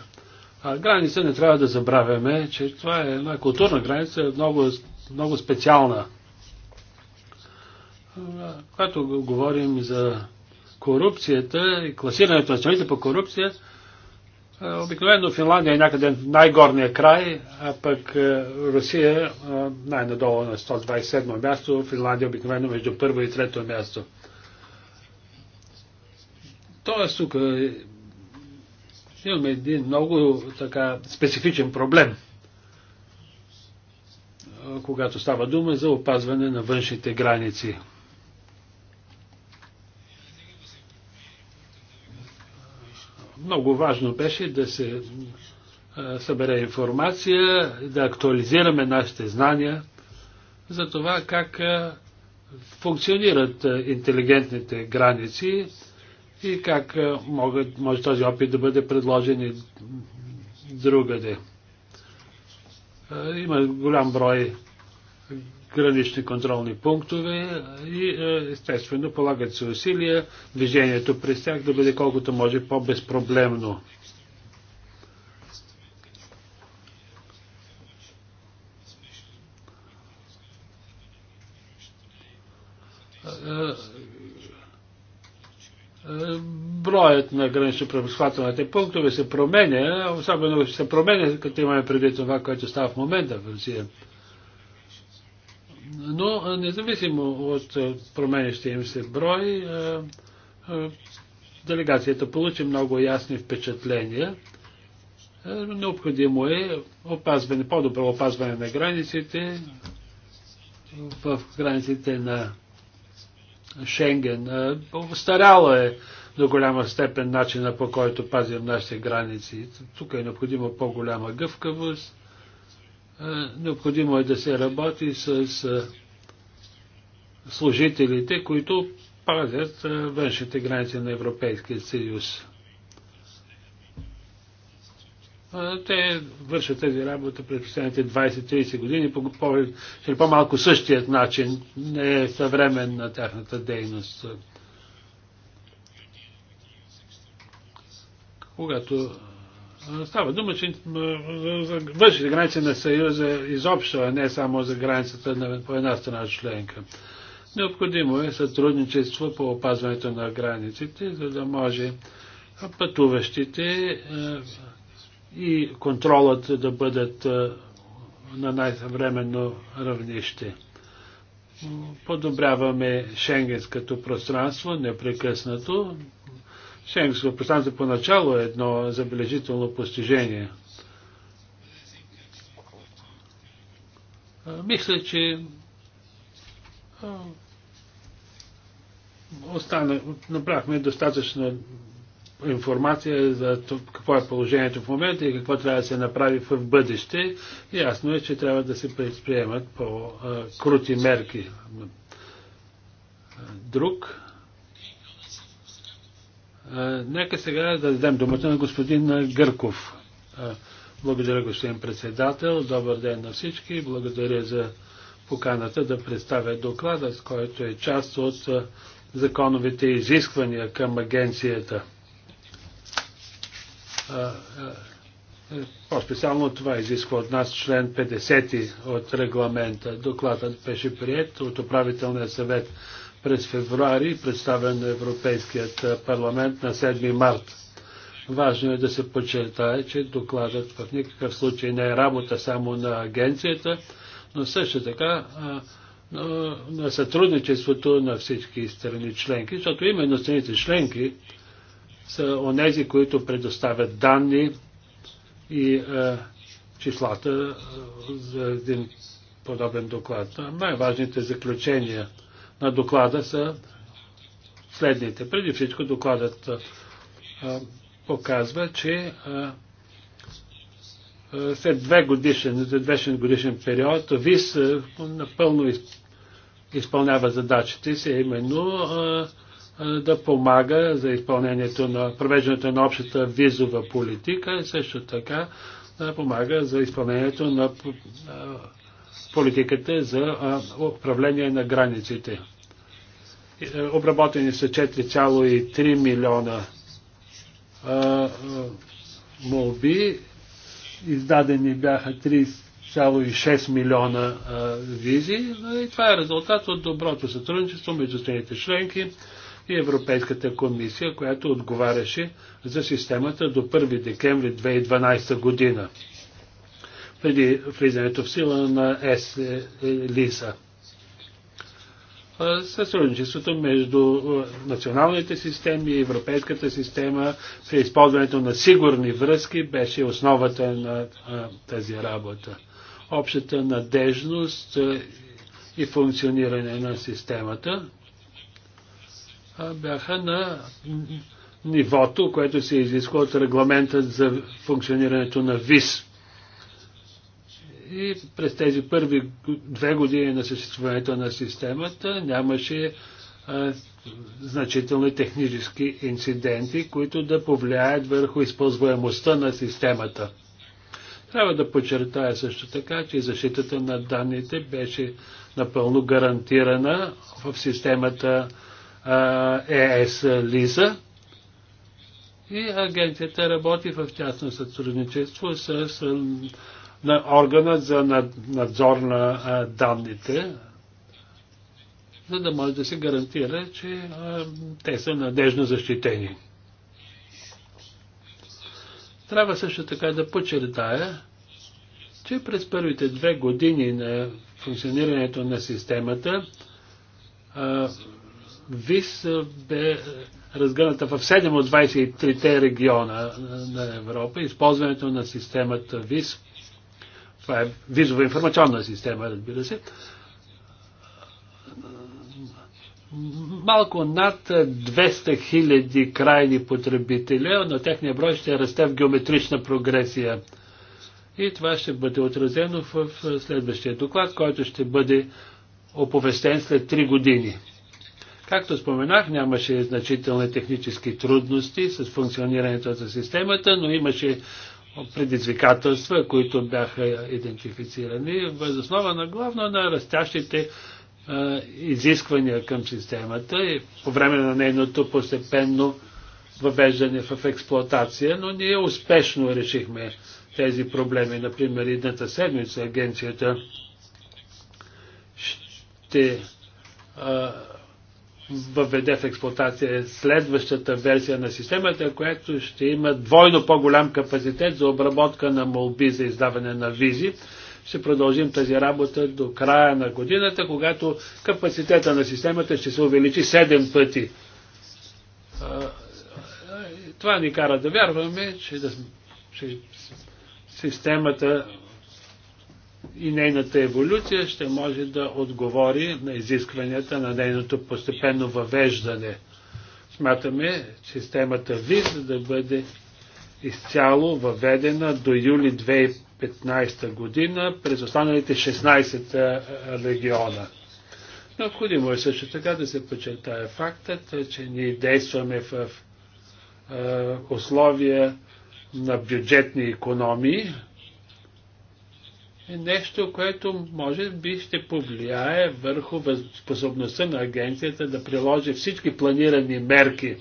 Speaker 2: граница, не трябва да забравяме, че това е една културна граница, много, много специална. А, когато говорим за корупцията и класирането на страните по корупция, е, обикновено Финландия е някъде най-горния край, а пък е, Русия е, най-надолу на 127 място, Финландия обикновено между първо и трето място. Тоест тук имаме един много така специфичен проблем, когато става дума за опазване на външните граници. много важно беше да се събере информация, да актуализираме нашите знания за това как функционират интелигентните граници и как могат, може този опит да бъде предложен и другаде. Има голям брой гранични контролни пунктове и е, естествено полагат се усилия движението през тях да бъде колкото може по-безпроблемно. Броят на гранично превъзхвателните пунктове се променя, особено се променя, като имаме преди това, което става в момента в Русия. Но независимо от променящия им се брой, делегацията получи много ясни впечатления. Необходимо е опазване, по-добро опазване на границите, в границите на Шенген. Старяло е до голяма степен начина по който пазим нашите граници. Тук е необходима по-голяма гъвкавост. Необходимо е да се работи с служителите, които пазят външните граници на Европейския съюз. Те вършат тази работа през последните 20-30 години по, по, или по-малко същият начин. Не е съвремен на тяхната дейност. Когато става дума, че вършите граници на Съюза изобщо, а не само за границата на, по една страна членка. Необходимо е сътрудничество по опазването на границите, за да може пътуващите е, и контролът да бъдат е, на най-съвременно равнище. Подобряваме шенгенското пространство непрекъснато. Шенгенското пространство поначало е едно забележително постижение. Е, мисля, че остана, направихме достатъчно информация за какво е положението в момента и какво трябва да се направи в бъдеще. Ясно е, че трябва да се предприемат по-крути мерки. Друг. Нека сега да дадем думата на господин Гърков. Благодаря, господин председател. Добър ден на всички. Благодаря за поканата да представя доклада, с който е част от законовите изисквания към агенцията. По-специално това изисква от нас член 50 от регламента. Докладът беше прият от управителния съвет през февруари и представен на Европейският парламент на 7 март. Важно е да се подчертае, че докладът в никакъв случай не е работа само на агенцията, но също така на сътрудничеството на всички страни членки, защото именно страните членки са онези, които предоставят данни и а, числата за един подобен доклад. Най-важните заключения на доклада са следните. Преди всичко докладът а, показва, че а, след две годишен, за годишен период ВИС напълно изпълнява задачите си, именно да помага за изпълнението на провеждането на общата визова политика и също така да помага за изпълнението на политиката за управление на границите. Обработени са 4,3 милиона молби, издадени бяха 30 1,6 милиона а, визи. И това е резултат от доброто сътрудничество между страните членки и Европейската комисия, която отговаряше за системата до 1 декември 2012 година, преди влизането в сила на ЕС е Лиса. Сътрудничеството между националните системи и европейската система при използването на сигурни връзки беше основата на тази работа общата надежност и функциониране на системата бяха на нивото, което се изисква от регламента за функционирането на ВИС. И през тези първи две години на съществуването на системата нямаше а, значителни технически инциденти, които да повлияят върху използваемостта на системата. Трябва да подчертая също така, че защитата на данните беше напълно гарантирана в системата ЕС-ЛИЗА и агенцията работи в тясно сътрудничество с на органа за надзор на данните, за да може да се гарантира, че те са надежно защитени. Трябва също така да подчертая, че през първите две години на функционирането на системата ВИС бе разгърната в 7 от 23-те региона на Европа. Използването на системата ВИС, това е визова информационна система, разбира се, малко над 200 хиляди крайни потребителя, но техния брой ще расте в геометрична прогресия. И това ще бъде отразено в следващия доклад, който ще бъде оповестен след 3 години. Както споменах, нямаше значителни технически трудности с функционирането на системата, но имаше предизвикателства, които бяха идентифицирани въз основа на главно на растящите изисквания към системата и по време на нейното постепенно въвеждане в експлоатация, но ние успешно решихме тези проблеми. Например, едната седмица агенцията ще а, въведе в експлоатация следващата версия на системата, която ще има двойно по-голям капацитет за обработка на молби за издаване на визи, ще продължим тази работа до края на годината, когато капацитета на системата ще се увеличи 7 пъти. Това ни кара да вярваме, че, да, че системата и нейната еволюция ще може да отговори на изискванията на нейното постепенно въвеждане. Смятаме системата ВИЗ да бъде изцяло въведена до юли 2015 2015 година през останалите 16 е, е, региона. Необходимо е също така да се подчертая фактът, е, че ние действаме в условия на бюджетни економии, е нещо, което може би ще повлияе върху способността на агенцията да приложи всички планирани мерки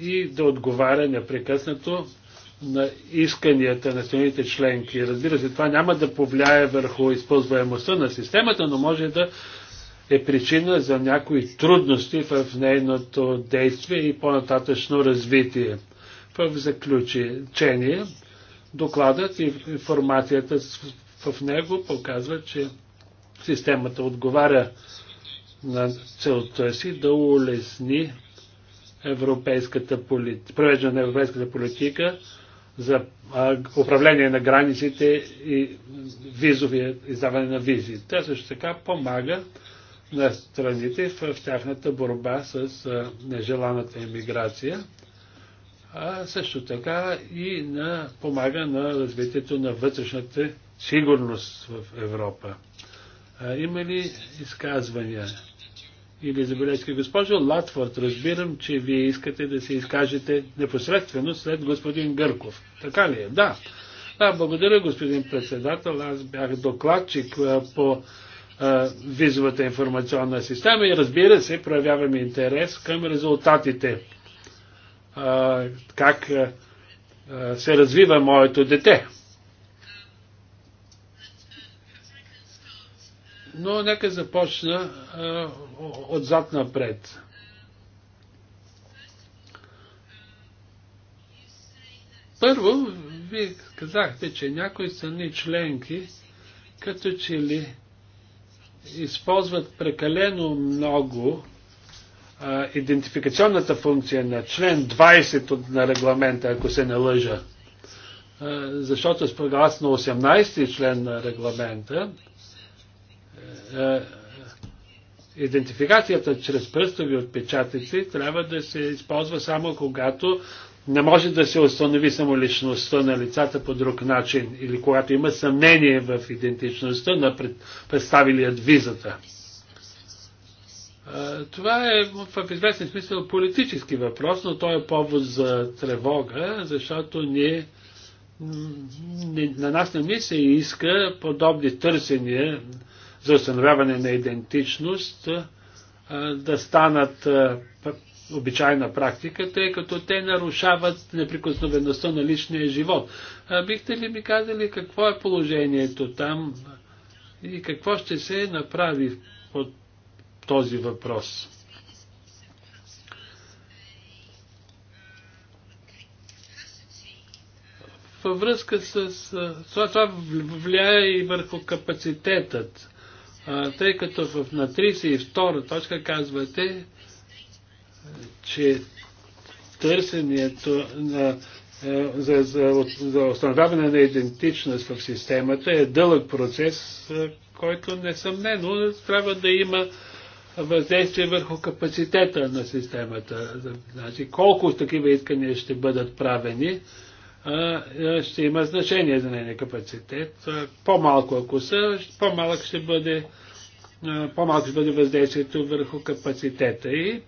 Speaker 2: и да отговаря непрекъснато на исканията на страните членки. Разбира се, това няма да повлияе върху използваемостта на системата, но може да е причина за някои трудности в нейното действие и по-нататъчно развитие. В заключение, докладът и информацията в него показва, че системата отговаря на целта си да улесни европейската полит... на европейската политика за управление на границите и визови, издаване на визи. Те също така помага на страните в, тяхната борба с нежеланата емиграция, а също така и на, помага на развитието на вътрешната сигурност в Европа. има ли изказвания? или забележка Госпожо Латфорд, разбирам, че вие искате да се изкажете непосредствено след господин Гърков. Така ли е? Да. Да, благодаря, господин председател. Аз бях докладчик по визовата информационна система и разбира се, проявяваме интерес към резултатите. как се развива моето дете. но нека започна а, отзад напред. Първо, вие казахте, че някои страни членки като че ли използват прекалено много а, идентификационната функция на член 20 от, на регламента, ако се не лъжа. А, защото спогласно 18 член на регламента, е, идентификацията чрез пръстови отпечатъци трябва да се използва само когато не може да се установи само личността на лицата по друг начин или когато има съмнение в идентичността на представилият визата. Е, това е в известен смисъл политически въпрос, но той е повод за тревога, защото ние, на нас не ми се иска подобни търсения за установяване на идентичност да станат обичайна практика, тъй като те нарушават неприкосновеността на личния живот. Бихте ли ми казали какво е положението там и какво ще се направи от този въпрос? Във връзка с... Това, това влияе и върху капацитетът тъй като в, на 32 точка казвате, че търсенето на, за, за, за установяване на идентичност в системата е дълъг процес, който несъмнено трябва да има въздействие върху капацитета на системата. Значи, колко такива искания ще бъдат правени, ще има значение за нейния капацитет. По-малко ако са, по-малък ще бъде по-малко ще бъде въздействието върху капацитета. И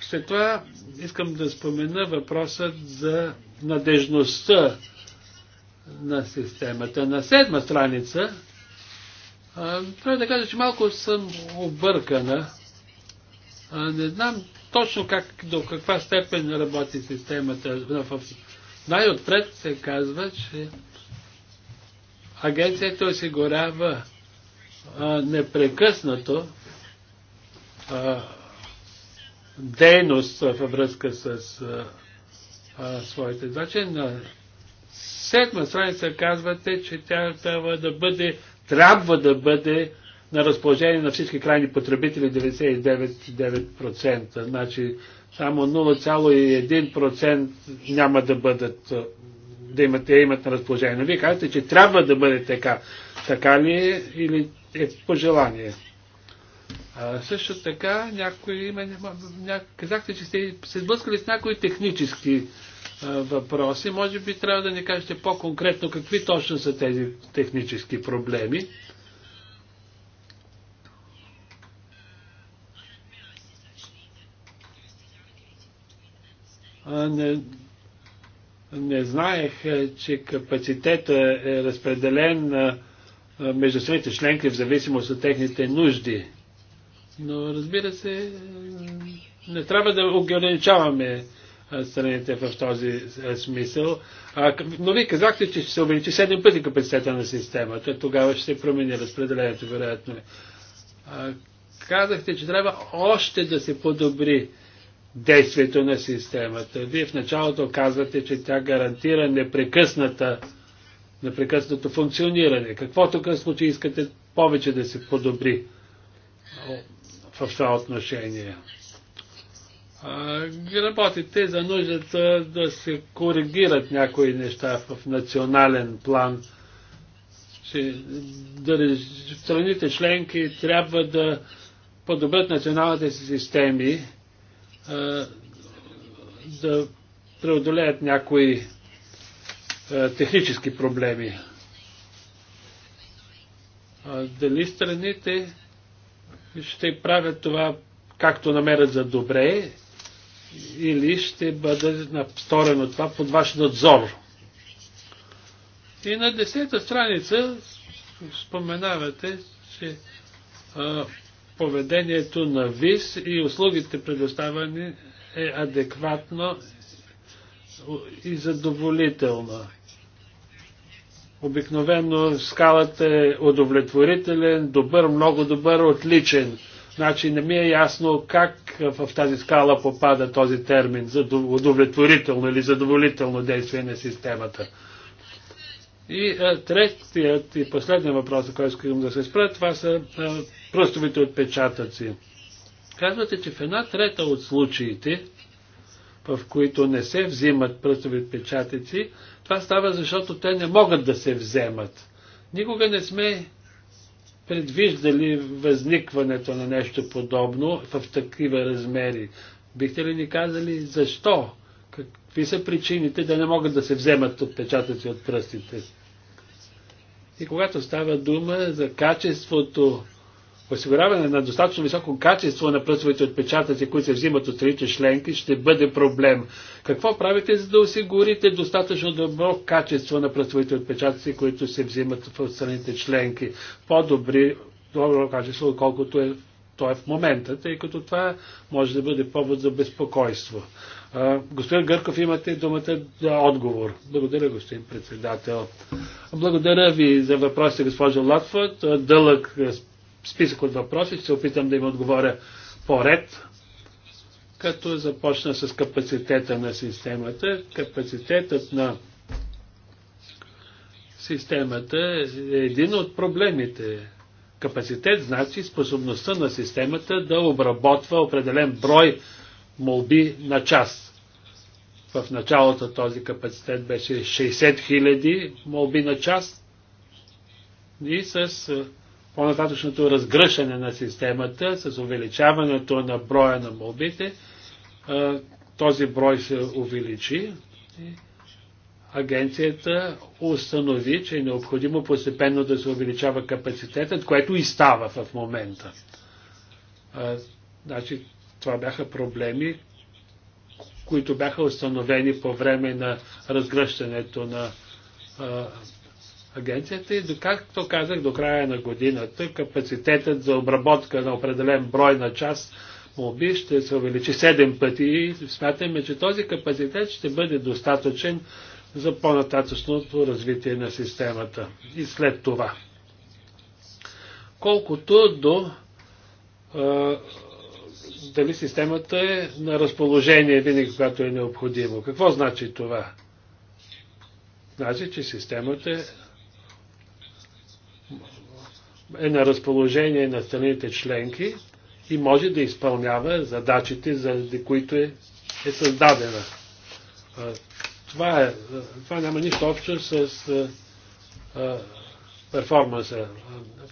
Speaker 2: след това искам да спомена въпросът за надежността на системата. На седма страница трябва да кажа, че малко съм объркана. Не знам точно как, до каква степен работи системата в най-отпред се казва, че агенцията осигурява а, непрекъснато а, дейност във връзка с а, а, своите задачи. На седма страница казвате, че тя трябва да бъде, трябва да бъде на разположение на всички крайни потребители 99,9%. Значи само 0,1% няма да бъдат, да имат, да имат на разположение. Но вие казвате, че трябва да бъде така. Така ли е или е пожелание? А, също така, някои има, ня... казахте, че сте се сблъскали с някои технически а, въпроси. Може би трябва да ни кажете по-конкретно какви точно са тези технически проблеми. не, не знаех, е, че капацитета е разпределен между своите членки в зависимост от техните нужди. Но разбира се, не трябва да ограничаваме страните в този смисъл. А, но вие казахте, че ще се увеличи 7 пъти капацитета на системата. Тогава ще се промени разпределението, вероятно. А, казахте, че трябва още да се подобри действието на системата. Вие в началото казвате, че тя гарантира непрекъсната, непрекъснато функциониране. Какво тук случай искате повече да се подобри в това отношение? работите за нуждата да се коригират някои неща в национален план. Че страните членки трябва да подобрят националните си системи е, да преодолеят някои е, технически проблеми. Дали страните ще правят това както намерят за добре или ще бъде насторено това под ваш надзор. И на десета страница споменавате, че а, поведението на ВИС и услугите предоставени е адекватно и задоволително. Обикновено скалата е удовлетворителен, добър, много добър, отличен. Значи не ми е ясно как в тази скала попада този термин за удовлетворително или задоволително действие на системата. И а, третият и последният въпрос, който искам да се спра, това са а, пръстовите отпечатъци. Казвате, че в една трета от случаите, в които не се взимат пръстови отпечатъци, това става защото те не могат да се вземат. Никога не сме предвиждали възникването на нещо подобно в такива размери. Бихте ли ни казали защо? Какви са причините да не могат да се вземат отпечатъци от пръстите? И когато става дума за качеството осигуряване на достатъчно високо качество на пръстовите отпечатъци, които се взимат от страните членки, ще бъде проблем. Какво правите, за да осигурите достатъчно добро качество на пръстовите отпечатъци, които се взимат от страните членки? По-добри, добро качество, отколкото е той е в момента, тъй като това може да бъде повод за безпокойство. Господин Гърков, имате думата за отговор. Благодаря, господин председател. Благодаря ви за въпросите, госпожо Латфът. Дълъг списък от въпроси. Ще се опитам да им отговоря поред, като започна с капацитета на системата. Капацитетът на системата е един от проблемите. Капацитет значи способността на системата да обработва определен брой молби на час. В началото този капацитет беше 60 000 молби на час и с по-нататъчното разгръщане на системата с увеличаването на броя на молбите. Този брой се увеличи. Агенцията установи, че е необходимо постепенно да се увеличава капацитетът, което и става в момента. Значи, това бяха проблеми, които бяха установени по време на разгръщането на агенцията и, както казах, до края на годината капацитетът за обработка на определен брой на час моби ще се увеличи 7 пъти и смятаме, че този капацитет ще бъде достатъчен за по-нататъчното развитие на системата и след това. Колкото до а, дали системата е на разположение винаги, когато е необходимо. Какво значи това? Значи, че системата е е на разположение на страните членки и може да изпълнява задачите, за които е, е създадена. Това, е, това няма нищо общо с а, перформанса.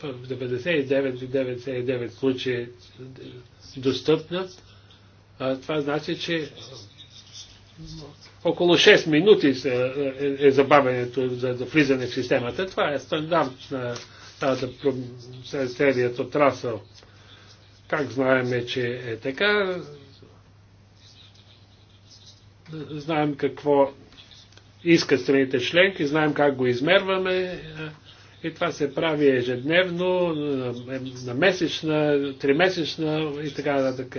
Speaker 2: В 99 99 случаи е достъпна. А, това значи, че около 6 минути е, е, е забавянето за, за влизане в системата. Това е стандартна а, да, целият отрасъл. Как знаем, че е така? Знаем какво искат страните членки, знаем как го измерваме е, и това се прави ежедневно, на месечна, тримесечна и така нататък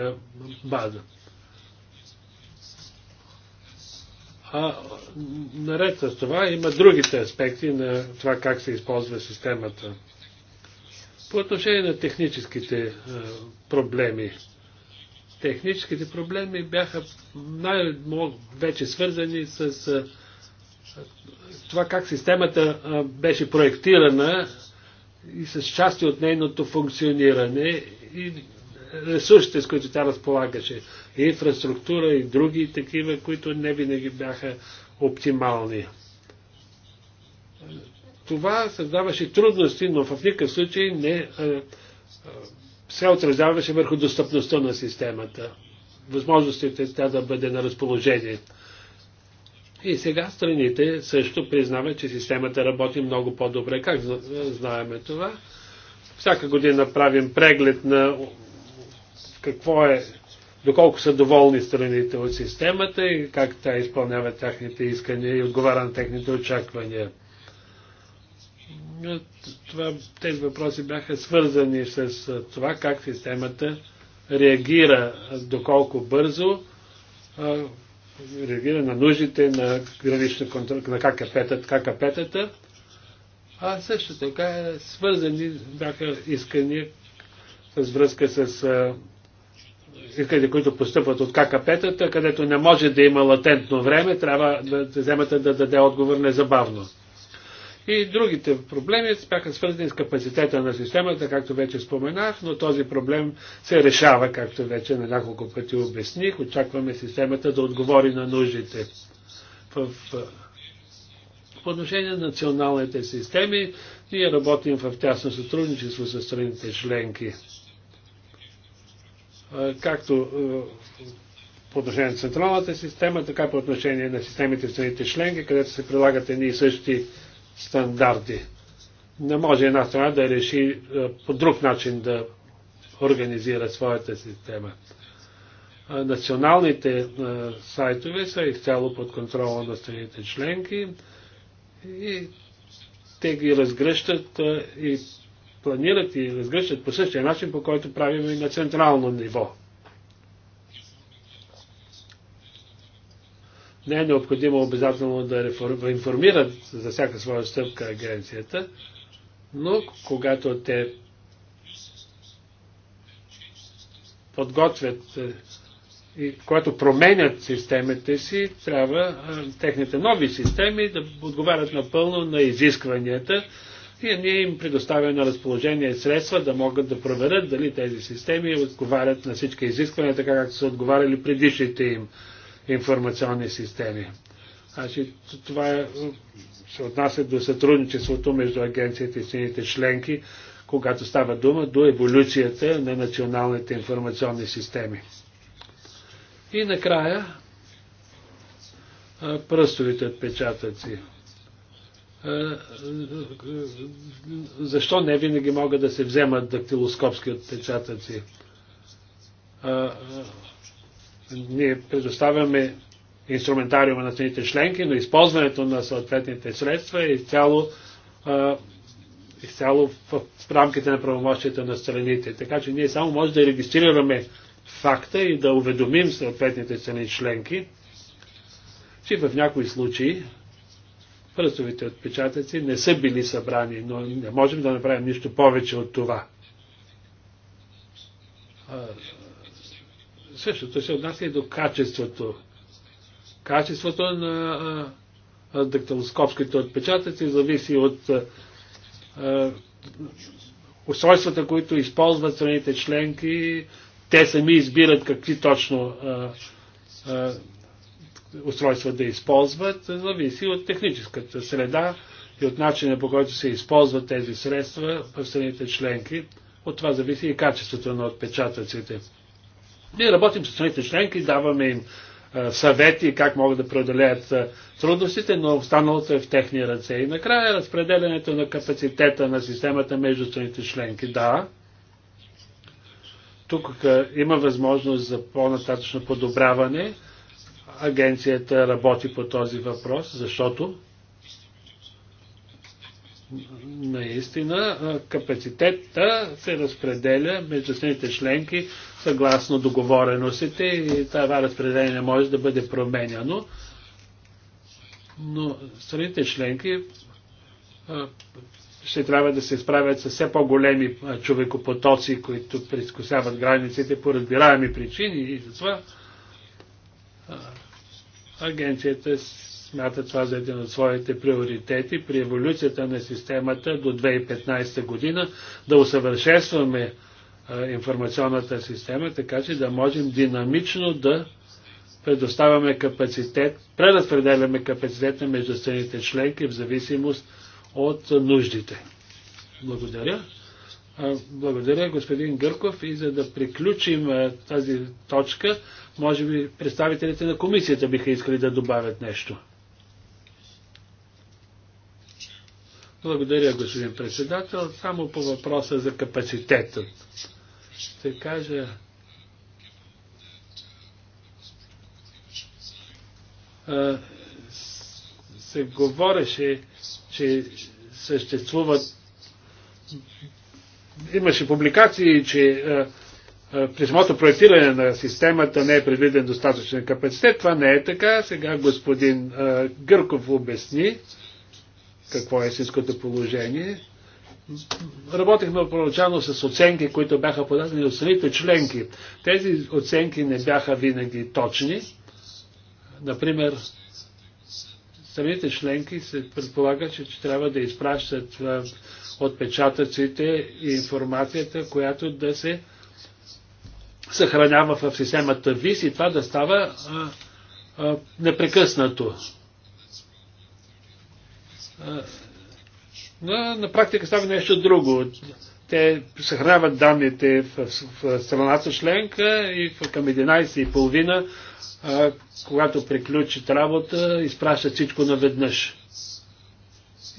Speaker 2: база. А, наред с това има другите аспекти на това как се използва системата. По отношение на техническите а, проблеми. Техническите проблеми бяха най-вече свързани с а, това как системата а, беше проектирана и с части от нейното функциониране и ресурсите, с които тя разполагаше инфраструктура и други такива, които не винаги бяха оптимални. Това създаваше трудности, но в никакъв случай не а, а, се отразяваше върху достъпността на системата, възможностите тя да бъде на разположение. И сега страните също признават, че системата работи много по-добре. Как знаеме това? Всяка година правим преглед на какво е доколко са доволни страните от системата и как тя изпълнява тяхните искания и отговаря на техните очаквания. Е, това, тези въпроси бяха свързани с е, това как системата реагира е, доколко бързо, реагира на нуждите на гранична контрол, на ККП-тата, ККП а също така свързани бяха искания с връзка с искали, които постъпват от ККП-тата, където не може да има латентно време, трябва да вземата да даде отговор незабавно. И другите проблеми бяха свързани с капацитета на системата, както вече споменах, но този проблем се решава, както вече на няколко пъти обясних. Очакваме системата да отговори на нуждите. В, отношение на националните системи, ние работим в тясно сътрудничество с страните членки както по отношение на централната система, така по отношение на системите в страните членки, където се прилагат едни и същи стандарти. Не може една страна да реши по друг начин да организира своята система. Националните сайтове са изцяло под контрола на страните членки и те ги разгръщат и планират и разгръщат по същия начин, по който правим и на централно ниво. Не е необходимо обязателно да информират за всяка своя стъпка агенцията, но когато те подготвят е, и когато променят системите си, трябва е, техните нови системи да отговарят напълно на изискванията и ние им предоставяме на разположение средства да могат да проверят дали тези системи отговарят на всички изисквания, така както са отговаряли предишните им информационни системи. Значи, това е, се отнася до сътрудничеството между агенцията и сините членки, когато става дума до еволюцията на националните информационни системи. И накрая пръстовите отпечатъци защо не винаги могат да се вземат дактилоскопски отпечатъци? Ние предоставяме инструментариума на цените членки, но използването на съответните средства е изцяло, изцяло в рамките на правомощията на страните. Така че ние само може да регистрираме факта и да уведомим съответните страни членки, че в някои случаи пръстовите отпечатъци не са били събрани, но не можем да направим нищо повече от това. А, същото се отнася и до качеството. Качеството на а, дактилоскопските отпечатъци зависи от устройствата, които използват страните членки. Те сами избират какви точно устройства да използват, зависи от техническата среда и от начина по който се използват тези средства в страните членки. От това зависи и качеството на отпечатъците. Ние работим с страните членки, даваме им съвети как могат да преодолеят трудностите, но останалото е в техни ръце. И накрая разпределянето на капацитета на системата между страните членки. Да, тук има възможност за по-нататъчно подобряване агенцията работи по този въпрос, защото наистина капацитета се разпределя между страните членки съгласно договореностите и това разпределение може да бъде променяно. Но страните членки ще трябва да се справят с все по-големи човекопотоци, които прескусяват границите по разбираеми причини и затова това Агенцията смята това за един от своите приоритети при еволюцията на системата до 2015 година да усъвършенстваме информационната система, така че да можем динамично да предоставяме капацитет, преразпределяме капацитета между страните членки в зависимост от нуждите. Благодаря. Благодаря, господин Гърков. И за да приключим тази точка, може би представителите на комисията биха искали да добавят нещо. Благодаря, господин председател. Само по въпроса за капацитетът. Ще кажа, се говореше, че съществуват имаше публикации, че при самото проектиране на системата не е предвиден достатъчен капацитет. Това не е така. Сега господин Гърков обясни какво е истинското положение. Работихме първоначално с оценки, които бяха подадени от самите членки. Тези оценки не бяха винаги точни. Например, Самите членки се предполага, че, трябва да изпращат отпечатъците и информацията, която да се съхранява в системата ВИС и това да става непрекъснато. на практика става нещо друго. Те съхраняват данните в, в страната членка и в, към 11.30, а, когато приключат работа, изпращат всичко наведнъж.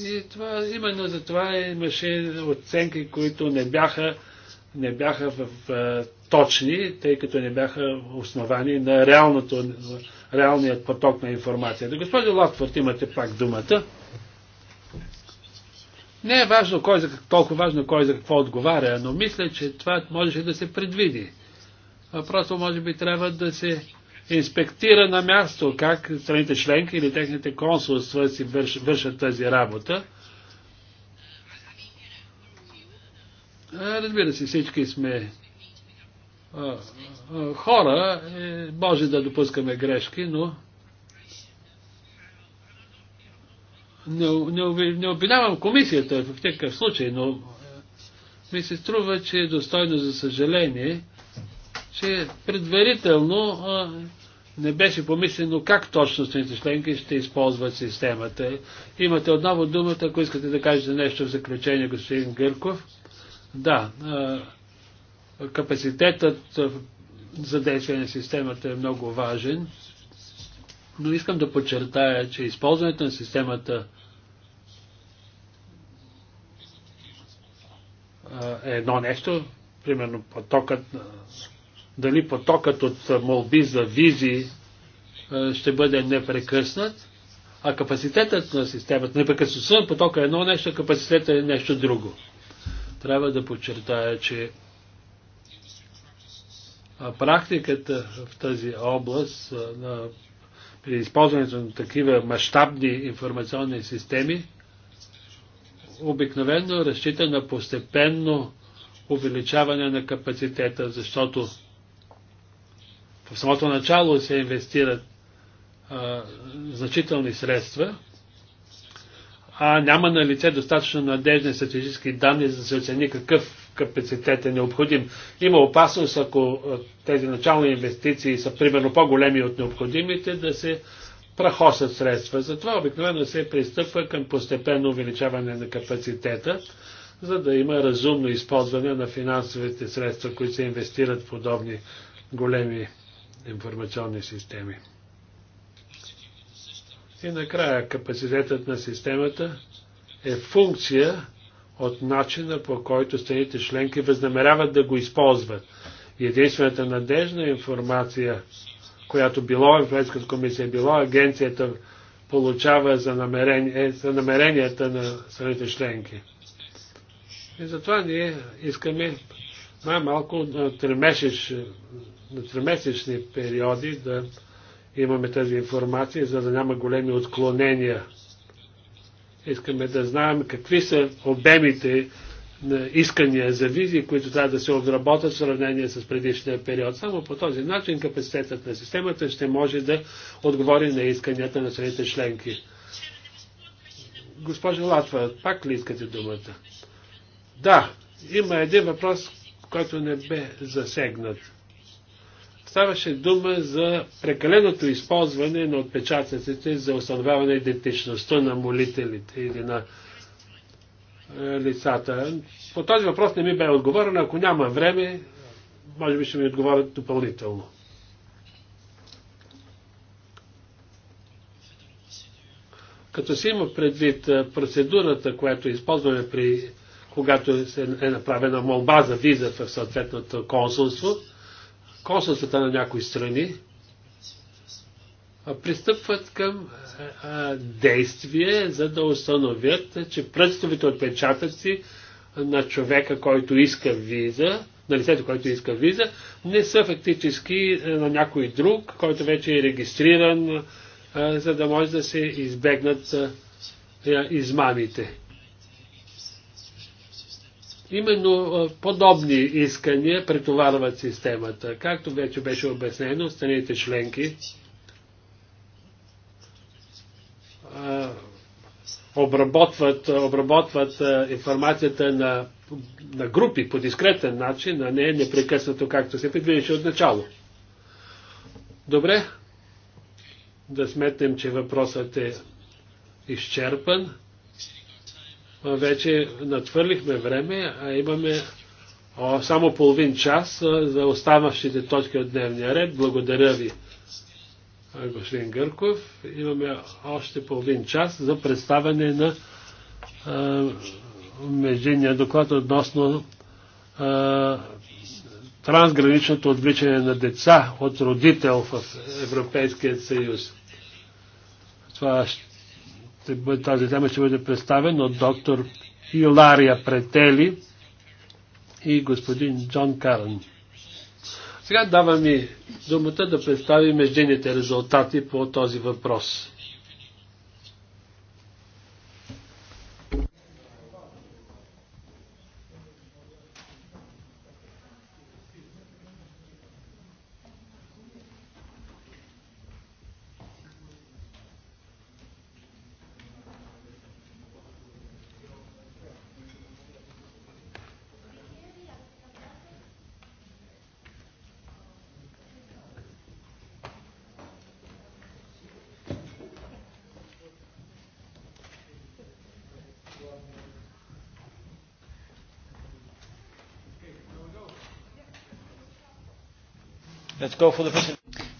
Speaker 2: И това, именно за това имаше оценки, които не бяха, не бяха в, в, точни, тъй като не бяха основани на реалното, реалният поток на информацията. Господи Латвард, имате пак думата. Не е важно кой за, толкова важно кой за какво отговаря, но мисля, че това можеше да се предвиди. просто може би трябва да се инспектира на място как страните членки или техните консулства си върш, вършат тази работа. Е, разбира се, всички сме а, е, а, е, хора, е, може да допускаме грешки, но не, не, не обвинявам комисията в такъв случай, но е, ми се струва, че е достойно за съжаление, че предварително а, не беше помислено как точно страните членки ще използват системата. Имате отново думата, ако искате да кажете нещо в заключение, господин Гърков. Да, а, капацитетът за действие на системата е много важен, но искам да подчертая, че използването на системата е едно нещо, примерно потокът, дали потокът от молби за визи ще бъде непрекъснат, а капацитетът на системата, непрекъснатостта на потока е едно нещо, а капацитетът е нещо друго. Трябва да подчертая, че практиката в тази област на, при използването на такива мащабни информационни системи обикновено разчита на постепенно увеличаване на капацитета, защото в самото начало се инвестират а, значителни средства, а няма на лице достатъчно надежни статистически данни, за да се оцени какъв капацитет е необходим. Има опасност, ако тези начални инвестиции са примерно по-големи от необходимите, да се прахосат средства. Затова обикновено се пристъпва към постепенно увеличаване на капацитета, за да има разумно използване на финансовите средства, които се инвестират в подобни големи информационни системи. И накрая капацитетът на системата е функция от начина по който страните членки възнамеряват да го използват. Единствената надежна информация която било Европейската комисия, е било агенцията получава за, намерение, е, за намеренията на страните членки. И затова ние искаме най-малко на, тримесеч, на тримесечни периоди да имаме тази информация, за да няма големи отклонения. Искаме да знаем какви са обемите искания за визи, които трябва да се обработят в сравнение с предишния период. Само по този начин капацитетът на системата ще може да отговори на исканията на страните членки. Госпожа Латва, пак ли искате думата? Да, има един въпрос, който не бе засегнат. Ставаше дума за прекаленото използване на отпечатъците за установяване идентичността на молителите или на е, лицата. По този въпрос не ми бе отговорено. Ако няма време, може би ще ми отговорят допълнително. Като си има предвид е, процедурата, която използваме при когато е направена молба за виза в съответното консулство, консулствата на някои страни пристъпват към действие, за да установят, че пръстовите отпечатъци на човека, който иска виза, на лицето, който иска виза, не са фактически на някой друг, който вече е регистриран, за да може да се избегнат измамите. Именно подобни искания претоварват системата. Както вече беше обяснено, страните членки Е, обработват, обработват е, информацията на, на групи по дискретен начин, а не непрекъснато, както се предвидеше от начало. Добре, да сметнем, че въпросът е изчерпан. Вече надхвърлихме време, а имаме само половин час за оставащите точки от дневния ред. Благодаря ви господин Гърков. Имаме още половин час за представяне на междинния доклад относно а, трансграничното отвличане на деца от родител в Европейския съюз. Това ще бъде, тази тема ще бъде представена от доктор Илария Претели и господин Джон Карн. Сега даваме думата да представим междинните резултати по този въпрос.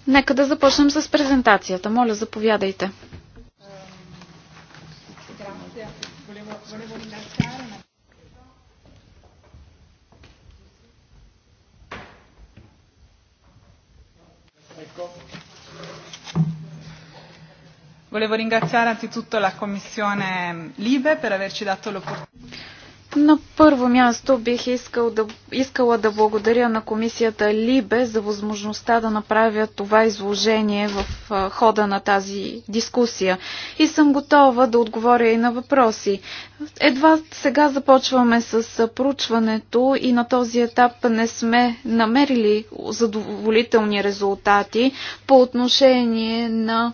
Speaker 4: Нека да започнем с презентацията. Моля, заповядайте. Volevo ringraziare anzitutto la Commissione Libe per averci dato l'opportunità. На първо място бих искал да, искала да благодаря на комисията Либе за възможността да направя това изложение в хода на тази дискусия. И съм готова да отговоря и на въпроси. Едва сега започваме с проучването и на този етап не сме намерили задоволителни резултати по отношение на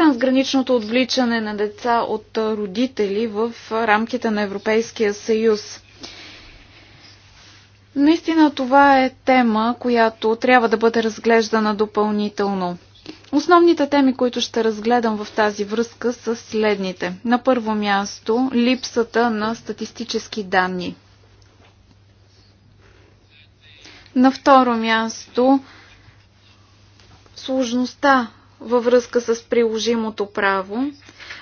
Speaker 4: трансграничното отвличане на деца от родители в рамките на Европейския съюз. Наистина това е тема, която трябва да бъде разглеждана допълнително. Основните теми, които ще разгледам в тази връзка са следните. На първо място липсата на статистически данни. На второ място сложността във връзка с приложимото право,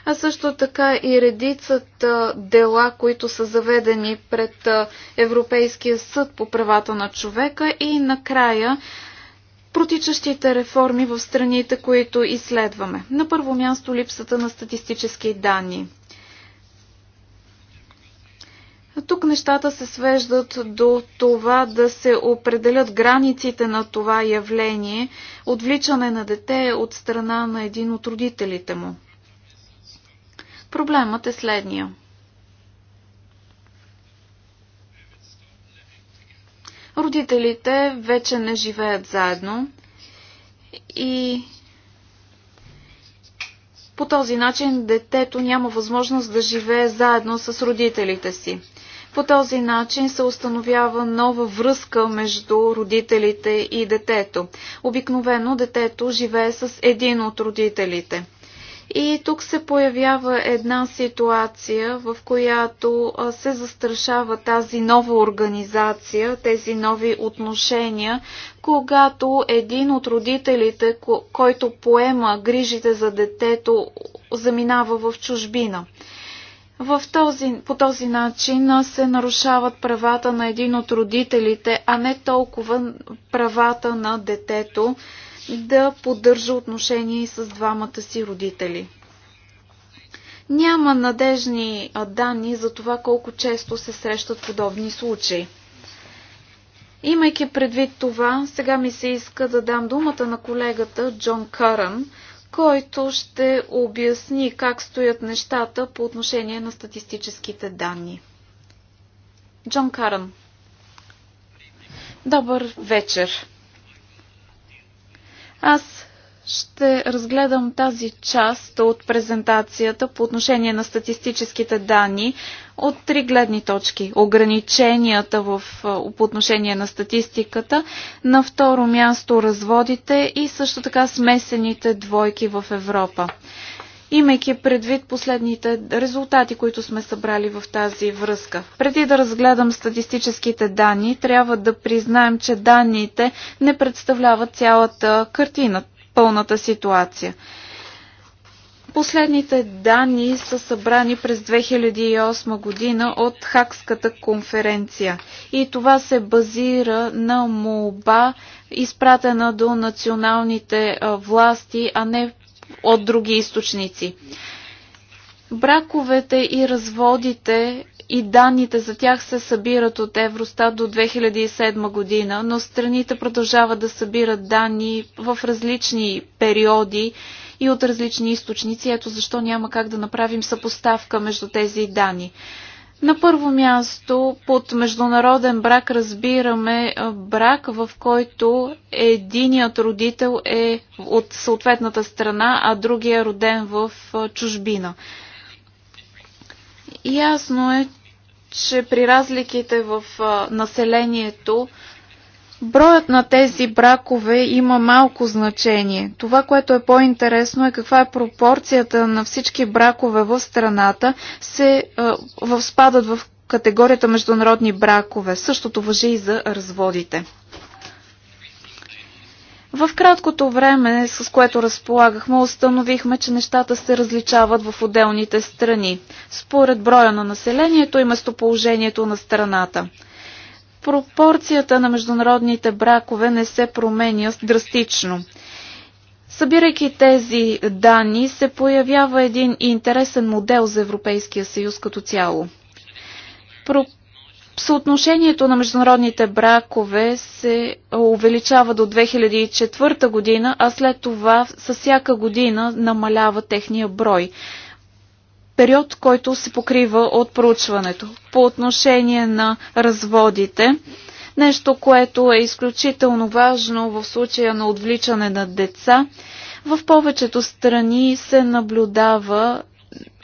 Speaker 4: а също така и редицата дела, които са заведени пред Европейския съд по правата на човека и накрая протичащите реформи в страните, които изследваме. На първо място липсата на статистически данни. Тук нещата се свеждат до това да се определят границите на това явление отвличане на дете от страна на един от родителите му. Проблемът е следния. Родителите вече не живеят заедно и по този начин детето няма възможност да живее заедно с родителите си. По този начин се установява нова връзка между родителите и детето. Обикновено детето живее с един от родителите. И тук се появява една ситуация, в която се застрашава тази нова организация, тези нови отношения, когато един от родителите, който поема грижите за детето, заминава в чужбина. В този, по този начин се нарушават правата на един от родителите, а не толкова правата на детето да поддържа отношения с двамата си родители. Няма надежни данни за това колко често се срещат подобни случаи. Имайки предвид това, сега ми се иска да дам думата на колегата Джон Каран, който ще обясни как стоят нещата по отношение на статистическите данни. Джон Карън. Добър вечер. Аз ще разгледам тази част от презентацията по отношение на статистическите данни, от три гледни точки. Ограниченията в, по отношение на статистиката, на второ място разводите и също така смесените двойки в Европа. Имайки предвид последните резултати, които сме събрали в тази връзка. Преди да разгледам статистическите данни, трябва да признаем, че данните не представляват цялата картина, пълната ситуация. Последните данни са събрани през 2008 година от Хакската конференция и това се базира на молба, изпратена до националните власти, а не от други източници. Браковете и разводите и данните за тях се събират от Евростат до 2007 година, но страните продължават да събират данни в различни периоди и от различни източници. Ето защо няма как да направим съпоставка между тези данни. На първо място, под международен брак разбираме брак, в който единият родител е от съответната страна, а другия е роден в чужбина. Ясно е, че при разликите в населението Броят на тези бракове има малко значение. Това, което е по-интересно е каква е пропорцията на всички бракове в страната се в спадат в категорията международни бракове. Същото въжи и за разводите. В краткото време, с което разполагахме, установихме, че нещата се различават в отделните страни, според броя на населението и местоположението на страната пропорцията на международните бракове не се променя драстично. Събирайки тези данни, се появява един интересен модел за Европейския съюз като цяло. Про... Съотношението на международните бракове се увеличава до 2004 година, а след това със всяка година намалява техния брой период, който се покрива от проучването. По отношение на разводите, нещо, което е изключително важно в случая на отвличане на деца, в повечето страни се наблюдава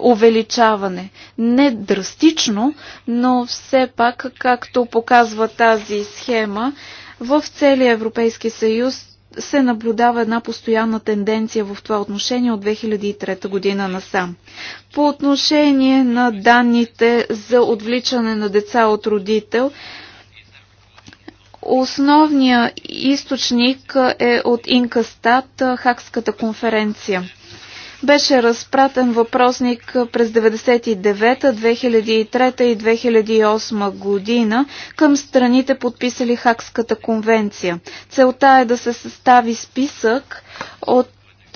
Speaker 4: увеличаване. Не драстично, но все пак, както показва тази схема, в целия Европейски съюз се наблюдава една постоянна тенденция в това отношение от 2003 година насам. По отношение на данните за отвличане на деца от родител, Основният източник е от Инкастат, Хакската конференция беше разпратен въпросник през 1999, 2003 и 2008 година към страните подписали Хакската конвенция. Целта е да се състави списък от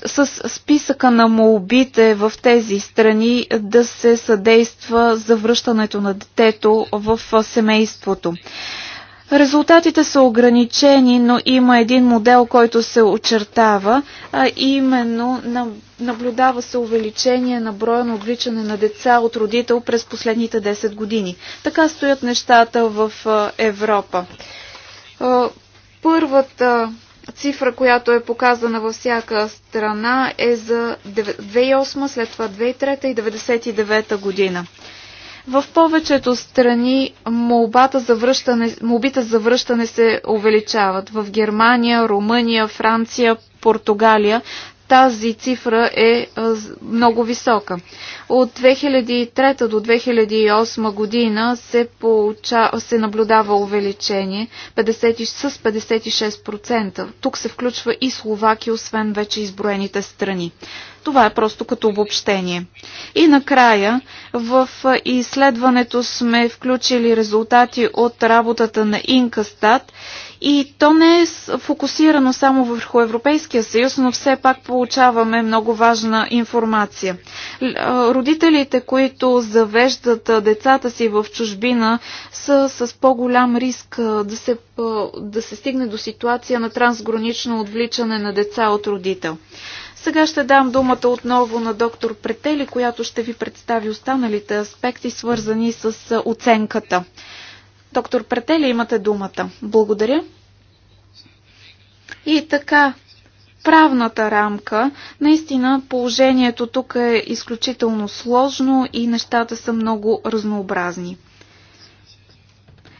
Speaker 4: с списъка на молбите в тези страни да се съдейства за връщането на детето в семейството. Резултатите са ограничени, но има един модел, който се очертава, а именно наблюдава се увеличение на броя на отвличане на деца от родител през последните 10 години. Така стоят нещата в Европа. Първата цифра, която е показана във всяка страна е за 2008, след това 2003 и 1999 година. В повечето страни молбата за връщане, молбите за връщане се увеличават. В Германия, Румъния, Франция, Португалия тази цифра е, е много висока. От 2003 до 2008 година се, получа, се наблюдава увеличение 50, с 56%. Тук се включва и Словакия, освен вече изброените страни. Това е просто като обобщение. И накрая, в е, изследването сме включили резултати от работата на Инкастат и то не е фокусирано само върху Европейския съюз, но все пак получаваме много важна информация. Родителите, които завеждат децата си в чужбина, са с по-голям риск да се, да се стигне до ситуация на трансгранично отвличане на деца от родител. Сега ще дам думата отново на доктор Претели, която ще ви представи останалите аспекти, свързани с оценката. Доктор Претели, имате думата. Благодаря. И така, правната рамка. Наистина положението тук е изключително сложно и нещата са много разнообразни.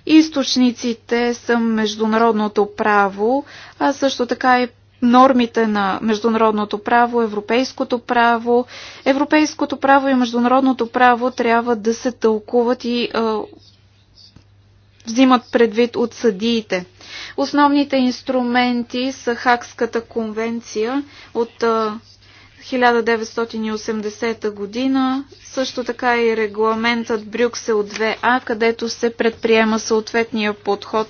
Speaker 4: Източниците са международното право, а също така и нормите на международното право, европейското право. Европейското право и международното право трябва да се тълкуват и а, взимат предвид от съдиите. Основните инструменти са Хакската конвенция от 1980 година, също така и регламентът Брюксел 2А, където се предприема съответния подход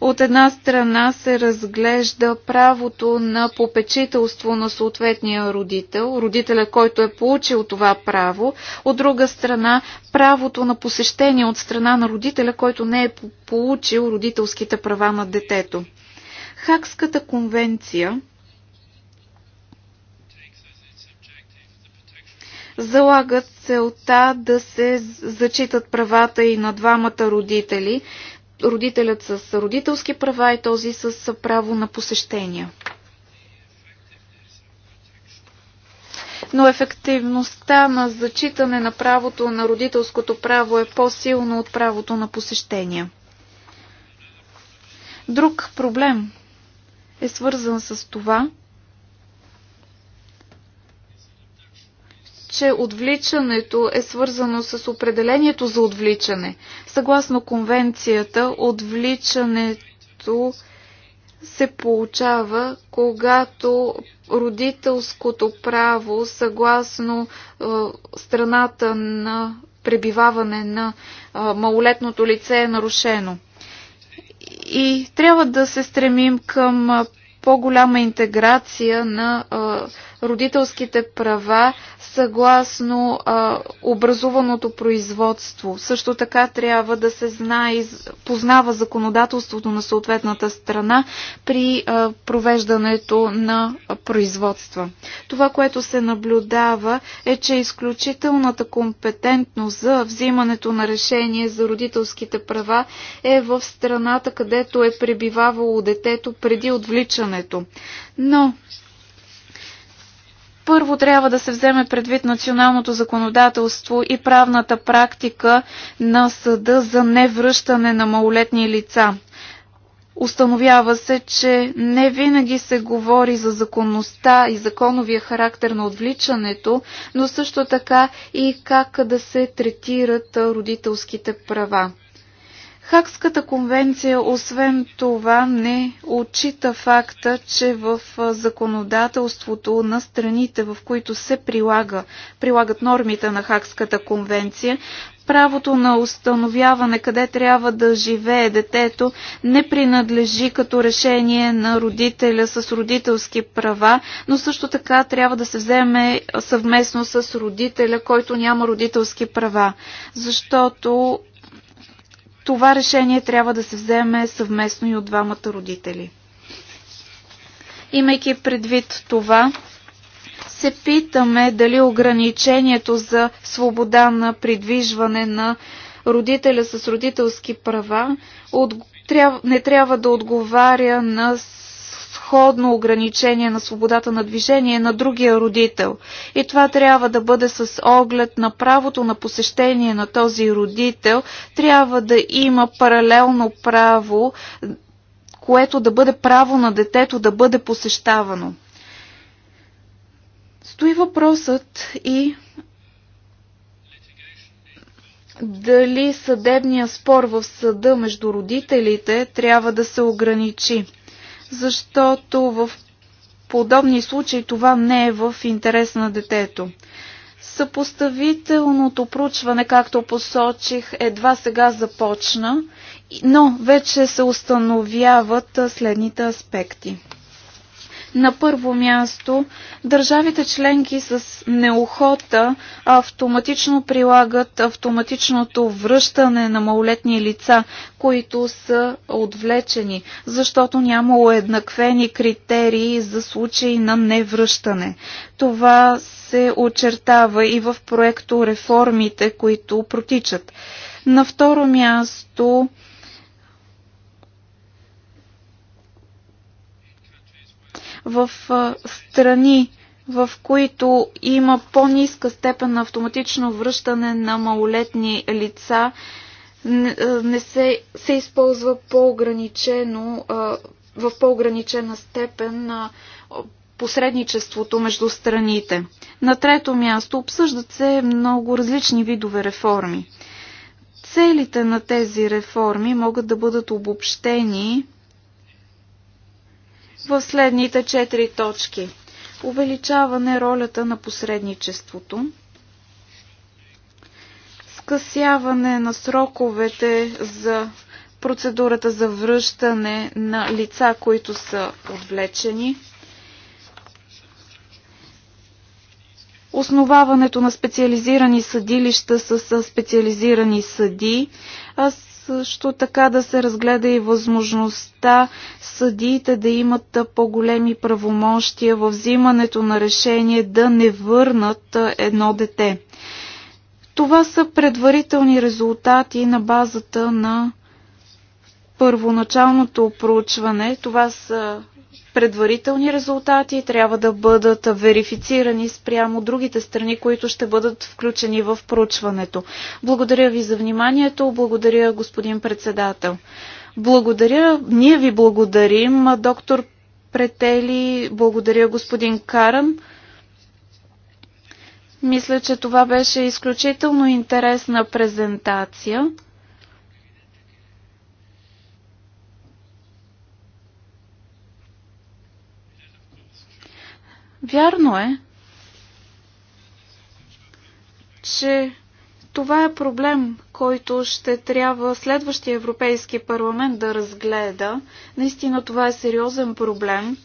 Speaker 4: от една страна се разглежда правото на попечителство на съответния родител, родителя, който е получил това право. От друга страна правото на посещение от страна на родителя, който не е получил родителските права на детето. Хакската конвенция залагат целта да се зачитат правата и на двамата родители родителят с родителски права и този с право на посещения. но ефективността на зачитане на правото на родителското право е по-силно от правото на посещения. Друг проблем е свързан с това, че отвличането е свързано с определението за отвличане. Съгласно конвенцията, отвличането се получава, когато родителското право, съгласно е, страната на пребиваване на е, малолетното лице, е нарушено. И трябва да се стремим към е, по-голяма интеграция на е, родителските права съгласно а, образуваното производство. Също така трябва да се знае, познава законодателството на съответната страна при а, провеждането на производства. Това, което се наблюдава е, че изключителната компетентност за взимането на решение за родителските права е в страната, където е пребивавало детето преди отвличането. Но първо трябва да се вземе предвид националното законодателство и правната практика на съда за невръщане на малолетни лица. Установява се, че не винаги се говори за законността и законовия характер на отвличането, но също така и как да се третират родителските права. Хакската конвенция освен това не отчита факта, че в законодателството на страните, в които се прилага, прилагат нормите на Хакската конвенция, правото на установяване къде трябва да живее детето не принадлежи като решение на родителя с родителски права, но също така трябва да се вземе съвместно с родителя, който няма родителски права, защото това решение трябва да се вземе съвместно и от двамата родители. Имайки предвид това, се питаме дали ограничението за свобода на придвижване на родителя с родителски права не трябва да отговаря на предходно ограничение на свободата на движение на другия родител. И това трябва да бъде с оглед на правото на посещение на този родител. Трябва да има паралелно право, което да бъде право на детето да бъде посещавано. Стои въпросът и дали съдебния спор в съда между родителите трябва да се ограничи защото в подобни случаи това не е в интерес на детето. Съпоставителното проучване, както посочих, едва сега започна, но вече се установяват следните аспекти. На първо място, държавите членки с неохота автоматично прилагат автоматичното връщане на малолетни лица, които са отвлечени, защото няма уеднаквени критерии за случаи на невръщане. Това се очертава и в проекто реформите, които протичат. На второ място, в страни, в които има по-ниска степен на автоматично връщане на малолетни лица, не се, се използва по-ограничено, в по-ограничена степен на посредничеството между страните. На трето място обсъждат се много различни видове реформи. Целите на тези реформи могат да бъдат обобщени в следните четири точки. Увеличаване ролята на посредничеството, скъсяване на сроковете за процедурата за връщане на лица, които са отвлечени, основаването на специализирани съдилища с специализирани съди, а също така да се разгледа и възможността съдиите да имат по-големи правомощия в взимането на решение да не върнат едно дете. Това са предварителни резултати на базата на първоначалното проучване. Това са предварителни резултати трябва да бъдат верифицирани спрямо другите страни, които ще бъдат включени в проучването. Благодаря ви за вниманието. Благодаря, господин председател. Благодаря. Ние ви благодарим, доктор Претели. Благодаря, господин Карам. Мисля, че това беше изключително интересна презентация. Вярно е, че това е проблем, който ще трябва следващия Европейски парламент да разгледа. Наистина това е сериозен проблем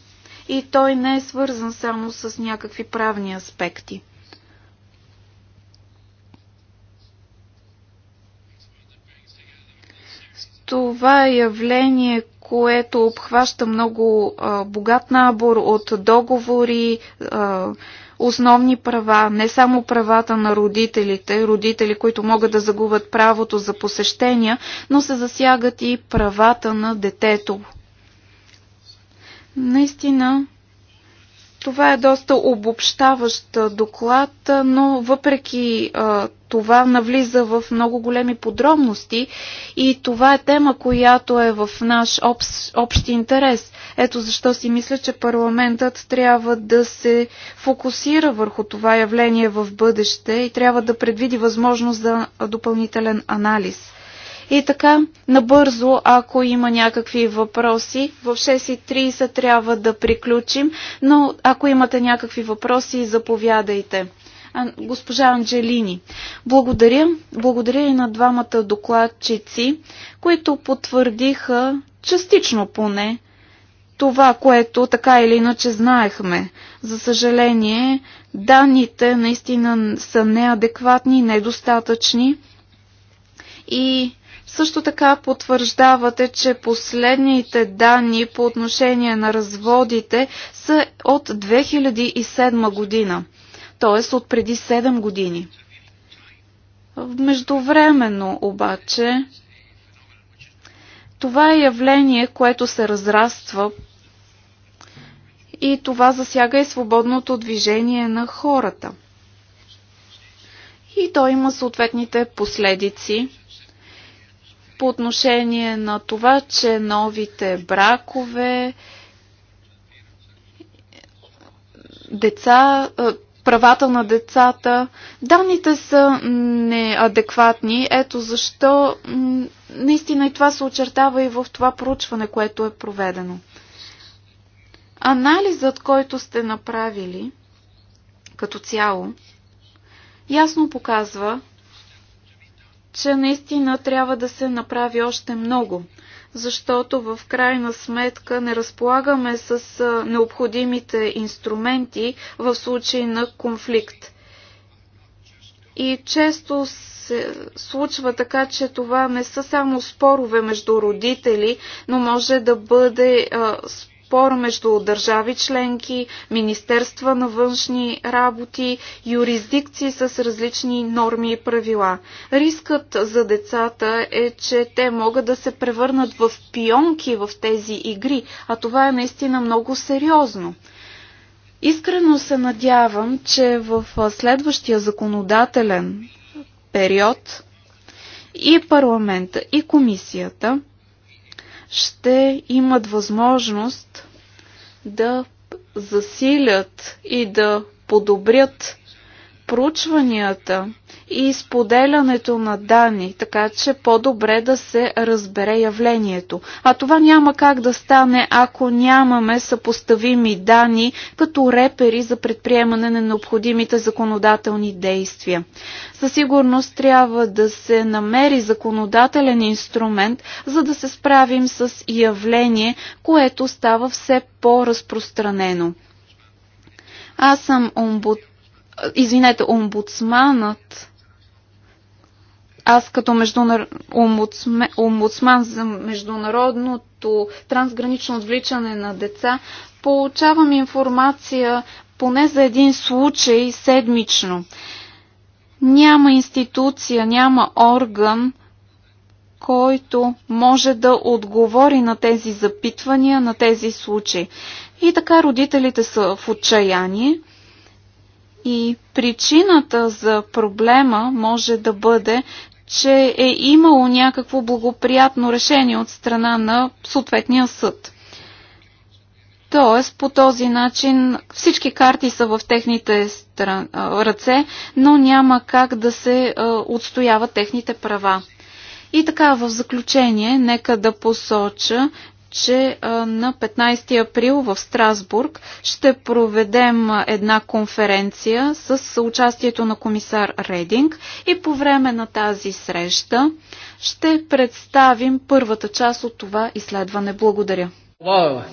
Speaker 4: и той не е свързан само с някакви правни аспекти. Това е явление, което обхваща много а, богат набор от договори, а, основни права, не само правата на родителите, родители, които могат да загубят правото за посещения, но се засягат и правата на детето. Наистина, това е доста обобщаващ доклад, но въпреки а, това навлиза в много големи подробности и това е тема, която е в наш общ, общ интерес. Ето защо си мисля, че парламентът трябва да се фокусира върху това явление в бъдеще и трябва да предвиди възможност за допълнителен анализ. И така, набързо, ако има някакви въпроси, в 6.30 трябва да приключим, но ако имате някакви въпроси, заповядайте госпожа Анджелини. Благодаря. Благодаря и на двамата докладчици, които потвърдиха частично поне това, което така или иначе знаехме. За съжаление, данните наистина са неадекватни, недостатъчни и също така потвърждавате, че последните данни по отношение на разводите са от 2007 година т.е. от преди 7 години. Междувременно обаче това е явление, което се разраства и това засяга и свободното движение на хората. И то има съответните последици по отношение на това, че новите бракове, деца, правата на децата. Данните са неадекватни. Ето защо наистина и това се очертава и в това проучване, което е проведено. Анализът, който сте направили като цяло, ясно показва, че наистина трябва да се направи още много защото в крайна сметка не разполагаме с необходимите инструменти в случай на конфликт. И често се случва така, че това не са само спорове между родители, но може да бъде а, спор между държави членки, Министерства на външни работи, юрисдикции с различни норми и правила. Рискът за децата е, че те могат да се превърнат в пионки в тези игри, а това е наистина много сериозно. Искрено се надявам, че в следващия законодателен период и парламента, и комисията ще имат възможност да засилят и да подобрят проучванията и споделянето на данни, така че по-добре да се разбере явлението. А това няма как да стане, ако нямаме съпоставими данни като репери за предприемане на необходимите законодателни действия. Със сигурност трябва да се намери законодателен инструмент, за да се справим с явление, което става все по-разпространено. Аз съм омбуд извинете, омбудсманът, аз като междунар... омбудсмен, омбудсман за международното трансгранично отвличане на деца, получавам информация поне за един случай седмично. Няма институция, няма орган, който може да отговори на тези запитвания, на тези случаи. И така родителите са в отчаяние и причината за проблема може да бъде, че е имало някакво благоприятно решение от страна на съответния съд. Тоест, по този начин всички карти са в техните стран... ръце, но няма как да се отстояват техните права. И така, в заключение, нека да посоча, че на 15 април в Страсбург ще проведем една конференция с участието на комисар Рединг и по време на тази среща ще представим първата част от това изследване. Благодаря.
Speaker 3: Благодаря.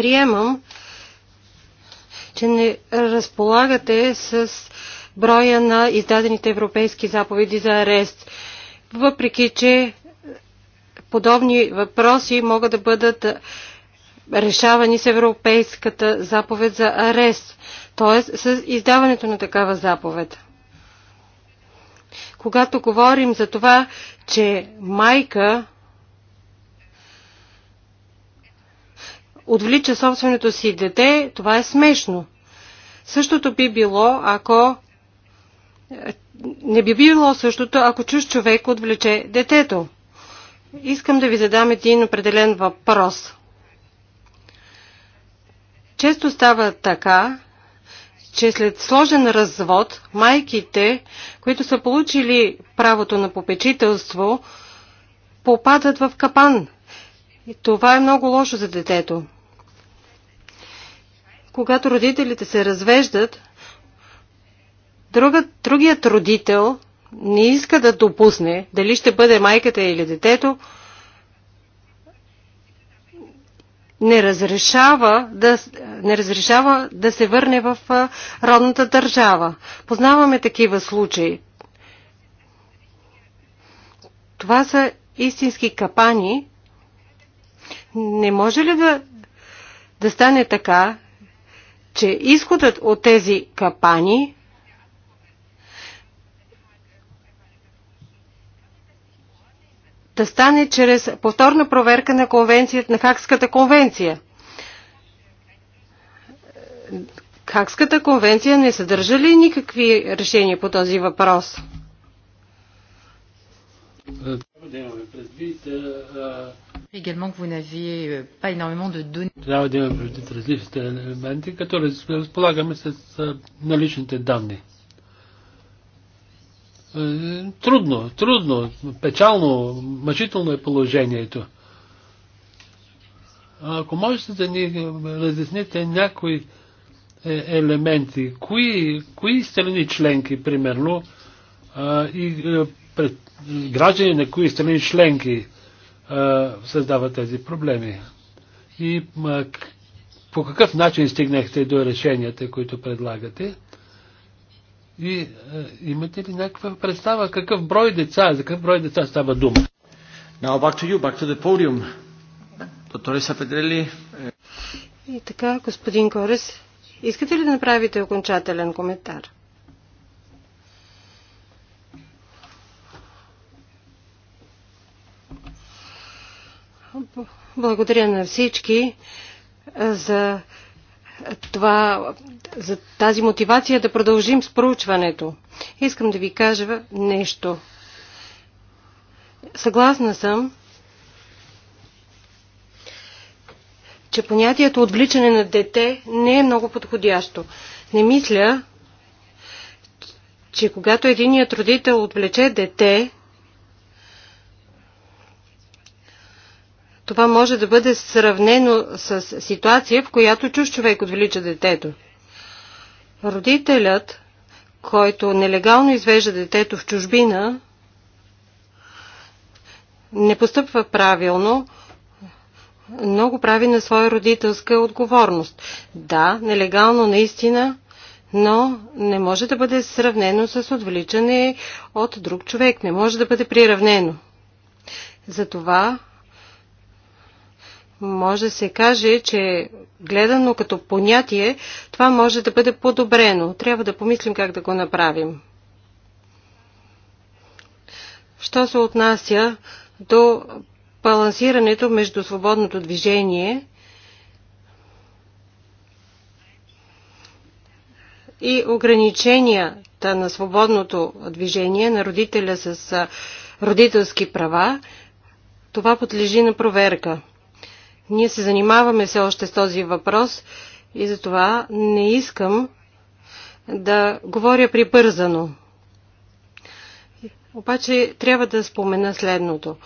Speaker 1: приемам, че не разполагате с броя на издадените европейски заповеди за арест, въпреки че подобни въпроси могат да бъдат решавани с Европейската заповед за арест, т.е. с издаването на такава заповед. Когато говорим за това, че майка отвлича собственото си дете, това е смешно. Същото би било, ако е, не би било същото, ако чуж човек отвлече детето. Искам да ви задам един определен въпрос. Често става така, че след сложен развод, майките, които са получили правото на попечителство, попадат в капан. И това е много лошо за детето когато родителите се развеждат, друга, другият родител не иска да допусне, дали ще бъде майката или детето, не разрешава да, не разрешава да се върне в родната държава. Познаваме такива случаи. Това са истински капани. Не може ли да, да стане така, че изходът от тези капани да стане чрез повторна проверка на, конвенцията, на Хакската конвенция. Хакската конвенция не съдържа ли никакви решения по този въпрос?
Speaker 2: Трябва да имаме предвид а,
Speaker 1: Euh,
Speaker 2: Трябва да имаме предвид различните елементи, като разполагаме с наличните данни. Е, трудно, трудно, печално, мъчително е положението. Ако можете да ни разясните някои е, елементи, кои, кои страни членки, примерно, и пред граждани на кои страни членки създава тези проблеми? И по какъв начин стигнахте до решенията, които предлагате? И а, имате ли някаква представа какъв брой деца, за какъв брой деца става дума? Now back to you, back to the podium. Доктореса е-
Speaker 1: И така, господин Корес, искате ли да направите окончателен коментар? Благодаря на всички за това, за тази мотивация да продължим с проучването. Искам да ви кажа нещо. Съгласна съм, че понятието отвличане на дете не е много подходящо. Не мисля, че когато единият родител отвлече дете, това може да бъде сравнено с ситуация, в която чуж човек отвлича детето. Родителят, който нелегално извежда детето в чужбина, не постъпва правилно, но го прави на своя родителска отговорност. Да, нелегално наистина, но не може да бъде сравнено с отвличане от друг човек. Не може да бъде приравнено. Затова може да се каже, че гледано като понятие, това може да бъде подобрено. Трябва да помислим как да го направим. Що се отнася до балансирането между свободното движение и ограниченията на свободното движение на родителя с родителски права, това подлежи на проверка. Ние се занимаваме все още с този въпрос и затова не искам да говоря припързано. Обаче трябва да спомена следното.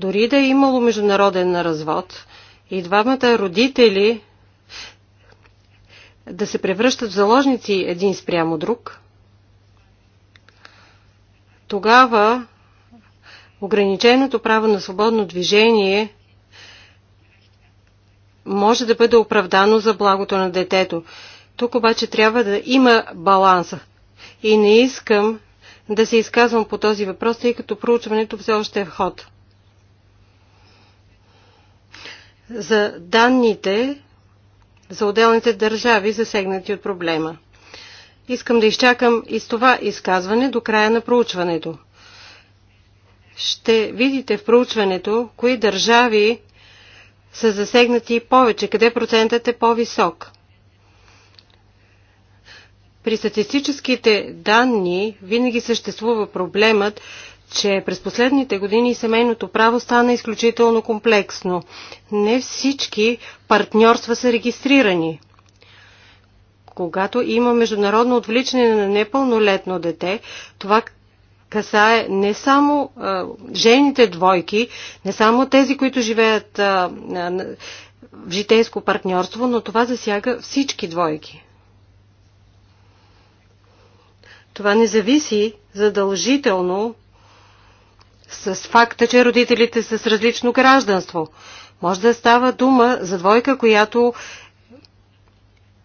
Speaker 1: Дори да е имало международен развод и двамата родители да се превръщат в заложници един спрямо друг, тогава ограниченото право на свободно движение може да бъде оправдано за благото на детето. Тук обаче трябва да има баланса. И не искам да се изказвам по този въпрос, тъй като проучването все още е в ход. За данните за отделните държави, засегнати от проблема. Искам да изчакам и с това изказване до края на проучването. Ще видите в проучването, кои държави са засегнати повече? Къде процентът е по-висок? При статистическите данни винаги съществува проблемът, че през последните години семейното право стана изключително комплексно. Не всички партньорства са регистрирани. Когато има международно отвличане на непълнолетно дете, това касае не само а, жените двойки, не само тези, които живеят а, а, в житейско партньорство, но това засяга всички двойки. Това не зависи задължително с факта, че родителите са с различно гражданство. Може да става дума за двойка, която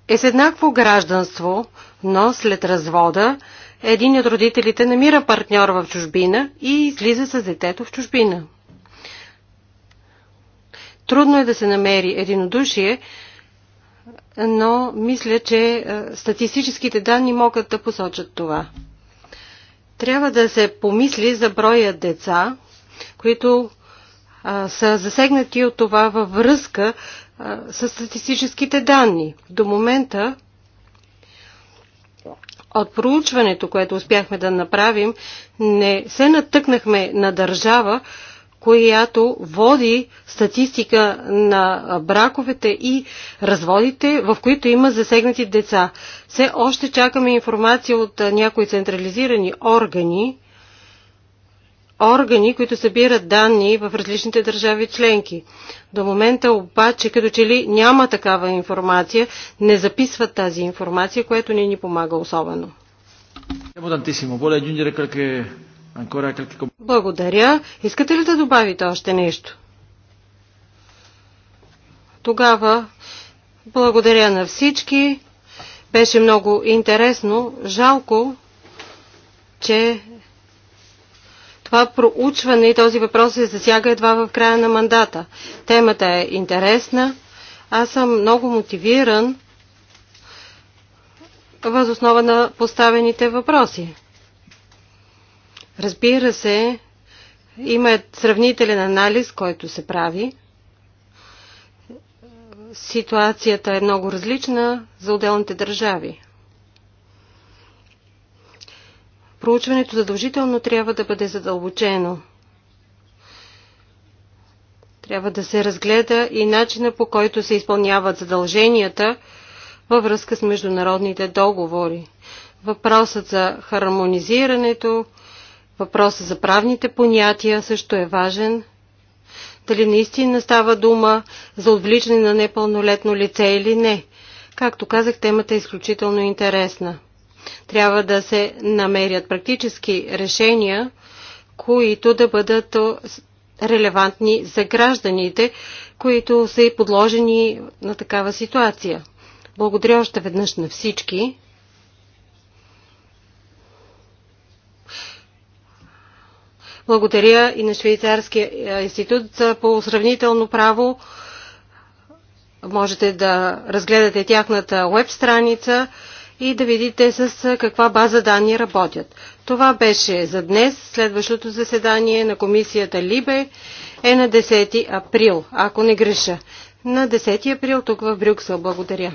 Speaker 1: е с еднакво гражданство, но след развода един от родителите намира партньор в чужбина и излиза с детето в чужбина. Трудно е да се намери единодушие, но мисля, че е, статистическите данни могат да посочат това. Трябва да се помисли за броя деца, които а, са засегнати от това във връзка а, с статистическите данни. До момента от проучването, което успяхме да направим, не се натъкнахме на държава, която води статистика на браковете и разводите, в които има засегнати деца. Все още чакаме информация от някои централизирани органи, органи, които събират данни в различните държави членки. До момента обаче, като че ли няма такава информация, не записват тази информация, което не ни помага особено. Благодаря. Искате ли да добавите още нещо? Тогава благодаря на всички. Беше много интересно. Жалко, че това проучване и този въпрос се засяга едва в края на мандата. Темата е интересна. Аз съм много мотивиран въз основа на поставените въпроси. Разбира се, има сравнителен анализ, който се прави. Ситуацията е много различна за отделните държави. проучването задължително трябва да бъде задълбочено. Трябва да се разгледа и начина по който се изпълняват задълженията във връзка с международните договори. Въпросът за хармонизирането, въпросът за правните понятия също е важен. Дали наистина става дума за отвличане на непълнолетно лице или не? Както казах, темата е изключително интересна. Трябва да се намерят практически решения, които да бъдат релевантни за гражданите, които са и подложени на такава ситуация. Благодаря още веднъж на всички. Благодаря и на Швейцарския е, институт по сравнително право. Можете да разгледате тяхната веб страница и да видите с каква база данни работят. Това беше за днес. Следващото заседание на комисията Либе е на 10 април, ако не греша. На 10 април тук в Брюксел. Благодаря.